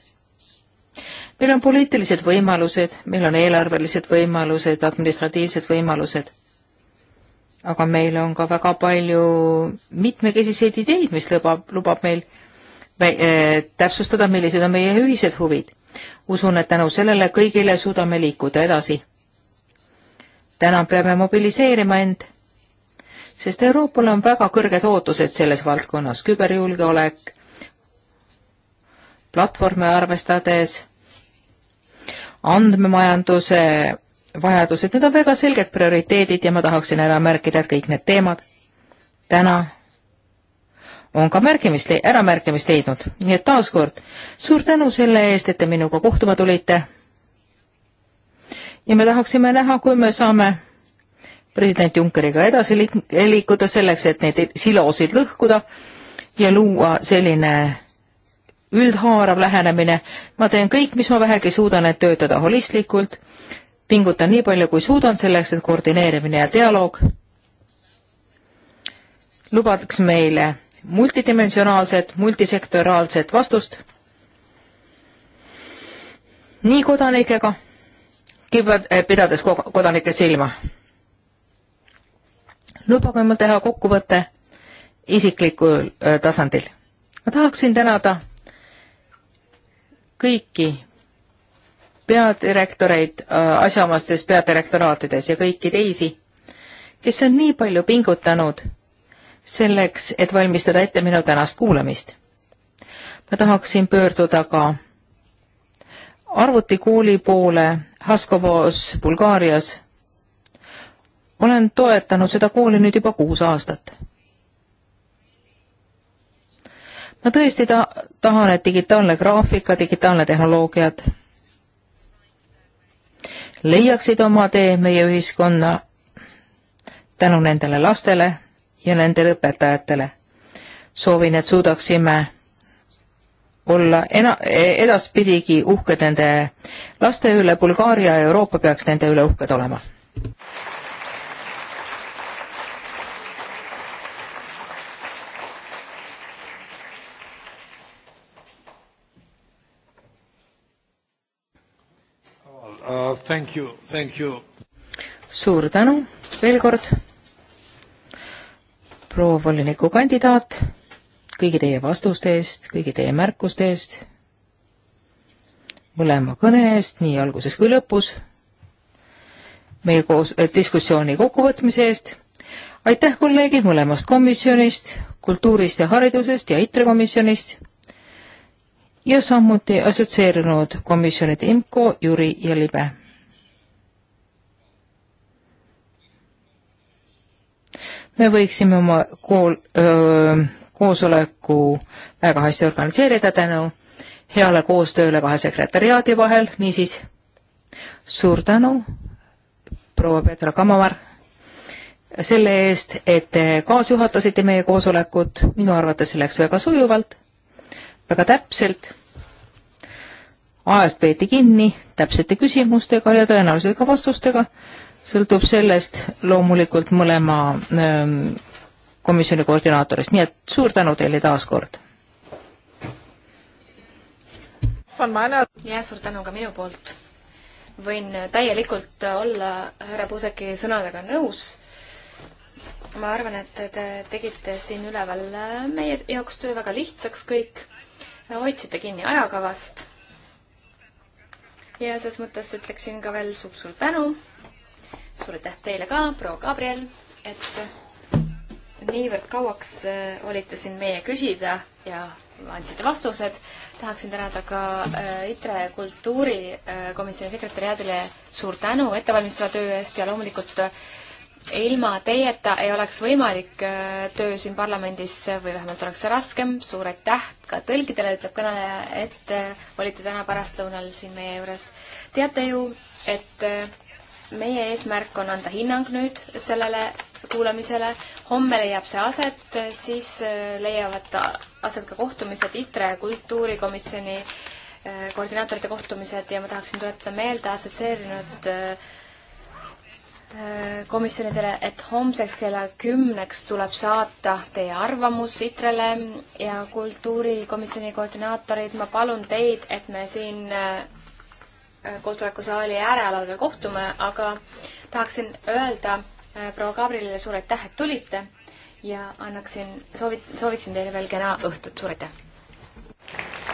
[SPEAKER 3] meil on poliitilised võimalused, meil on eelarvelised võimalused, administratiivsed võimalused. aga meil on ka väga palju mitmekesiseid ideid, mis lubab, lubab meil e, täpsustada, millised on meie ühised huvid. usun, et tänu sellele kõigile suudame liikuda edasi täna peame mobiliseerima end, sest Euroopal on väga kõrged ootused selles valdkonnas, küberjulgeolek, platvorme arvestades, andmemajanduse vajadused, need on väga selged prioriteedid ja ma tahaksin ära märkida, et kõik need teemad täna on ka märkimist, äramärkimist leidnud. nii et taaskord suur tänu selle eest, et te minuga kohtuma tulite ja me tahaksime näha, kui me saame president Junckeriga edasi liikuda selleks, et neid silosid lõhkuda ja luua selline üldhaarav lähenemine. ma teen kõik, mis ma vähegi suudan, et töötada holistlikult, pingutan nii palju, kui suudan selleks, et koordineerimine ja dialoog lubaks meile multidimensionaalset, multisektoraalset vastust nii kodanikega Eh, pidades kodanike silma. lubage mul teha kokkuvõte isiklikul eh, tasandil. ma tahaksin tänada kõiki peadirektoreid eh, asjaomastes peadirektoraatides ja kõiki teisi, kes on nii palju pingutanud selleks, et valmistada ette minu tänast kuulamist. ma tahaksin pöörduda ka arvutikooli poole Haskovos Bulgaarias. olen toetanud seda kooli nüüd juba kuus aastat. ma tõesti ta-, tahan, et digitaalne graafika, digitaalne tehnoloogiad leiaksid oma tee meie ühiskonna tänu nendele lastele ja nendele õpetajatele. soovin, et suudaksime olla ena-, e-, edaspidigi uhked nende laste üle, Bulgaaria ja Euroopa peaks nende üle uhked olema.
[SPEAKER 1] Uh, thank you, thank
[SPEAKER 3] you. suur tänu veel kord, proua volinikukandidaat kõigi teie vastuste eest, kõigi teie märkuste eest, mõlema kõne eest, nii alguses kui lõpus, meie koos eh, diskussiooni kokkuvõtmise eest. aitäh, kolleegid mõlemast komisjonist, kultuurist ja haridusest ja ITRE komisjonist ja samuti assotsieerunud komisjonid IMCO, Jüri ja Libe. me võiksime oma kool öö, koosoleku väga hästi organiseerida tänu heale koostööle kahe sekretäriaadi vahel, niisiis suur tänu, proua Petra Kamavar, selle eest, et te kaasjuhatasite meie koosolekut, minu arvates see läks väga sujuvalt, väga täpselt, ajast peeti kinni täpsete küsimustega ja tõenäoliselt ka vastustega, sõltub sellest loomulikult mõlema öö, ähm, komisjoni koordinaatorist, nii et suur tänu teile taas kord!
[SPEAKER 2] ja suur tänu ka minu poolt! võin täielikult olla härra Puuseki sõnadega nõus ma arvan, et te tegite siin üleval meie jaoks töö väga lihtsaks kõik, hoidsite kinni ajakavast. ja ses mõttes ütleksin ka veel suur-suur tänu. suur aitäh teile ka, proua Gabriel, et niivõrd kauaks äh, olite siin meie küsida ja andsite vastused. tahaksin tänada ka äh, ITRE kultuurikomisjoni äh, sekretäriaadile suur tänu ettevalmistava töö eest ja loomulikult ilma teieta ei oleks võimalik töö siin parlamendis või vähemalt oleks see raskem. suur aitäh ka tõlgidele, ütleb kõneleja, et olite täna pärastlõunal siin meie juures. teate ju, et meie eesmärk on anda hinnang nüüd sellele kuulamisele. homme leiab see aset, siis äh, leiavad aset ka kohtumised ITRE kultuurikomisjoni äh, koordinaatorite kohtumised ja ma tahaksin tuletada meelde assotsieerinud äh, komisjonidele, et homseks kella kümneks tuleb saata teie arvamus ITRE-le ja kultuurikomisjoni koordinaatorid, ma palun teid, et me siin koosolekusaali äärealal veel kohtume, aga tahaksin öelda, Äh, proua Gabrielile suur aitäh, et tulite ja annaksin, soovit-, sooviksin teile veel kena õhtut, suur aitäh!